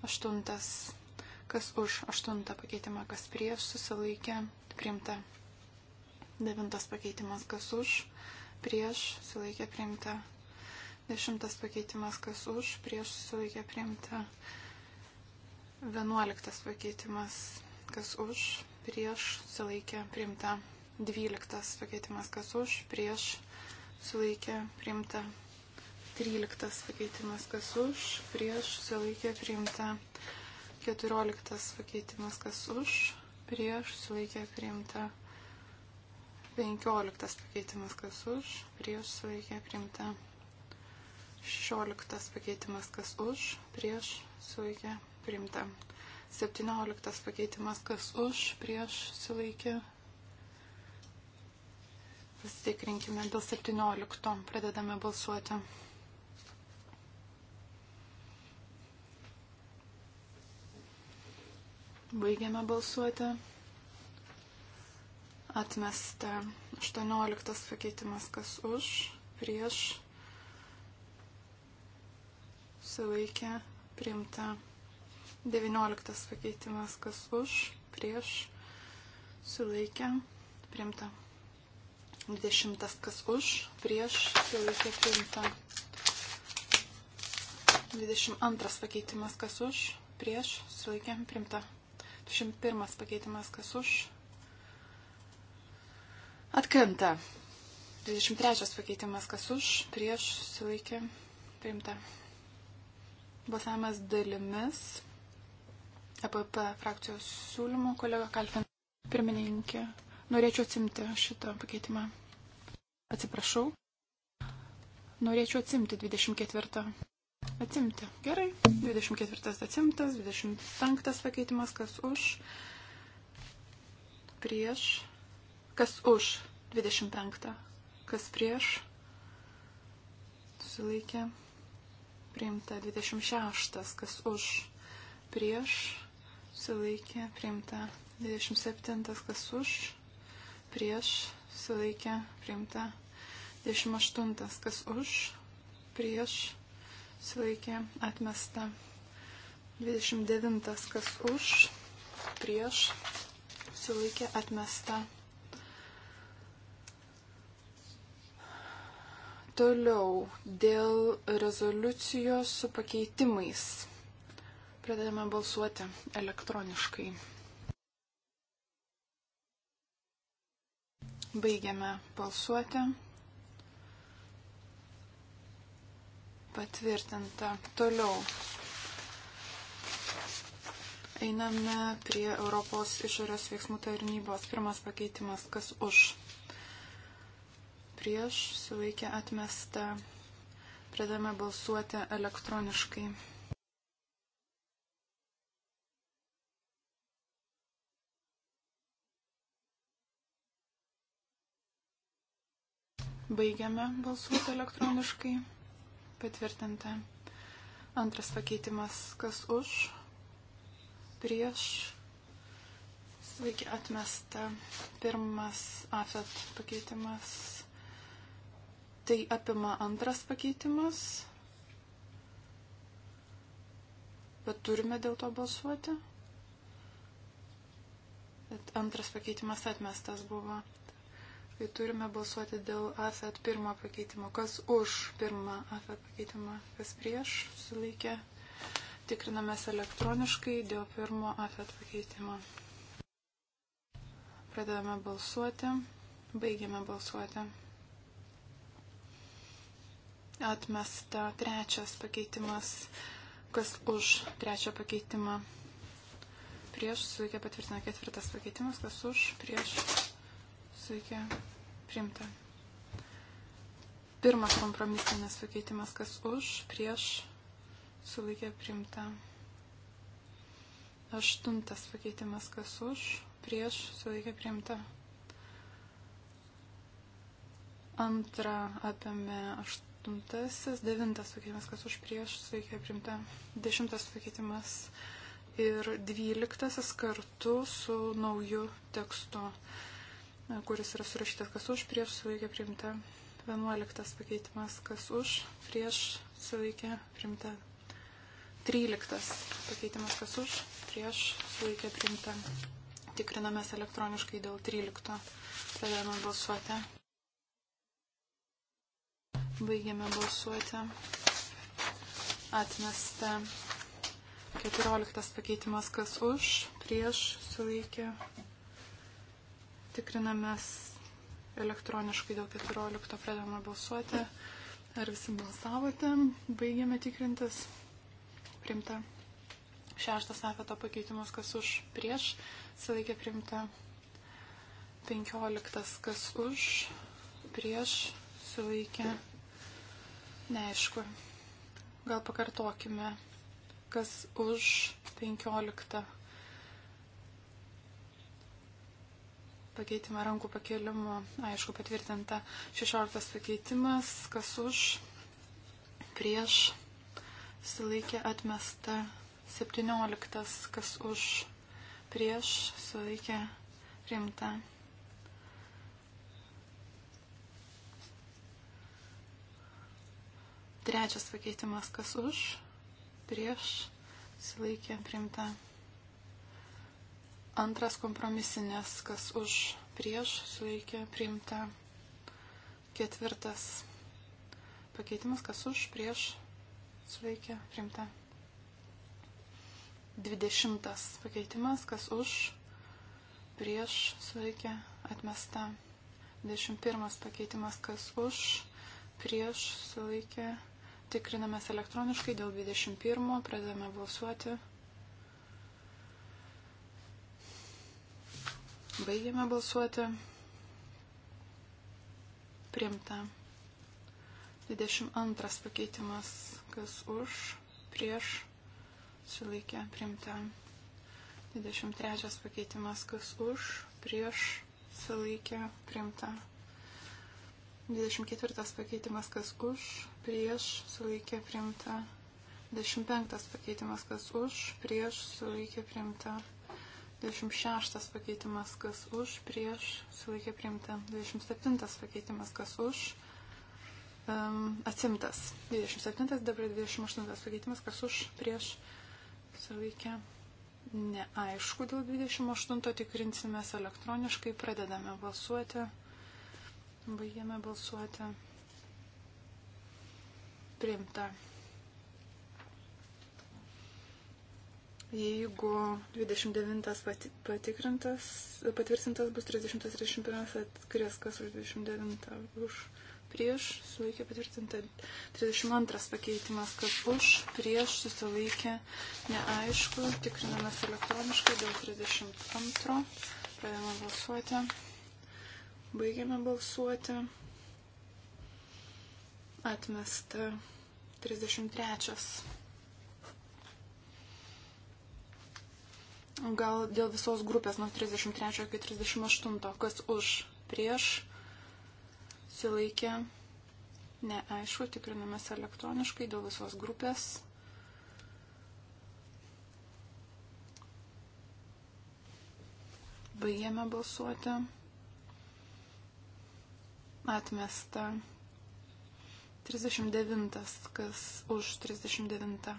Aštuntas. Kas už aštuntą pakeitimą, kas prieš, susilaikė, priimta. Devintas pakeitimas, kas už, prieš, susilaikė, priimta. Dešimtas pakeitimas, kas už, prieš, susilaikė, priimta. Priimta. Vienuoliktas pakeitimas, kas už, prieš, sulaikė, priimta. Dvyliktas pakeitimas, kas už, prieš, sulaikė, priimta. Tryliktas pakeitimas, kas už, prieš, sulaikė, priimta. Keturioliktas pakeitimas, kas už, prieš, sulaikė, priimta. 15 pakeitimas kas už, prieš sulaikė primta. 16 pakeitimas kas už, prieš sulaikė primta. 17 pakeitimas, kas už, prieš susilaikė. Pasitikrinkime dėl 17. Pradedame balsuoti. Baigiame balsuoti. Atmesta 18 pakeitimas, kas už, prieš, sulaikė, primta 19 pakeitimas, kas už, prieš, sulaikę, primta. 20 kas už, prieš, sulaikę, primta. 22 pakeitimas, kas už, prieš, sulaikę, primta. 21 pakeitimas, kas už, atkrenta. 23 pakeitimas, kas už, prieš, sulaikė, priimta. Balsavimas dalimis. EPP frakcijos siūlymų. Kolega Kalfin, pirmininkė, norėčiau atsimti šitą pakeitimą. Atsiprašau. Norėčiau atsimti 24. Atsimti. Gerai. 24 atsimtas, 25 pakeitimas, kas už. Prieš. Kas už 25. Kas prieš. Susilaikė. Priimta 26. Kas už. Prieš sulaikė, priimta. 27 kas už, prieš, sulaikė, priimta. 28 kas už, prieš, sulaikė, atmesta. 29 kas už, prieš, sulaikė, atmesta. Toliau dėl rezoliucijos su pakeitimais. Pradedame balsuoti elektroniškai. Baigiame balsuoti. Patvirtinta. Toliau. Einame prie Europos išorės veiksmų tarnybos. Pirmas pakeitimas, kas už. Prieš suveikia atmesta. Pradame balsuoti elektroniškai. Baigiame balsuoti elektroniškai. Patvirtinta. Antras pakeitimas. Kas už? Prieš. Sveiki atmesta. Pirmas afet pakeitimas. Tai apima antras pakeitimas. Bet turime dėl to balsuoti. Bet antras pakeitimas atmestas buvo. Tai turime balsuoti dėl AFET pirmo pakeitimo. Kas už pirmą AFET pakeitimą, kas prieš, sulaikė. Tikrinamės elektroniškai dėl pirmo AFET pakeitimo. Pradedame balsuoti, baigiame balsuoti. Atmesta trečias pakeitimas. Kas už trečią pakeitimą? Prieš sulaikė patvirtina ketvirtas pakeitimas. Kas už? Prieš suikia primta. Pirmas kompromisinis pakeitimas, kas už, prieš, sulaikė primta. Aštuntas pakeitimas, kas už, prieš, sulaikė primta. Antra apėmė aštuntasis, devintas pakeitimas, kas už, prieš, sulaikė primta. Dešimtas pakeitimas ir dvyliktasis kartu su nauju tekstu kuris yra surašytas kas už, prieš sulaikė priimta. 11 pakeitimas kas už, prieš sulaikė priimta. 13 pakeitimas kas už, prieš sulaikė priimta. Tikrinamės elektroniškai dėl 13. Pradėjome balsuoti. Baigėme balsuoti. Atmesta. 14 pakeitimas kas už, prieš sulaikė Tikrinamės elektroniškai dėl 14 pradėjome balsuoti. Ar visi balsavote? Baigėme tikrintis. Primta. Šeštas afeto pakeitimas, kas už prieš. Savaikė primta. 15 kas už prieš. Savaikė. Neaišku. Gal pakartokime, kas už 15 pakeitimą rankų pakelimu. Aišku, patvirtinta 16 pakeitimas, kas už, prieš, sulaikė atmesta 17, kas už, prieš, sulaikė rimta. Trečias pakeitimas, kas už, prieš, sulaikė primta. Antras kompromisinės, kas už prieš sulaikė priimta. Ketvirtas pakeitimas, kas už prieš sulaikė priimta. Dvidešimtas pakeitimas, kas už prieš sulaikė atmesta. Dešimt pirmas pakeitimas, kas už prieš sulaikė. Tikrinamės elektroniškai dėl 21, pradedame balsuoti. Baigiame balsuoti. Primta. 22 pakeitimas, kas už, prieš, sulaikė, primta. 23 pakeitimas, kas už, prieš, sulaikė, primta. 24 pakeitimas, kas už, prieš, sulaikė, primta. 25 pakeitimas, kas už, prieš, sulaikė, primta. 26 pakeitimas kas už, prieš, sulaikė priimta. 27 pakeitimas kas už, um, atsimtas. 27, dabar 28 pakeitimas kas už, prieš, sulaikė. Neaišku, dėl 28 tikrinsimės elektroniškai, pradedame balsuoti, baigiame balsuoti. Priimta. Jeigu 29 patikrintas, patvirtintas bus 30-31 atskris, kas už 29 už prieš, sulaikė patvirtinta 32 pakeitimas, kas už prieš susilaikė neaišku, tikrinamės elektroniškai dėl 32, pradėjome balsuoti, baigėme balsuoti, atmesta 33. Gal dėl visos grupės nuo 33 iki 38, kas už, prieš, silaikė, neaišku, tikrinamės elektroniškai dėl visos grupės. Baigėme balsuoti. Atmesta. 39, kas už 39,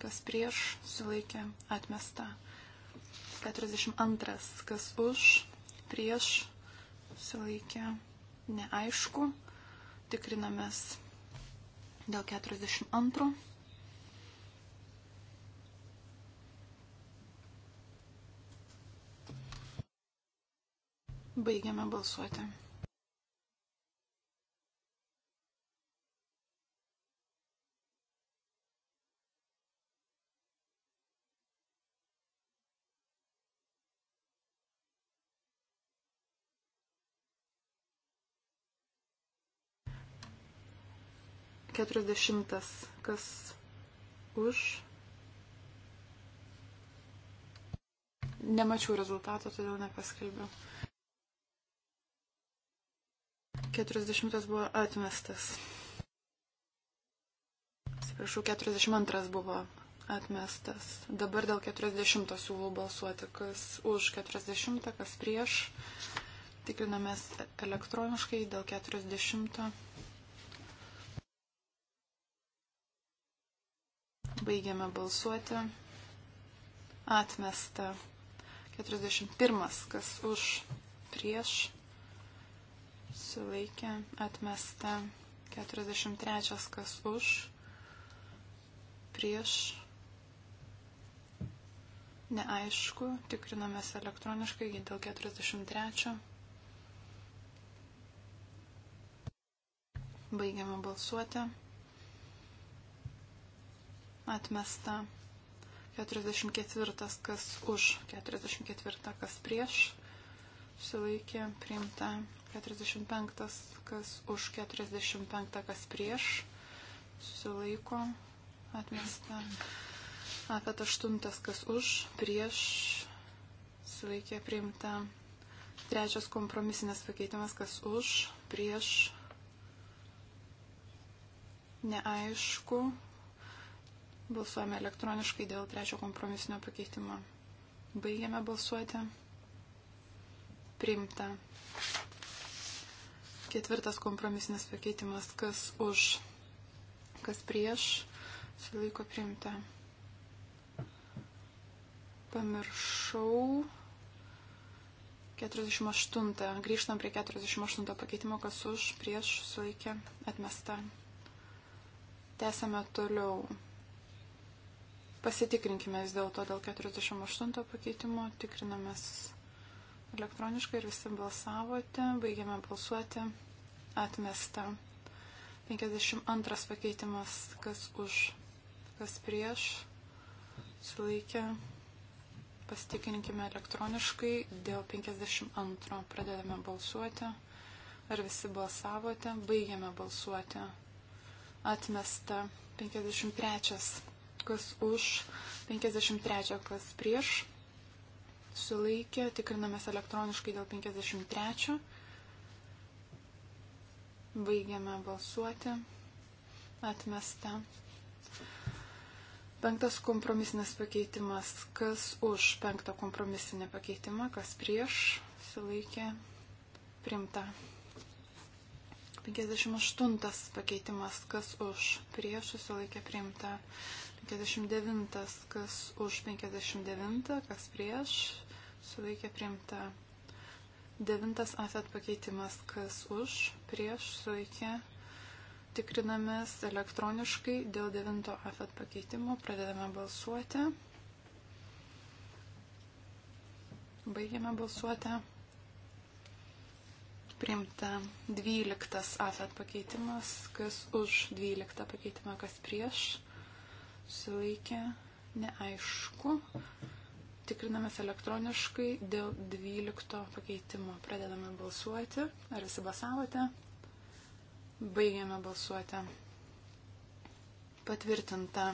kas prieš, sulaikė, atmesta. 142. Kas už, prieš, susilaikė, neaišku. Tikrinamės dėl 42. Baigiame balsuoti. 40. Kas už? Nemačiau rezultato, todėl nepaskelbiu. 40 buvo atmestas. Atsiprašau, 42 buvo atmestas. Dabar dėl 40 siūlau balsuoti, kas už 40, kas prieš. Tikrinamės elektroniškai dėl 40. Baigiame balsuoti. Atmesta. 41. Kas už prieš. Sulaikė. Atmesta. 43. Kas už prieš. Neaišku. Tikrinomės elektroniškai dėl 43. Baigiame balsuoti atmesta. 44, kas už, 44, kas prieš, susilaikė, priimta. 45, kas už, 45, kas prieš, susilaiko, atmesta. Apie 8, kas už, prieš, susilaikė, priimta. Trečias kompromisinės pakeitimas, kas už, prieš, neaišku, Balsuojame elektroniškai dėl trečio kompromisinio pakeitimo. Baigiame balsuoti. Priimta. Ketvirtas kompromisinis pakeitimas. Kas už, kas prieš, sulaiko priimta. Pamiršau. 48. Grįžtam prie 48 pakeitimo, kas už, prieš, sulaikė, atmesta. Tęsame toliau. Pasitikrinkime vis dėlto dėl 48 pakeitimo, tikrinamės elektroniškai ir visi balsavote, baigėme balsuoti, atmesta. 52 pakeitimas, kas už, kas prieš, sulaikė. Pasitikrinkime elektroniškai dėl 52. Pradedame balsuoti. Ar visi balsavote? Baigėme balsuoti. Atmesta 53 kas už, 53 kas prieš, sulaikė, tikrinamės elektroniškai dėl 53, baigiame balsuoti, atmesta. Penktas kompromisinis pakeitimas. Kas už penktą kompromisinį pakeitimą, kas prieš, sulaikė, primta. 58 pakeitimas. Kas už prieš, sulaikė, primta. 59, kas už 59, kas prieš, suveikia priimta. 9 afet pakeitimas, kas už, prieš, suveikia. Tikrinamės elektroniškai dėl 9 afet pakeitimo, pradedame balsuoti. Baigiame balsuoti. Priimta 12 afet pakeitimas, kas už 12 pakeitimą, kas prieš susilaikė, neaišku. Tikrinamės elektroniškai dėl 12 pakeitimo. Pradedame balsuoti. Ar visi balsavote? Baigiame balsuoti. Patvirtinta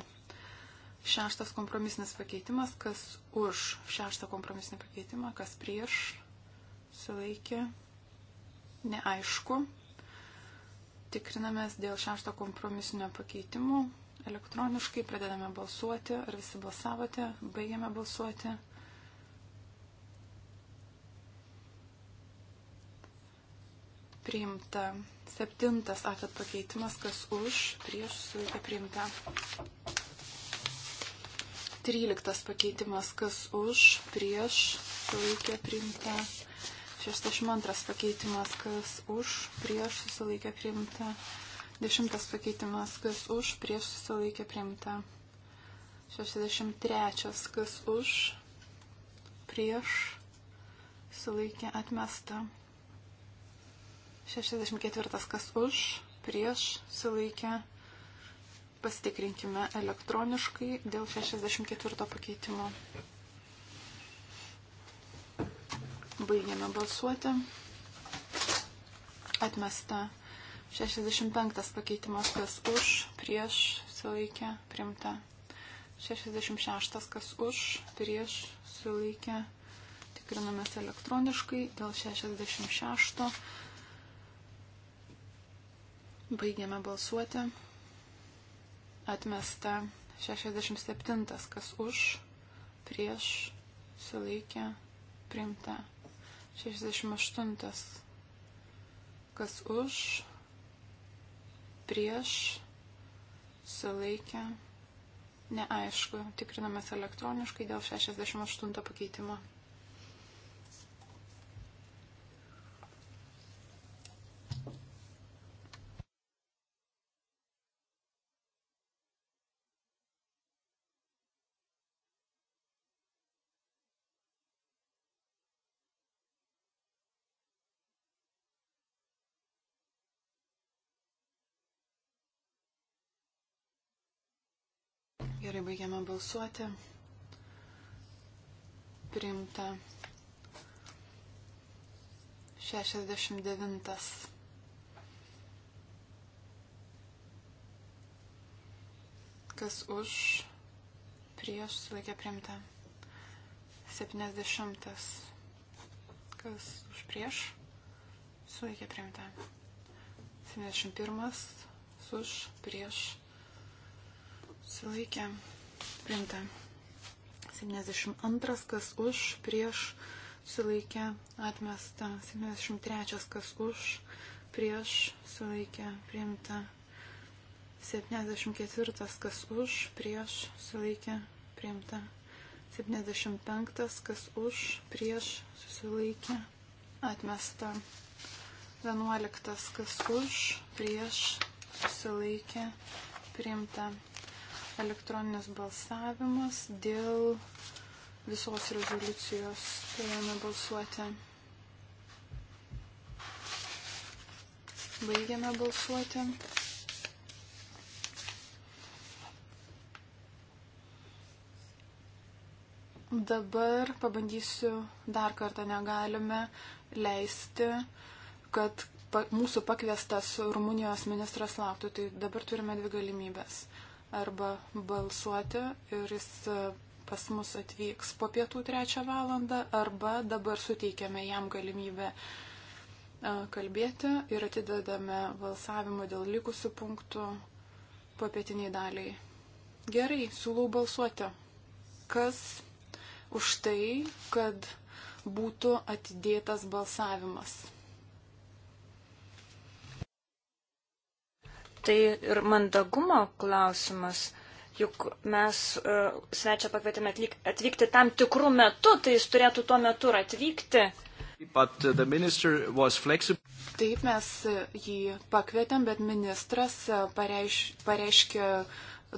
šeštas kompromisinis pakeitimas, kas už šeštą kompromisinį pakeitimą, kas prieš, sulaikė, neaišku. Tikrinamės dėl šešto kompromisinio pakeitimų, Elektroniškai pradedame balsuoti. Ar visi balsavote? Baigiame balsuoti. Priimta. Septintas atat pakeitimas, kas už, prieš, sulaikė priimta. Tryliktas pakeitimas, kas už, prieš, sulaikė priimta. 62 pakeitimas, kas už, prieš, susilaikė priimta. Dešimtas pakeitimas, kas už, prieš susilaikė priimta. 63, kas už, prieš susilaikė atmesta. 64, kas už, prieš susilaikė. Pasitikrinkime elektroniškai dėl 64 pakeitimo. Baigiame balsuoti. Atmesta 65 pakeitimas, kas už, prieš, sulaikę, primta. 66 kas už, prieš, sulaikę, tikrinamės elektroniškai dėl 66. Baigiame balsuoti. Atmesta 67, kas už, prieš, sulaikė, primta. 68, kas už, prieš, sulaikę, neaišku, tikrinamas elektroniškai dėl 68 pakeitimo. Gerai, baigiame balsuoti. Priimta 69. kas už, prieš sulaikė primta. 70. Kas už prieš, sulaikė primta. 71. Už prieš Sulaikė. Priimta. 72. Kas už. Prieš. Sulaikė. Atmesta. 73. Kas už. Prieš. Sulaikė. Priimta. 74. Kas už. Prieš. Sulaikė. Priimta. 75, kas už, prieš, susilaikė, atmesta. 11, kas už, prieš, susilaikė, priimta elektroninis balsavimas dėl visos rezoliucijos. Turėjome balsuoti. Baigiame balsuoti. Dabar pabandysiu dar kartą negalime leisti, kad pa, mūsų pakviestas Rumunijos ministras lauktų. Tai dabar turime dvi galimybės arba balsuoti ir jis e, pas mus atvyks po pietų trečią valandą arba dabar suteikiame jam galimybę e, kalbėti ir atidedame balsavimą dėl likusių punktų papietiniai daliai. Gerai, siūlau balsuoti. Kas už tai, kad būtų atidėtas balsavimas? tai ir mandagumo klausimas. Juk mes uh, svečią pakvietėme atlyk, atvykti tam tikrų metų, tai jis turėtų tuo metu ir atvykti. Uh, Taip mes e, jį pakvietėm, bet ministras e, pareiš, pareiškė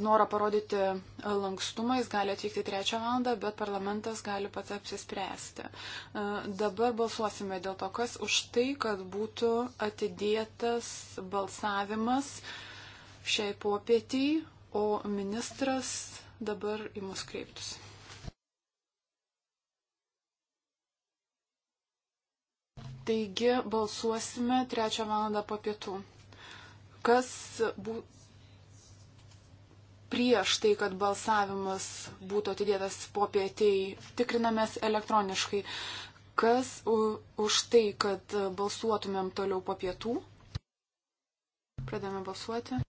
norą parodyti lankstumą, jis gali atvykti trečią valandą, bet parlamentas gali pats apsispręsti. E, dabar balsuosime dėl to, kas už tai, kad būtų atidėtas balsavimas šiai popietiai, o ministras dabar į mus kreiptųsi. Taigi balsuosime trečią valandą po pietų. Kas būtų prieš tai, kad balsavimas būtų atidėtas popietiai. Tikrinamės elektroniškai. Kas už tai, kad balsuotumėm toliau po pietų? Pradame balsuoti.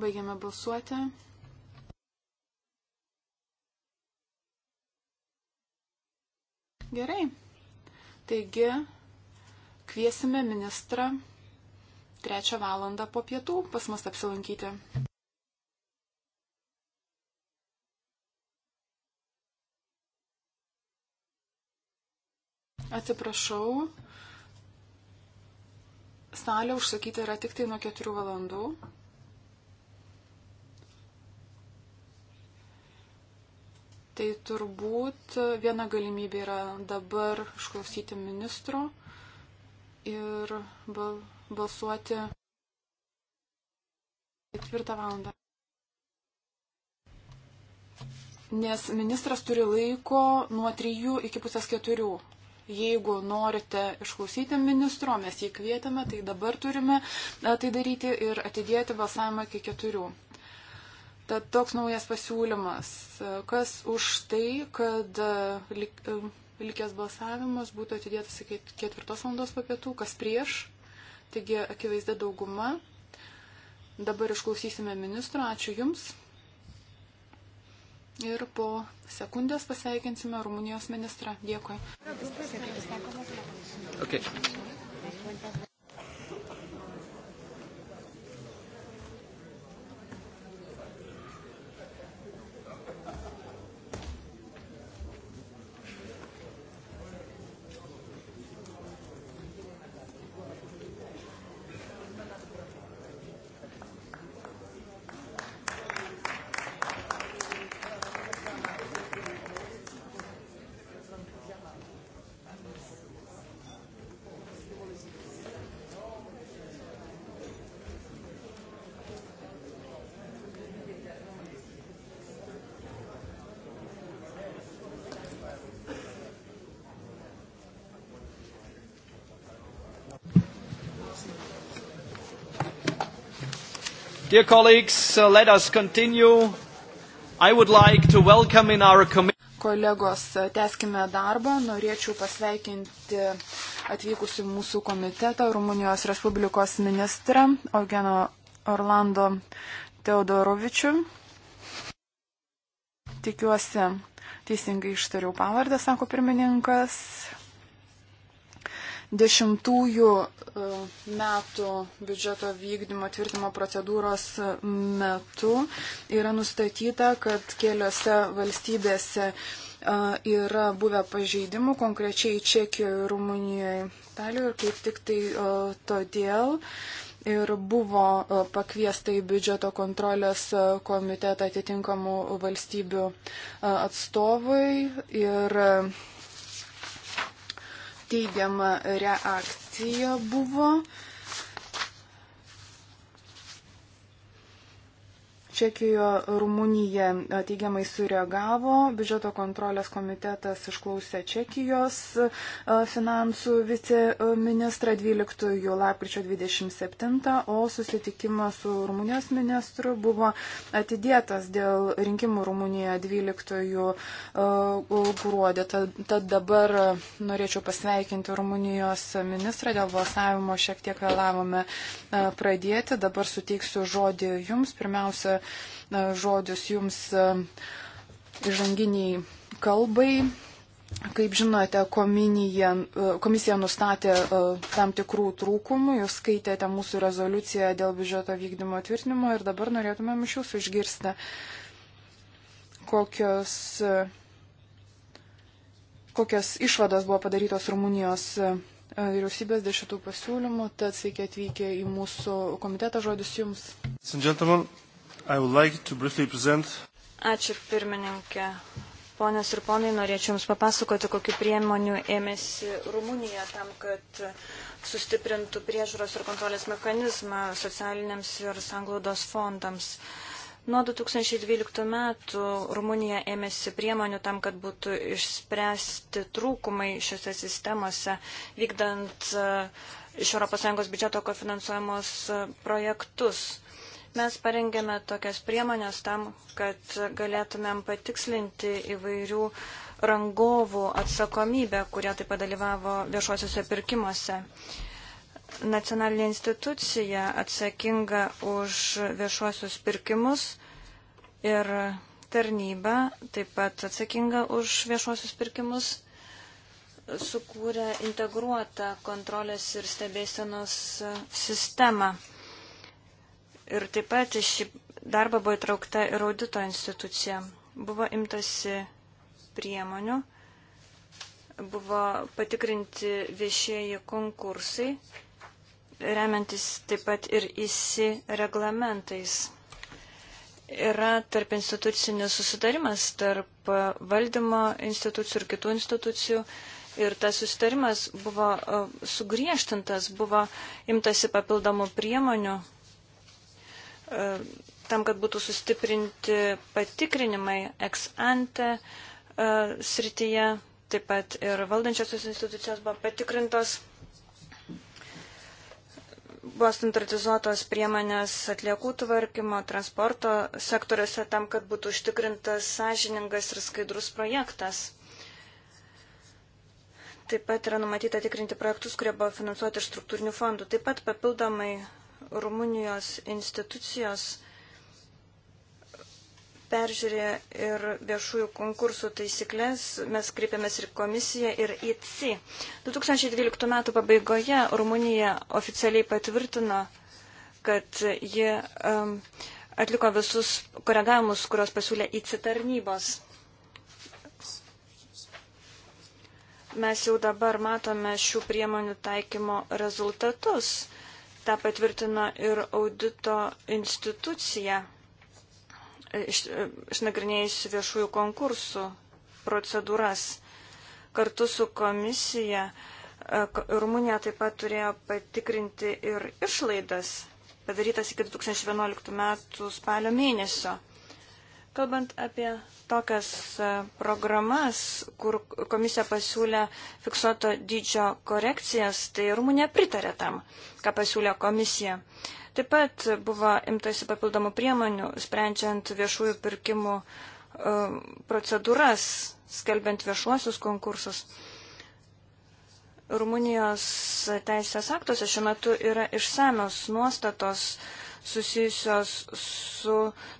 Baigiame balsuoti. Gerai. Taigi, kviesime ministrą trečią valandą po pietų pas mus apsilankyti. Atsiprašau, salė užsakyti yra tik tai nuo 4 valandų. Tai turbūt viena galimybė yra dabar išklausyti ministro ir bal balsuoti ketvirtą valandą. Nes ministras turi laiko nuo 3 iki pusės 4. Jeigu norite išklausyti ministro, mes jį kvietėme, tai dabar turime tai daryti ir atidėti balsavimą iki 4. Tad toks naujas pasiūlymas. Kas už tai, kad likęs balsavimas būtų atidėtas iki 4 valandos papietų, kas prieš? Taigi akivaizdė dauguma. Dabar išklausysime ministro. Ačiū Jums. Ir po sekundės pasveikinsime Rumunijos ministrą. Dėkui. Okay. Dear colleagues, uh, let us continue. I would like to welcome in our committee. Kolegos, uh, teskime darbą. Norėčiau pasveikinti atvykusių mūsų komitetą Rumunijos Respublikos ministrą Eugeno Orlando Teodorovičių. Tikiuosi, teisingai ištariau pavardę, sako pirmininkas dešimtųjų e, metų biudžeto vykdymo tvirtimo procedūros metu yra nustatyta, kad keliose valstybėse e, yra buvę pažeidimų, konkrečiai Čekijoje, Rumunijoje, Italijoje ir kaip tik tai e, todėl ir buvo pakviesta į biudžeto kontrolės komitetą atitinkamų valstybių atstovai ir teigiama reakcija buvo. Uh, Čekijoje, Rumunija e, teigiamai sureagavo, biudžeto kontrolės komitetas išklausė Čekijos e, finansų viceministrą 12 lapkričio 27, o susitikimas su Rumunijos ministru buvo atidėtas dėl rinkimų Rumunijoje 12 gruodė. Tad, tad dabar norėčiau pasveikinti Rumunijos ministrą, dėl balsavimo šiek tiek vėlavome e, pradėti. Dabar suteiksiu žodį jums. Pirmiausia, žodžius jums e, įžanginiai kalbai. Kaip žinote, komisija, e, komisija nustatė e, tam tikrų trūkumų, jūs skaitėte mūsų rezoliuciją dėl biudžeto vykdymo tvirtinimo ir dabar norėtumėm iš jūsų išgirsti, kokios, kokios išvados buvo padarytos Rumunijos vyriausybės dėl šitų pasiūlymų. Tad sveiki atvykę į mūsų komitetą, žodis jums. Gentlemen, like present... Ačiū pirmininkė. Ponės ir ponai, norėčiau Jums papasakoti, kokiu priemonių ėmėsi Rumunija tam, kad sustiprintų priežiūros ir kontrolės mechanizmą socialiniams ir sanglaudos fondams. Nuo 2012 metų Rumunija ėmėsi priemonių tam, kad būtų išspręsti trūkumai šiuose sistemose, vykdant iš ES biudžeto kofinansuojamos projektus. Mes parengėme tokias priemonės tam, kad galėtumėm patikslinti įvairių rangovų atsakomybę, kurie taip padalyvavo viešuosiuose pirkimuose. Nacionalinė institucija atsakinga už viešuosius pirkimus ir tarnyba taip pat atsakinga už viešuosius pirkimus sukūrė integruotą kontrolės ir stebėsenos sistemą. Ir taip pat į šį darbą buvo įtraukta ir audito institucija. Buvo imtasi priemonių, buvo patikrinti viešieji konkursai, remiantis taip pat ir įsi reglamentais yra tarp institucinis susidarimas tarp valdymo institucijų ir kitų institucijų. Ir tas susitarimas buvo e, sugriežtintas, buvo imtasi papildomų priemonių E, tam, kad būtų sustiprinti patikrinimai ex ante e, srityje, taip pat ir valdančiosios institucijos buvo patikrintos, buvo standartizuotos priemonės atliekų tvarkymo, transporto sektoriuose tam, kad būtų užtikrintas sąžiningas ir skaidrus projektas. Taip pat yra numatyta tikrinti projektus, kurie buvo finansuoti iš struktūrinių fondų. Taip pat papildomai Rumunijos institucijos peržiūrė ir viešųjų konkursų taisyklės. Mes kreipėmės ir komisiją, ir IC. 2012 m. pabaigoje Rumunija oficialiai patvirtino, kad ji um, atliko visus koregavimus, kurios pasiūlė IC tarnybos. Mes jau dabar matome šių priemonių taikymo rezultatus. Ta patvirtino ir audito institucija, išnagrinėjusi viešųjų konkursų procedūras. Kartu su komisija e, Rumunija taip pat turėjo patikrinti ir išlaidas padarytas iki 2011 metų spalio mėnesio. Kalbant apie tokias e, programas, kur komisija pasiūlė fiksuoto dydžio korekcijas, tai Rumunija pritarė tam, ką pasiūlė komisija. Taip pat buvo imtasi papildomų priemonių, sprendžiant viešųjų pirkimų e, procedūras, skelbiant viešuosius konkursus. Rumunijos teisės aktuose šiuo metu yra išsamios nuostatos susijusios su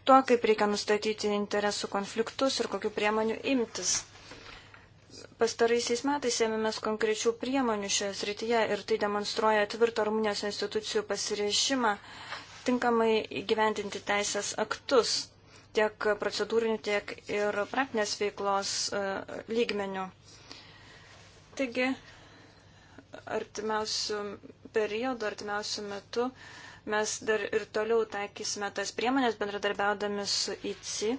tuo, kaip reikia nustatyti interesų konfliktus ir kokiu priemoniu imtis. Pastaraisiais metais ėmėmės konkrečių priemonių šioje srityje ir tai demonstruoja tvirto Rumunijos institucijų pasiriešimą tinkamai įgyvendinti teisės aktus tiek procedūrinių, tiek ir praktinės veiklos e, lygmenių. Taigi, artimiausių periodų, artimiausių metų Mes dar ir toliau taikysime tas priemonės bendradarbiaudami su ICI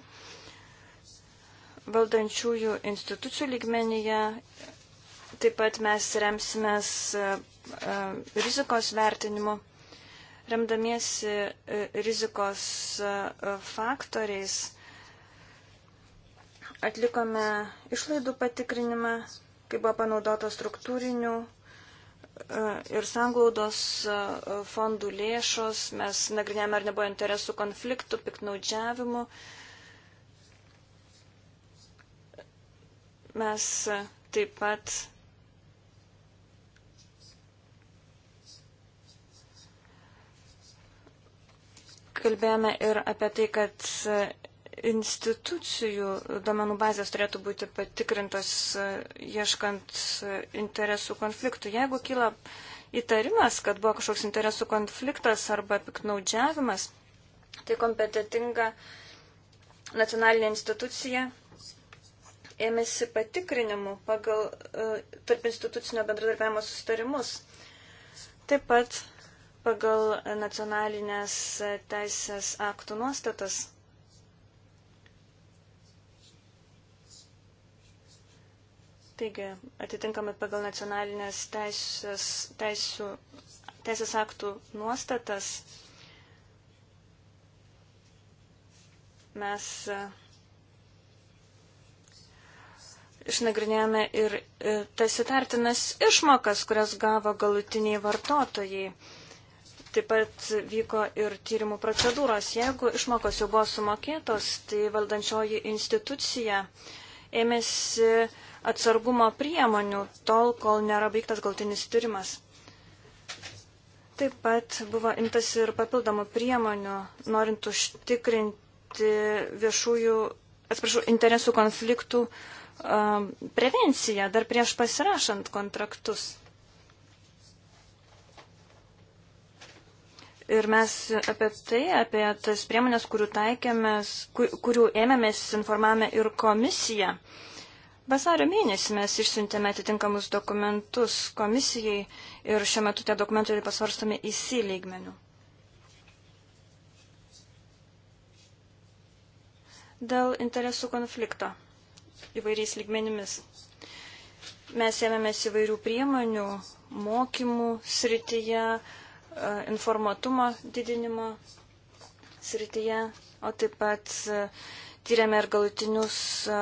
valdančiųjų institucijų lygmenyje. Taip pat mes remsimės e, e, rizikos vertinimu. Remdamiesi e, rizikos faktoriais atlikome išlaidų patikrinimą, kai buvo panaudota struktūrinių E, ir sanglaudos e, fondų lėšos, mes nagrinėjame, ar nebuvo interesų konfliktų, piknaudžiavimų. Mes e, taip pat kalbėjome ir apie tai, kad institucijų domenų bazės turėtų būti patikrintos e, ieškant e, interesų konfliktų. Jeigu kyla įtarimas, kad buvo kažkoks interesų konfliktas arba piknaudžiavimas, tai kompetitinga nacionalinė institucija ėmėsi patikrinimų pagal e, tarp institucinio bendradarbiavimo sustarimus. Taip pat pagal nacionalinės teisės aktų nuostatas Taigi, atitinkamai pagal nacionalinės teisės, teisų, teisės aktų nuostatas mes e, išnagrinėjome ir e, tas įtartinas išmokas, kurias gavo galutiniai vartotojai. Taip pat vyko ir tyrimų procedūros. Jeigu išmokos jau buvo sumokėtos, tai valdančioji institucija ėmėsi atsargumo priemonių tol, kol nėra baigtas galtinis tyrimas. Taip pat buvo imtas ir papildomų priemonių, norint užtikrinti viešųjų, atsiprašau, interesų konfliktų um, prevenciją dar prieš pasirašant kontraktus. Ir mes apie tai, apie tas priemonės, kurių taikėmės, kurių ėmėmės, informavome ir komisiją. Uh, Vasario mėnesį mes išsiuntėme atitinkamus dokumentus komisijai ir šiuo metu tie dokumentai yra pasvarstami į C lygmenių. Dėl interesų konflikto įvairiais lygmenimis. Mes ėmėmės įvairių priemonių, mokymų srityje, e, informatumo didinimo srityje, o taip pat e, tyrėme ir galutinius e,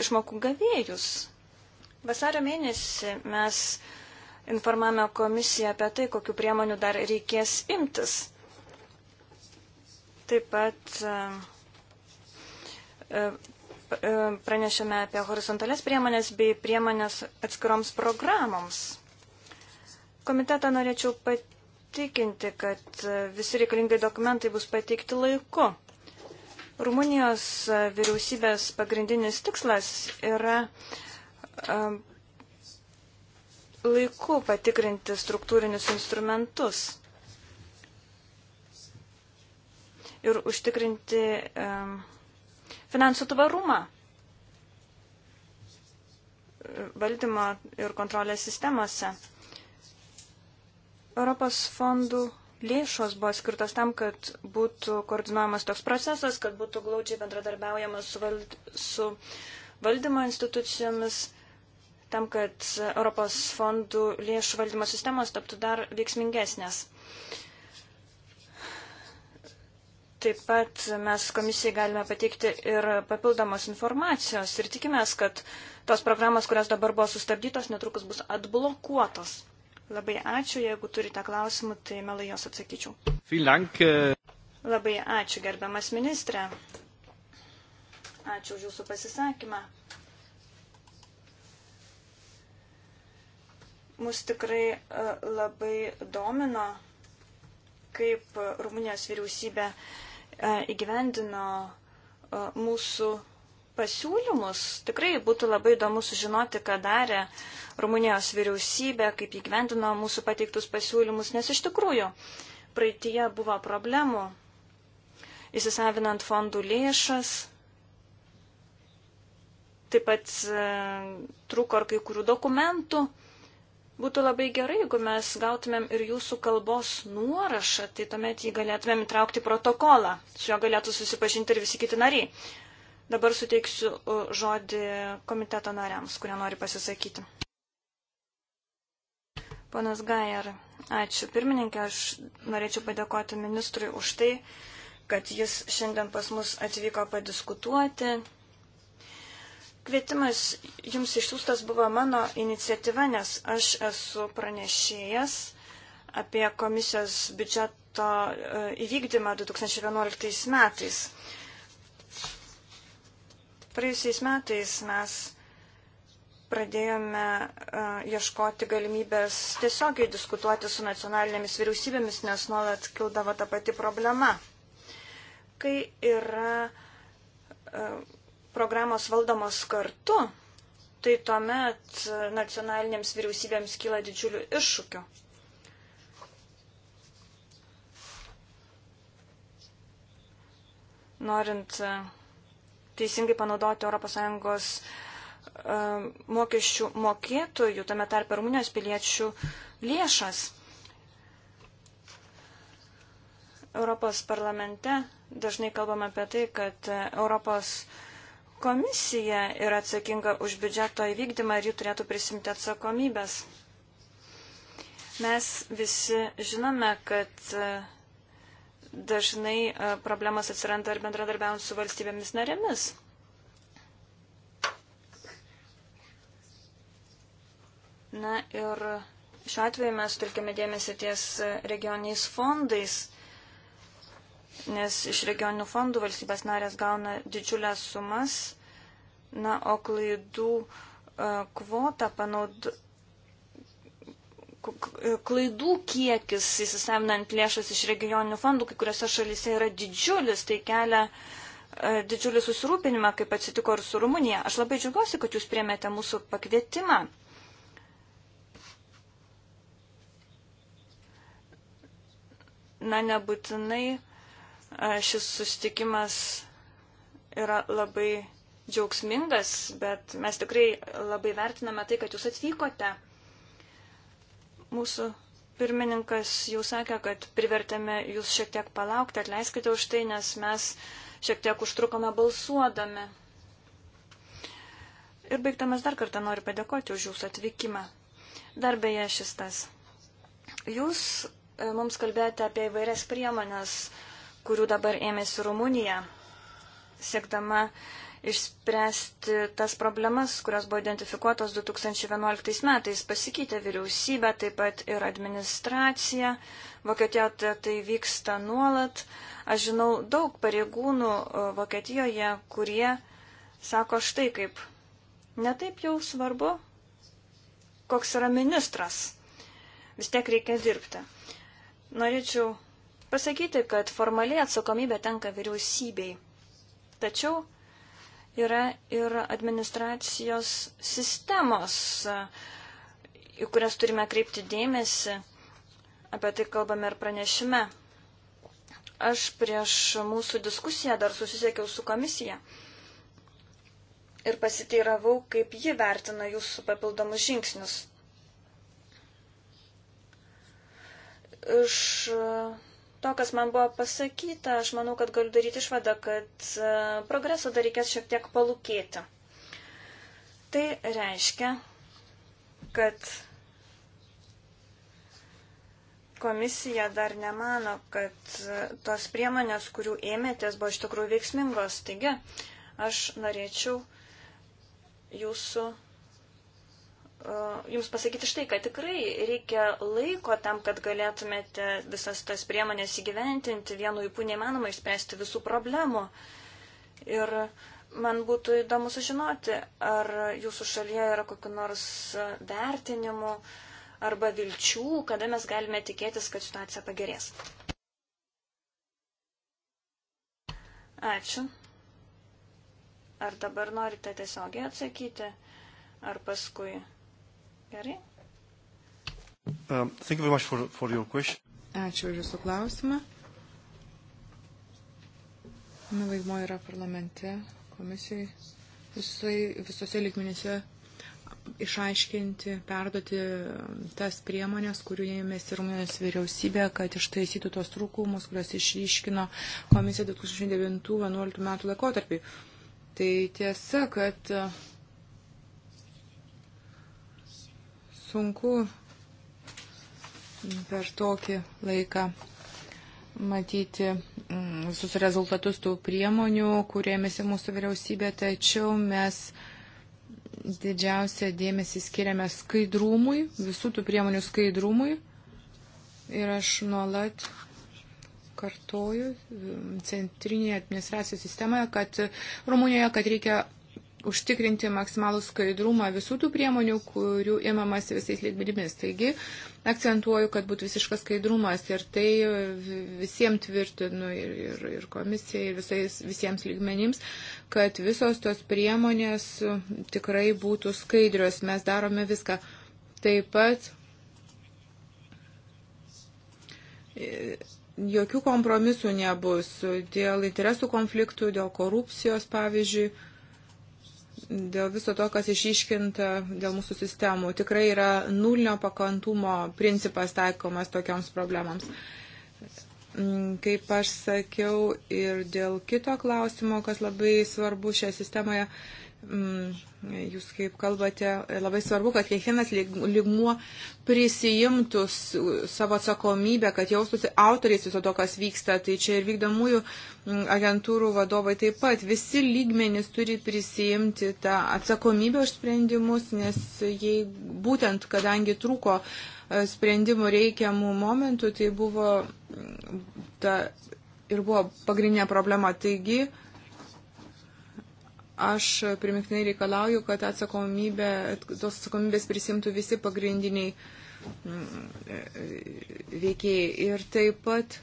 išmokų gavėjus. Vasario mėnesį mes informavome komisiją apie tai, kokiu priemoniu dar reikės imtis. Taip pat e, e, e, pranešėme apie horizontales priemonės bei priemonės atskiroms programoms. Komitetą norėčiau patikinti, kad visi reikalingai dokumentai bus pateikti laiku. Rumunijos vyriausybės pagrindinis tikslas yra um, laiku patikrinti struktūrinius instrumentus ir užtikrinti um, finansų tvarumą valdymo ir kontrolės sistemose. Europos fondų lėšos buvo skirtos tam, kad būtų koordinuojamas toks procesas, kad būtų glaudžiai bendradarbiaujamas su, vald su valdymo institucijomis, tam, kad Europos fondų lėšų valdymo sistemos taptų dar veiksmingesnės. Taip pat mes komisijai galime pateikti ir papildomos informacijos ir tikimės, kad tos programos, kurios dabar buvo sustabdytos, netrukus bus atblokuotos. Labai ačiū, jeigu turite klausimų, tai melai jos atsakyčiau. Dank. Äh, labai ačiū, gerbiamas ministrė. Ačiū už jūsų pasisakymą. Mus tikrai e, labai domino, kaip Rumunijos vyriausybė e, įgyvendino e, mūsų pasiūlymus. Tikrai būtų labai įdomu sužinoti, ką darė Rumunijos vyriausybė, kaip įgyvendino mūsų pateiktus pasiūlymus, nes iš tikrųjų praeitie buvo problemų įsisavinant fondų lėšas. Taip pat e, trūko ar kai kurių dokumentų. Būtų labai gerai, jeigu mes gautumėm ir jūsų kalbos nuorašą, tai tuomet jį galėtumėm įtraukti protokolą. Su juo galėtų susipažinti ir visi kiti nariai. Dabar suteiksiu uh, žodį komiteto nariams, kurie nori pasisakyti. Ponas Gajer, ačiū pirmininkė, aš norėčiau padėkoti ministrui už tai, kad jis šiandien pas mus atvyko padiskutuoti. Kvietimas jums išsiųstas buvo mano iniciatyva, nes aš esu pranešėjas apie komisijos biudžeto uh, įvykdymą 2011 metais. Praėjusiais metais mes pradėjome e, ieškoti galimybės tiesiogiai diskutuoti su nacionalinėmis vyriausybėmis, nes nuolat kildavo ta pati problema. Kai yra e, programos valdomos kartu, tai tuomet nacionalinėms vyriausybėms kyla didžiulių iššūkių. Norint e, teisingai panaudoti ES e, mokesčių mokėtojų, tame tarp ir Rumunijos piliečių lėšas. Europos parlamente dažnai kalbame apie tai, kad Europos komisija yra atsakinga už biudžeto įvykdymą ir jų turėtų prisimti atsakomybės. Mes visi žinome, kad dažnai e, problemas atsiranda ir bendradarbiaujant su valstybėmis narėmis. Na ir šiuo atveju mes turkime dėmesį ties regioniais fondais, nes iš regioninių fondų valstybės narės gauna didžiulės sumas, na, o klaidų e, kvotą panaud, klaidų kiekis įsisavinant lėšas iš regioninių fondų kai kuriuose šalyse yra didžiulis, tai kelia e, didžiulį susirūpinimą, kaip atsitiko ir su Rumunija. Aš labai džiugiuosi, kad jūs priemėte mūsų pakvietimą. Na, nebūtinai e, šis sustikimas yra labai džiaugsmingas, bet mes tikrai labai vertiname tai, kad jūs atvykote. Mūsų pirmininkas jau sakė, kad privertėme jūs šiek tiek palaukti, atleiskite už tai, nes mes šiek tiek užtrukome balsuodami. Ir baigtamas dar kartą noriu padėkoti už jūsų atvykimą. Dar beje šis tas. Jūs e, mums kalbėjote apie įvairias priemonės, kurių dabar ėmėsi Rumunija, siekdama uh, išspręsti tas problemas, kurios buvo identifikuotos 2011 metais. Pasikeitė vyriausybė, taip pat ir administracija. Vokietijoje tai vyksta nuolat. Aš žinau daug pareigūnų e, Vokietijoje, kurie sako štai kaip. Netaip jau svarbu, koks yra ministras. Vis tiek reikia dirbti. Norėčiau pasakyti, kad formaliai atsakomybė tenka vyriausybei. Tačiau yra ir administracijos sistemos, į kurias turime kreipti dėmesį. Apie tai kalbame ir pranešime. Aš prieš mūsų diskusiją dar susisiekiau su komisija ir pasiteiravau, kaip ji vertina jūsų papildomus žingsnius. Iš to, kas man buvo pasakyta, aš manau, kad galiu daryti išvadą, kad e, progreso dar reikės šiek tiek palūkėti. Tai reiškia, kad komisija dar nemano, kad e, tos priemonės, kurių ėmėtės, buvo iš tikrųjų veiksmingos. Taigi, aš norėčiau jūsų E, jums pasakyti štai, kad tikrai reikia laiko tam, kad galėtumėte visas tas priemonės įgyventinti. Vienu įpū neįmanoma išspręsti visų problemų. Ir man būtų įdomu sužinoti, ar jūsų šalyje yra kokiu nors vertinimu arba vilčių, kada mes galime tikėtis, kad situacija pagerės. Ačiū. Ar dabar norite tiesiogiai atsakyti, ar paskui? Gerai? Um, for, for Ačiū už Jūsų klausimą. Mano vaidmo yra parlamente, komisijai, visai, visose likmenyse išaiškinti, perduoti tas priemonės, kurių ėmės ir Rumunijos vyriausybė, kad ištaisytų tos trūkumus, kurias išryškino komisija 2009-2011 metų laikotarpį. Tai tiesa, kad uh, sunku per tokį laiką matyti mm, visus rezultatus tų priemonių, kuriamėsi mūsų vyriausybė, tačiau mes didžiausią dėmesį skiriame skaidrumui, visų tų priemonių skaidrumui. Ir aš nuolat kartoju mm, centrinėje administracijos sistemoje, kad Rumunijoje, kad reikia užtikrinti maksimalų skaidrumą visų tų priemonių, kurių imamas visais lygmenimis. Taigi, akcentuoju, kad būtų visiškas skaidrumas ir tai visiems tvirtinu ir, ir, ir komisijai, ir visais, visiems lygmenims, kad visos tos priemonės tikrai būtų skaidrios. Mes darome viską. Taip pat e, jokių kompromisų nebus dėl interesų konfliktų, dėl korupcijos, pavyzdžiui dėl viso to, kas išiškinta dėl mūsų sistemų. Tikrai yra nulinio pakantumo principas taikomas tokioms problemams. Mm, kaip aš sakiau ir dėl kito klausimo, kas labai svarbu šioje sistemoje, Mm, jūs kaip kalbate, labai svarbu, kad kiekvienas ligmuo prisijimtų savo atsakomybę, kad jaustųsi autoriais viso to, kas vyksta. Tai čia ir vykdomųjų mm, agentūrų vadovai taip pat. Visi lygmenys turi prisijimti tą atsakomybę už sprendimus, nes jei būtent, kadangi trūko e, sprendimų reikiamų momentų, tai buvo mm, ta ir buvo pagrindinė problema. Taigi, aš primiktinai reikalauju, kad atsakomybė, tos atsakomybės prisimtų visi pagrindiniai mm, veikėjai. Ir taip pat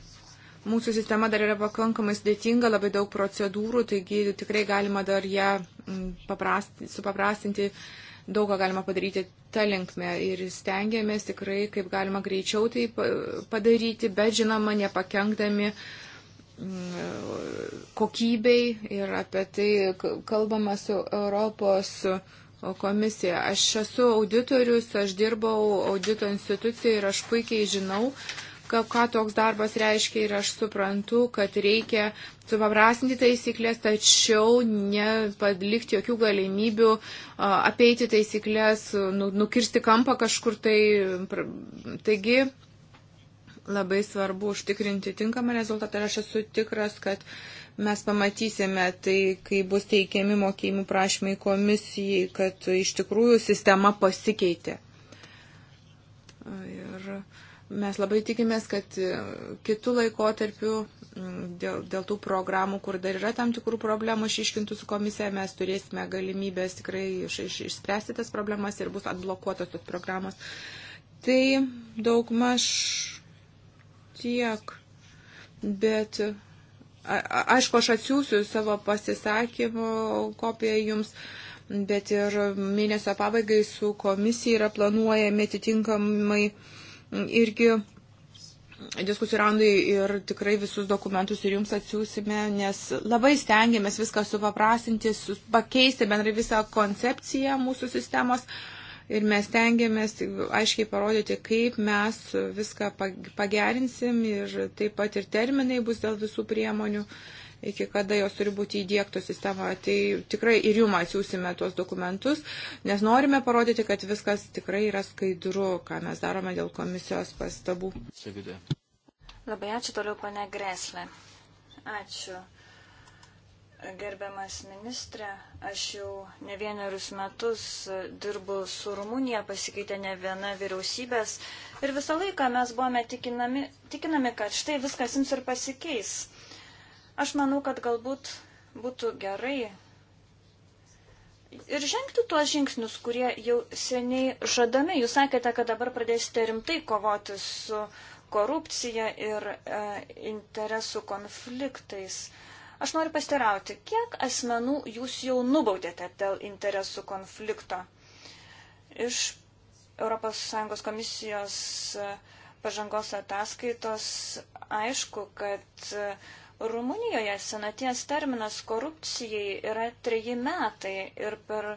mūsų sistema dar yra pakankamai sudėtinga, labai daug procedūrų, taigi tikrai galima dar ją mm, paprasti, supaprastinti, daug ką galima padaryti tą linkmę ir stengiamės tikrai, kaip galima greičiau tai padaryti, bet žinoma, nepakengdami mm, kokybei ir apie tai kalbama su Europos komisija. Aš esu auditorius, aš dirbau audito institucijoje ir aš puikiai žinau, ką, ką toks darbas reiškia ir aš suprantu, kad reikia supaprastinti taisyklės, tačiau nepalikti jokių galimybių apeiti taisyklės, nu, nukirsti kampą kažkur tai. Taigi, Labai svarbu užtikrinti tinkamą rezultatą ir aš esu tikras, kad mes pamatysime tai, kai bus teikiami mokėjimų prašymai komisijai, kad iš tikrųjų sistema pasikeitė. Ir mes labai tikimės, kad kitų laikotarpių dėl, dėl tų programų, kur dar yra tam tikrų problemų išiškintų su komisija, mes turėsime galimybės tikrai iš, iš, išspręsti tas problemas ir bus atblokuotos tos programos. Tai daugmaž tiek, bet aišku, aš atsiųsiu savo pasisakymų kopiją jums, bet ir mėnesio pabaigai su komisija yra planuojami atitinkamai irgi diskusijų raundai ir tikrai visus dokumentus ir jums atsiūsime, nes labai stengiamės viską supaprastinti, pakeisti bendrai visą koncepciją mūsų sistemos. Uh, ir mes tengiamės aiškiai parodyti, kaip mes viską pagerinsim ir taip pat ir terminai bus dėl visų priemonių iki kada jos turi būti įdėktos sistemoje. Tai tikrai ir jum atsiūsime tuos dokumentus, nes norime parodyti, kad viskas tikrai yra skaidru, ką mes darome dėl komisijos pastabų. Labai ačiū toliau, pane Greslė. Ačiū. Gerbiamas ministrė, aš jau ne vienerius metus dirbu su Rumunija, pasikeitė ne viena vyriausybės ir visą laiką mes buvome tikinami, tikinami kad štai viskas jums ir pasikeis. Aš manau, kad galbūt būtų gerai ir žengti tuos žingsnius, kurie jau seniai žadami. Jūs sakėte, kad dabar pradėsite rimtai kovoti su korupcija ir e, interesų konfliktais. E, Aš noriu pastirauti, kiek asmenų jūs jau nubaudėte dėl interesų konflikto? Iš ES komisijos e, pažangos ataskaitos aišku, kad e, Rumunijoje senaties terminas korupcijai yra treji metai ir per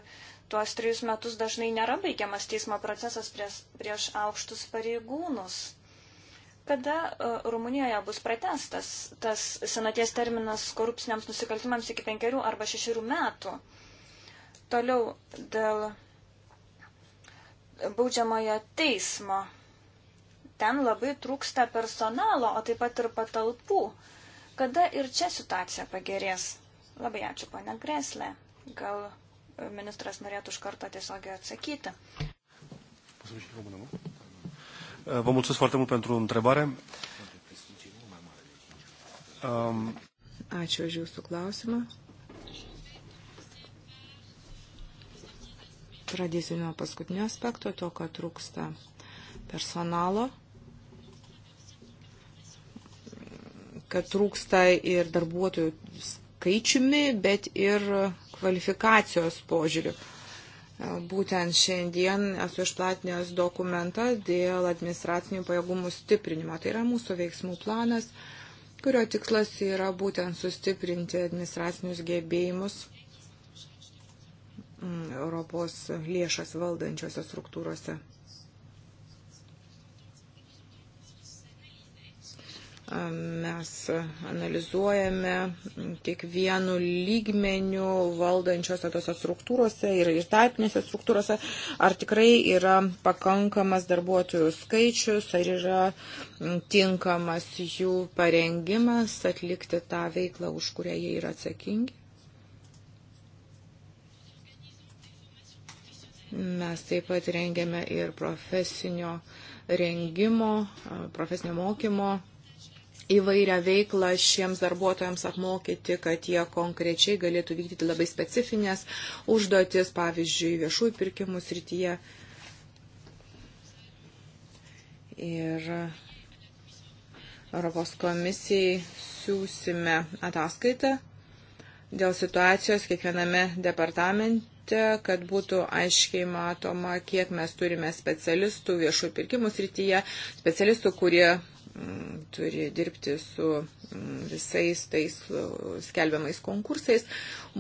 tuos trejus metus dažnai nėra baigiamas teismo procesas prieš, prieš aukštus pareigūnus. Kada e, Rumunijoje bus pratestas tas senaties terminas korupciniams nusikaltimams iki penkerių arba šešerių metų? Toliau dėl baudžiamojo teismo. Ten labai trūksta personalo, o taip pat ir patalpų. Kada ir čia situacija pagerės? Labai ačiū, ponia Greslė. Gal ministras norėtų iš karto tiesiogiai atsakyti. Pasirašyti komunalų. Uh, vă mulțumesc foarte mult pentru întrebare. Um... Ačiū už jūsų klausimą. Pradėsiu nuo paskutinio aspekto, to, kad trūksta personalo, kad trūksta ir darbuotojų skaičiumi, bet ir kvalifikacijos požiūriu. E, būtent šiandien esu išplatinęs dokumentą dėl administracinių pajėgumų stiprinimo. Tai yra mūsų veiksmų planas, kurio tikslas yra būtent sustiprinti administracinius gebėjimus mm, Europos lėšas valdančiose struktūrose. Mes analizuojame kiekvienų lygmenių valdančiose tose struktūrose ir, ir tarpinėse struktūrose, ar tikrai yra pakankamas darbuotojų skaičius, ar yra tinkamas jų parengimas atlikti tą veiklą, už kurią jie yra atsakingi. Mes taip pat rengiame ir profesinio rengimo, profesinio mokymo įvairią veiklą šiems darbuotojams apmokyti, kad jie konkrečiai galėtų vykdyti labai specifines užduotis, pavyzdžiui, viešųjų pirkimų srityje. Ir Europos komisijai siūsime ataskaitą dėl situacijos kiekviename departamente srityje, kad būtų aiškiai matoma, kiek mes turime specialistų viešų pirkimų srityje, specialistų, kurie turi dirbti su mm, visais tais e, skelbiamais konkursais,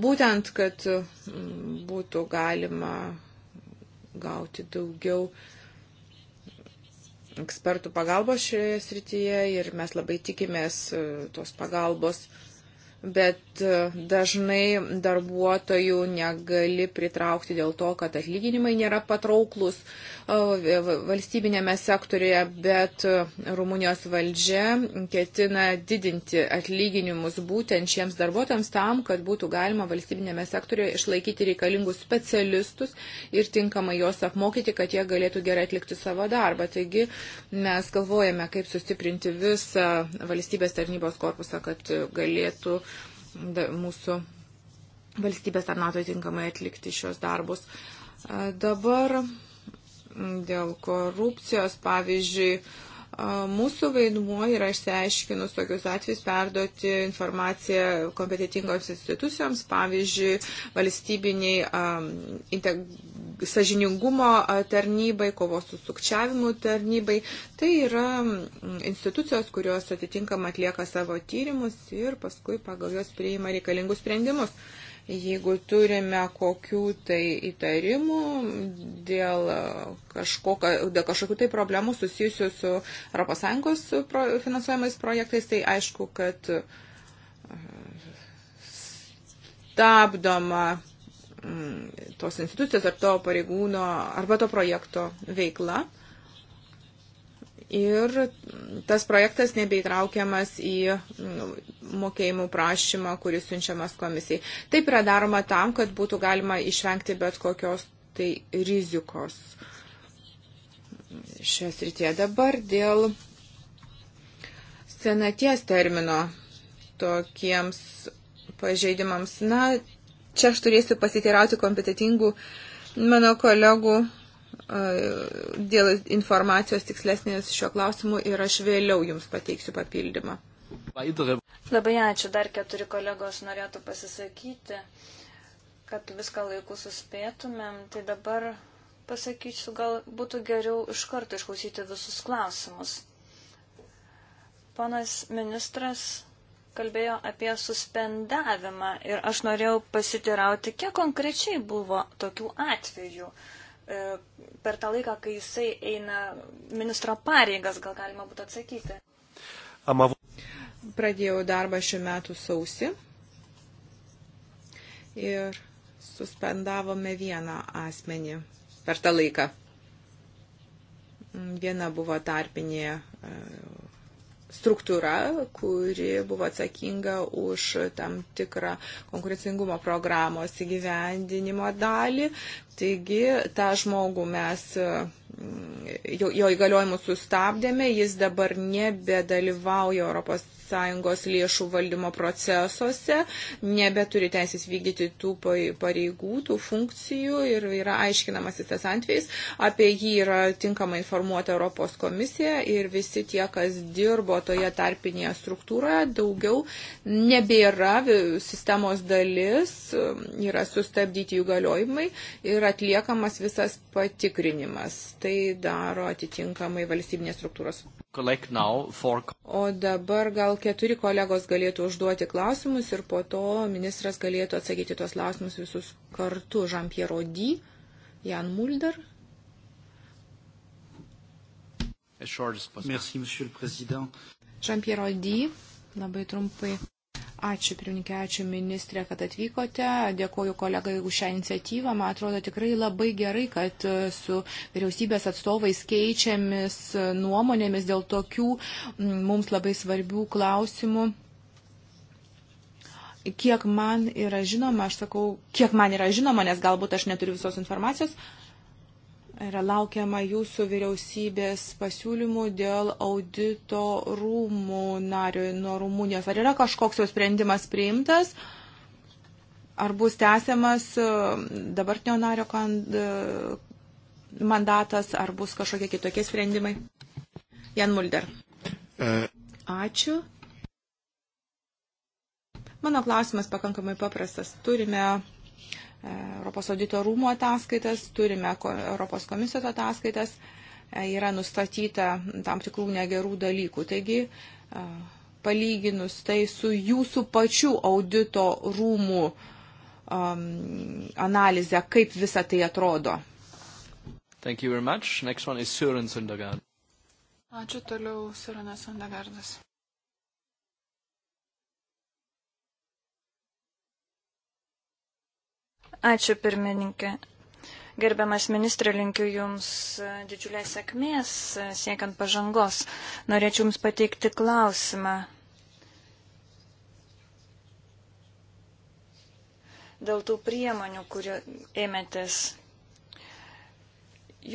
būtent, kad mm, būtų galima gauti daugiau ekspertų pagalbos šioje srityje ir mes labai tikimės e, tos pagalbos bet e, dažnai darbuotojų negali pritraukti dėl to, kad atlyginimai nėra patrauklus e, valstybinėme sektorėje, bet e, Rumunijos valdžia ketina didinti atlyginimus būtent šiems darbuotojams tam, kad būtų galima valstybinėme sektorėje išlaikyti reikalingus specialistus ir tinkamai juos apmokyti, kad jie galėtų gerai atlikti savo darbą. Taigi mes galvojame, kaip sustiprinti visą valstybės tarnybos korpusą, kad galėtų mūsų valstybės tarnautojai tinkamai atlikti šios darbus. Dabar dėl korupcijos, pavyzdžiui, Mūsų vaidmuo yra išsiaiškinus tokius atvejus perduoti informaciją kompetitingoms institucijoms, pavyzdžiui, valstybiniai um, sažiningumo tarnybai, kovos su sukčiavimu tarnybai. Tai yra institucijos, kurios atitinkam atlieka savo tyrimus ir paskui pagal juos priima reikalingus sprendimus. Jeigu turime kokių tai įtarimų dėl, kažkokio, dėl kažkokių tai problemų susijusių su ES finansuojamais projektais, tai aišku, kad e, stabdoma mm, tos institucijos ar to pareigūno arba to projekto veikla ir tas projektas nebeįtraukiamas į mokėjimų prašymą, kuris siunčiamas komisijai. Taip yra daroma tam, kad būtų galima išvengti bet kokios tai rizikos šioje srityje. Dabar dėl senaties termino tokiems pažeidimams. Na, čia aš turėsiu pasiteirauti kompetitingų mano kolegų dėl informacijos tikslesnės šio klausimu ir aš vėliau jums pateiksiu papildymą. Labai ačiū, dar keturi kolegos norėtų pasisakyti, kad viską laiku suspėtumėm. Tai dabar pasakysiu, gal būtų geriau iš karto išklausyti visus klausimus. Ponas ministras kalbėjo apie suspendavimą ir aš norėjau pasitirauti, kiek konkrečiai buvo tokių atvejų. Uh, E, per tą laiką, kai jisai eina ministro pareigas, gal galima būtų atsakyti? Pradėjau darbą šiuo metu sausi ir suspendavome vieną asmenį per tą laiką. Viena buvo tarpinė e, struktūra, kuri buvo atsakinga už tam tikrą konkurencingumo programos įgyvendinimo dalį, Taigi tą žmogų mes mm, jo, jo įgaliojimus sustabdėme, jis dabar nebedalyvauja Europos sąjungos lėšų valdymo procesuose, nebeturi teisės vykdyti tų pareigų, tų funkcijų ir yra aiškinamasis tas antvejis. Apie jį yra tinkamai informuota Europos komisija ir visi tie, kas dirbo toje tarpinėje struktūroje, daugiau nebėra sistemos dalis, mm, yra sustabdyti jų galiojimai ir yra atliekamas visas patikrinimas. Tai daro atitinkamai valstybinės struktūros. O dabar gal keturi kolegos galėtų užduoti klausimus ir po to ministras galėtų atsakyti tuos klausimus visus kartu. Jean-Pierre Odi, Jan Mulder. Jean-Pierre Odi, labai trumpai. Ačiū, pirmininkė, ačiū ministrė, kad atvykote. Dėkoju kolegai už šią iniciatyvą. Man atrodo tikrai labai gerai, kad e, su vyriausybės atstovais keičiamis e, nuomonėmis dėl tokių mums labai svarbių klausimų. Kiek man yra žinoma, aš sakau, kiek man yra žinoma, nes galbūt aš neturiu visos informacijos, uh, yra laukiama jūsų vyriausybės pasiūlymų dėl audito rūmų nario nuo Rumunijos. Ar yra kažkoks jau sprendimas priimtas? Ar bus tęsiamas e, dabartinio nario e, mandatas, ar bus kažkokie kitokie sprendimai? Jan Mulder. E. Ačiū. Mano klausimas pakankamai paprastas. Turime Europos audito rūmų ataskaitas, turime Europos komisijos ataskaitas, e, yra nustatyta tam tikrų negerų dalykų. Taigi, e, palyginus tai su jūsų pačių audito rūmų um, analizę, kaip visa tai atrodo. Ačiū toliau, Sirenas Sundegardas. Ačiū pirmininkė. Gerbiamas ministrė, linkiu Jums e, didžiulės sėkmės e, siekiant pažangos. Norėčiau Jums pateikti klausimą. Dėl tų priemonių, kurio ėmėtės.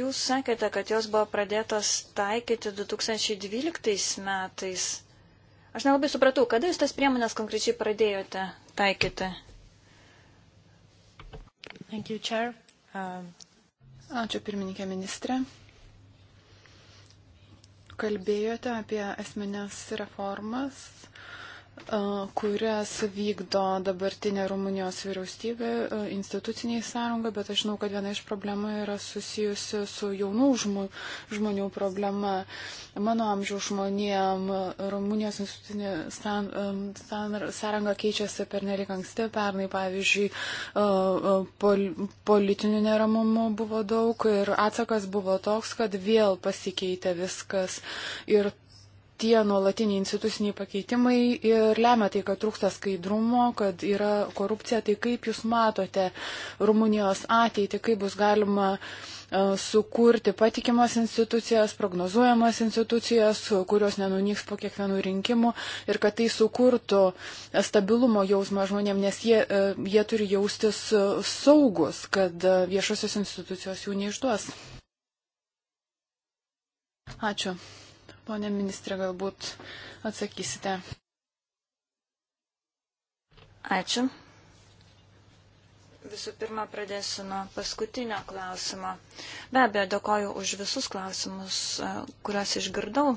Jūs sakėte, kad jos buvo pradėtos taikyti 2012 metais. Aš nelabai supratau, kada Jūs tas priemonės konkrečiai pradėjote taikyti. Thank you, Chair. Um... Ačiū pirmininkė ministrė. Kalbėjote apie esminės reformas, kurias vykdo dabartinė Rumunijos vyriausybė, instituciniai sąjunga, bet aš žinau, kad viena iš problemų yra susijusi su jaunų žmonių problema. Mano amžiaus žmonėm Rumunijos institucinė sąjunga keičiasi per nelik anksti. Pernai, pavyzdžiui, pol, politinių neramumų buvo daug ir atsakas buvo toks, kad vėl pasikeitė viskas. Ir tie nuolatiniai instituciniai pakeitimai ir lemia tai, kad trūksta skaidrumo, kad yra korupcija. Tai kaip Jūs matote Rumunijos ateitį, kaip bus galima e, sukurti patikimas institucijas, prognozuojamas institucijas, kurios nenunyks po kiekvienų rinkimų ir kad tai sukurtų stabilumo jausmą žmonėm, nes jie, e, jie turi jaustis saugus, kad e, viešosios institucijos jų neišduos. Ačiū. Pone ministrė, galbūt atsakysite. Ačiū. Visų pirma, pradėsiu nuo paskutinio klausimo. Be abejo, dėkoju už visus klausimus, e, kuriuos išgirdau.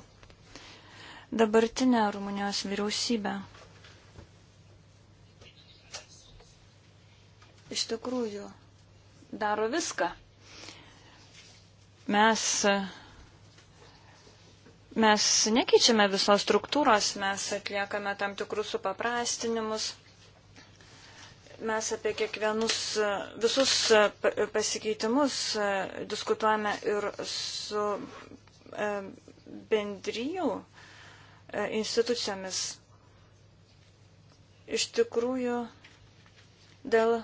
Dabartinė Rumunijos vyriausybė. Iš tikrųjų, daro viską. Mes e, Mes nekeičiame visos struktūros, mes atliekame tam tikrus supaprastinimus. Mes apie kiekvienus visus pasikeitimus e, diskutuojame ir su e, bendryjų e, institucijomis. Iš tikrųjų, dėl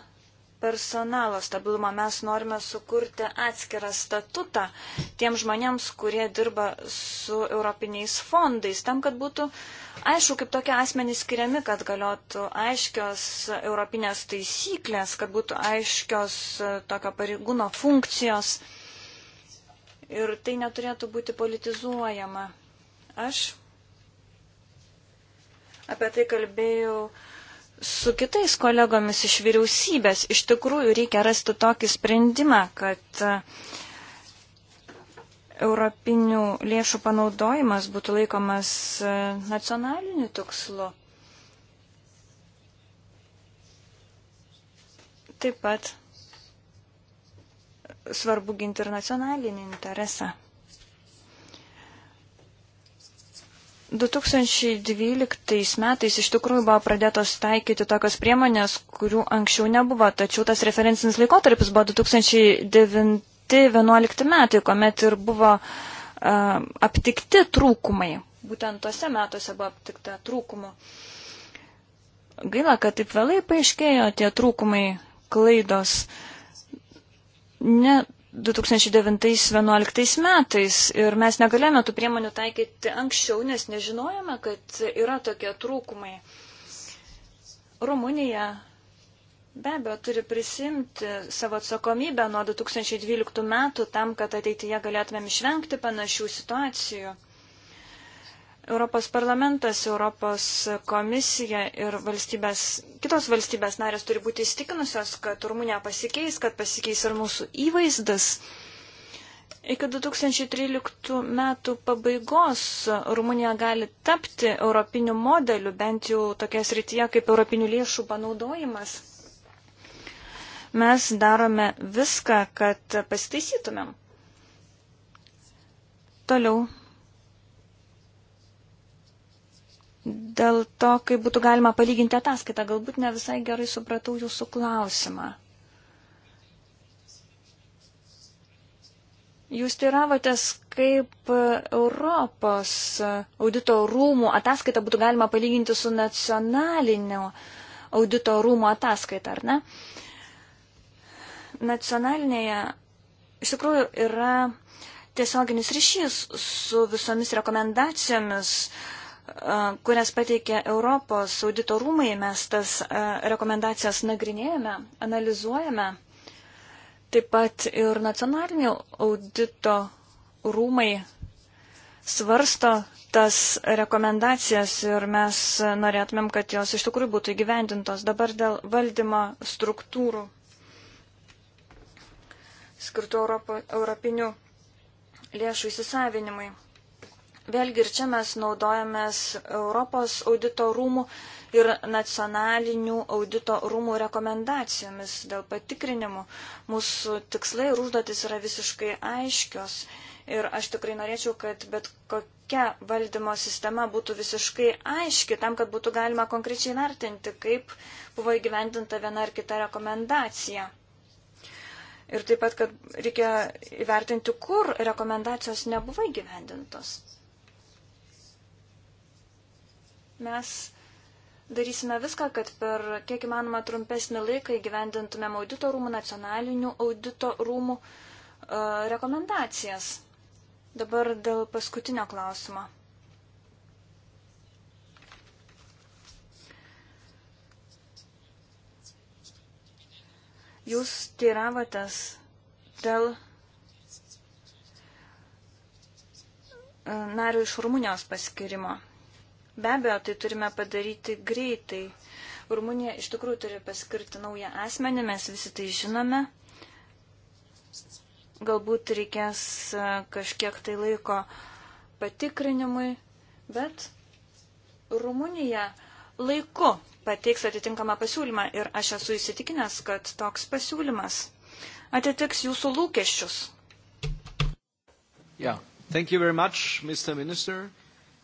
personalo stabilumą. Mes norime sukurti atskirą statutą tiem žmonėms, kurie dirba su europiniais fondais, tam, kad būtų aišku, kaip tokie asmenys skiriami, kad galiotų aiškios europinės taisyklės, kad būtų aiškios tokio pareigūno funkcijos. Ir tai neturėtų būti politizuojama. Aš apie tai kalbėjau su kitais kolegomis iš vyriausybės. Iš tikrųjų reikia rasti tokį sprendimą, kad e, europinių lėšų panaudojimas būtų laikomas e, nacionaliniu tikslu. Taip pat svarbu ginti ir nacionalinį interesą. 2012 metais iš tikrųjų buvo pradėtos taikyti tokios priemonės, kurių anksčiau nebuvo, tačiau tas referencinis laikotarpis buvo 2009-2011 metai, kuomet ir buvo uh, aptikti trūkumai. Būtent tose metuose buvo aptikta trūkumų. Gaila, kad taip vėlai paaiškėjo tie trūkumai, klaidos. Ne, 2009-2011 metais ir mes negalėjome tų priemonių taikyti anksčiau, nes nežinojome, kad yra tokie trūkumai. Rumunija be abejo turi prisimti savo atsakomybę nuo 2012 metų tam, kad ateityje galėtumėm išvengti panašių situacijų. Europos parlamentas, Europos komisija ir valstybės, kitos valstybės narės turi būti įstikinusios, kad Rumunija pasikeis, kad pasikeis ir mūsų įvaizdas. Iki 2013 metų pabaigos Rumunija gali tapti europiniu modeliu, bent jau tokia srityje kaip europinių lėšų panaudojimas. Mes darome viską, kad pasitaisytumėm. Toliau dėl to, kaip būtų galima palyginti ataskaitą. Galbūt ne visai gerai supratau jūsų klausimą. Jūs teiravotės, kaip Europos audito rūmų ataskaitą būtų galima palyginti su nacionalinio audito rūmų ataskaita, ar ne? Nacionalinėje iš tikrųjų yra tiesioginis ryšys su visomis rekomendacijomis uh, kurias pateikė Europos audito rūmai, mes tas rekomendacijas nagrinėjame, analizuojame. Taip pat ir nacionalinių audito rūmai svarsto tas rekomendacijas ir mes norėtumėm, kad jos iš tikrųjų būtų įgyvendintos dabar dėl valdymo struktūrų skirtų Europo, europinių lėšų įsisavinimui. Vėlgi ir čia mes naudojamės Europos audito rūmų ir nacionalinių audito rūmų rekomendacijomis dėl patikrinimų. Mūsų tikslai ir užduotis yra visiškai aiškios. Ir aš tikrai norėčiau, kad bet kokia valdymo sistema būtų visiškai aiški, tam, kad būtų galima konkrečiai vertinti, kaip buvo įgyvendinta viena ar kita rekomendacija. Ir taip pat, kad reikia įvertinti, kur rekomendacijos nebuvo įgyvendintos. Mes darysime viską, kad per kiek įmanoma trumpesnį laiką įgyvendintumėm audito rūmų, nacionalinių audito rūmų e, rekomendacijas. Dabar dėl paskutinio klausimo. Jūs teiravotės dėl e, narių iš Rumunijos paskirimo. Be abejo, tai turime padaryti greitai. Rumunija iš tikrųjų turi paskirti naują asmenį, mes visi tai žinome. Galbūt reikės e, kažkiek tai laiko patikrinimui, bet Rumunija laiku pateiks atitinkamą pasiūlymą ir aš esu įsitikinęs, kad toks pasiūlymas atitiks jūsų lūkesčius. Yeah. Thank you very much, Mr. Minister.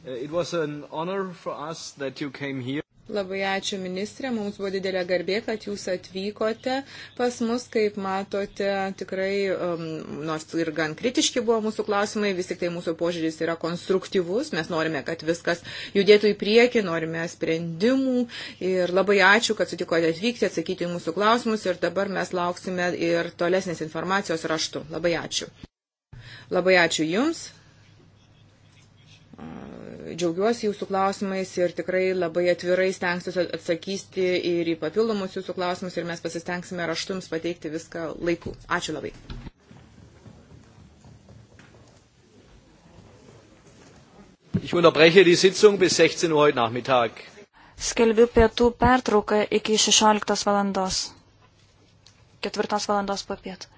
Uh, it was an honor for us that you came here. Labai ačiū ministrė, mums buvo didelė garbė, kad jūs atvykote pas mus, kaip matote, tikrai, um, nors ir gan kritiški buvo mūsų klausimai, vis tik tai mūsų požiūris yra konstruktyvus, mes norime, kad viskas judėtų į priekį, norime sprendimų ir labai ačiū, kad sutikote atvykti, atsakyti į mūsų klausimus ir dabar mes lauksime ir tolesnės informacijos raštu. Labai ačiū. Labai ačiū Jums. Džiaugiuosi jūsų klausimais ir tikrai labai atvirai stengsiuosi atsakysti ir į papildomus jūsų klausimus ir mes pasistengsime raštums pateikti viską laiku. Ačiū labai. Ich unterbreche die Sitzung bis 16 Uhr heute Nachmittag. Skelbiu pietų pertrauką iki 16 valandos. 4 valandos popiet.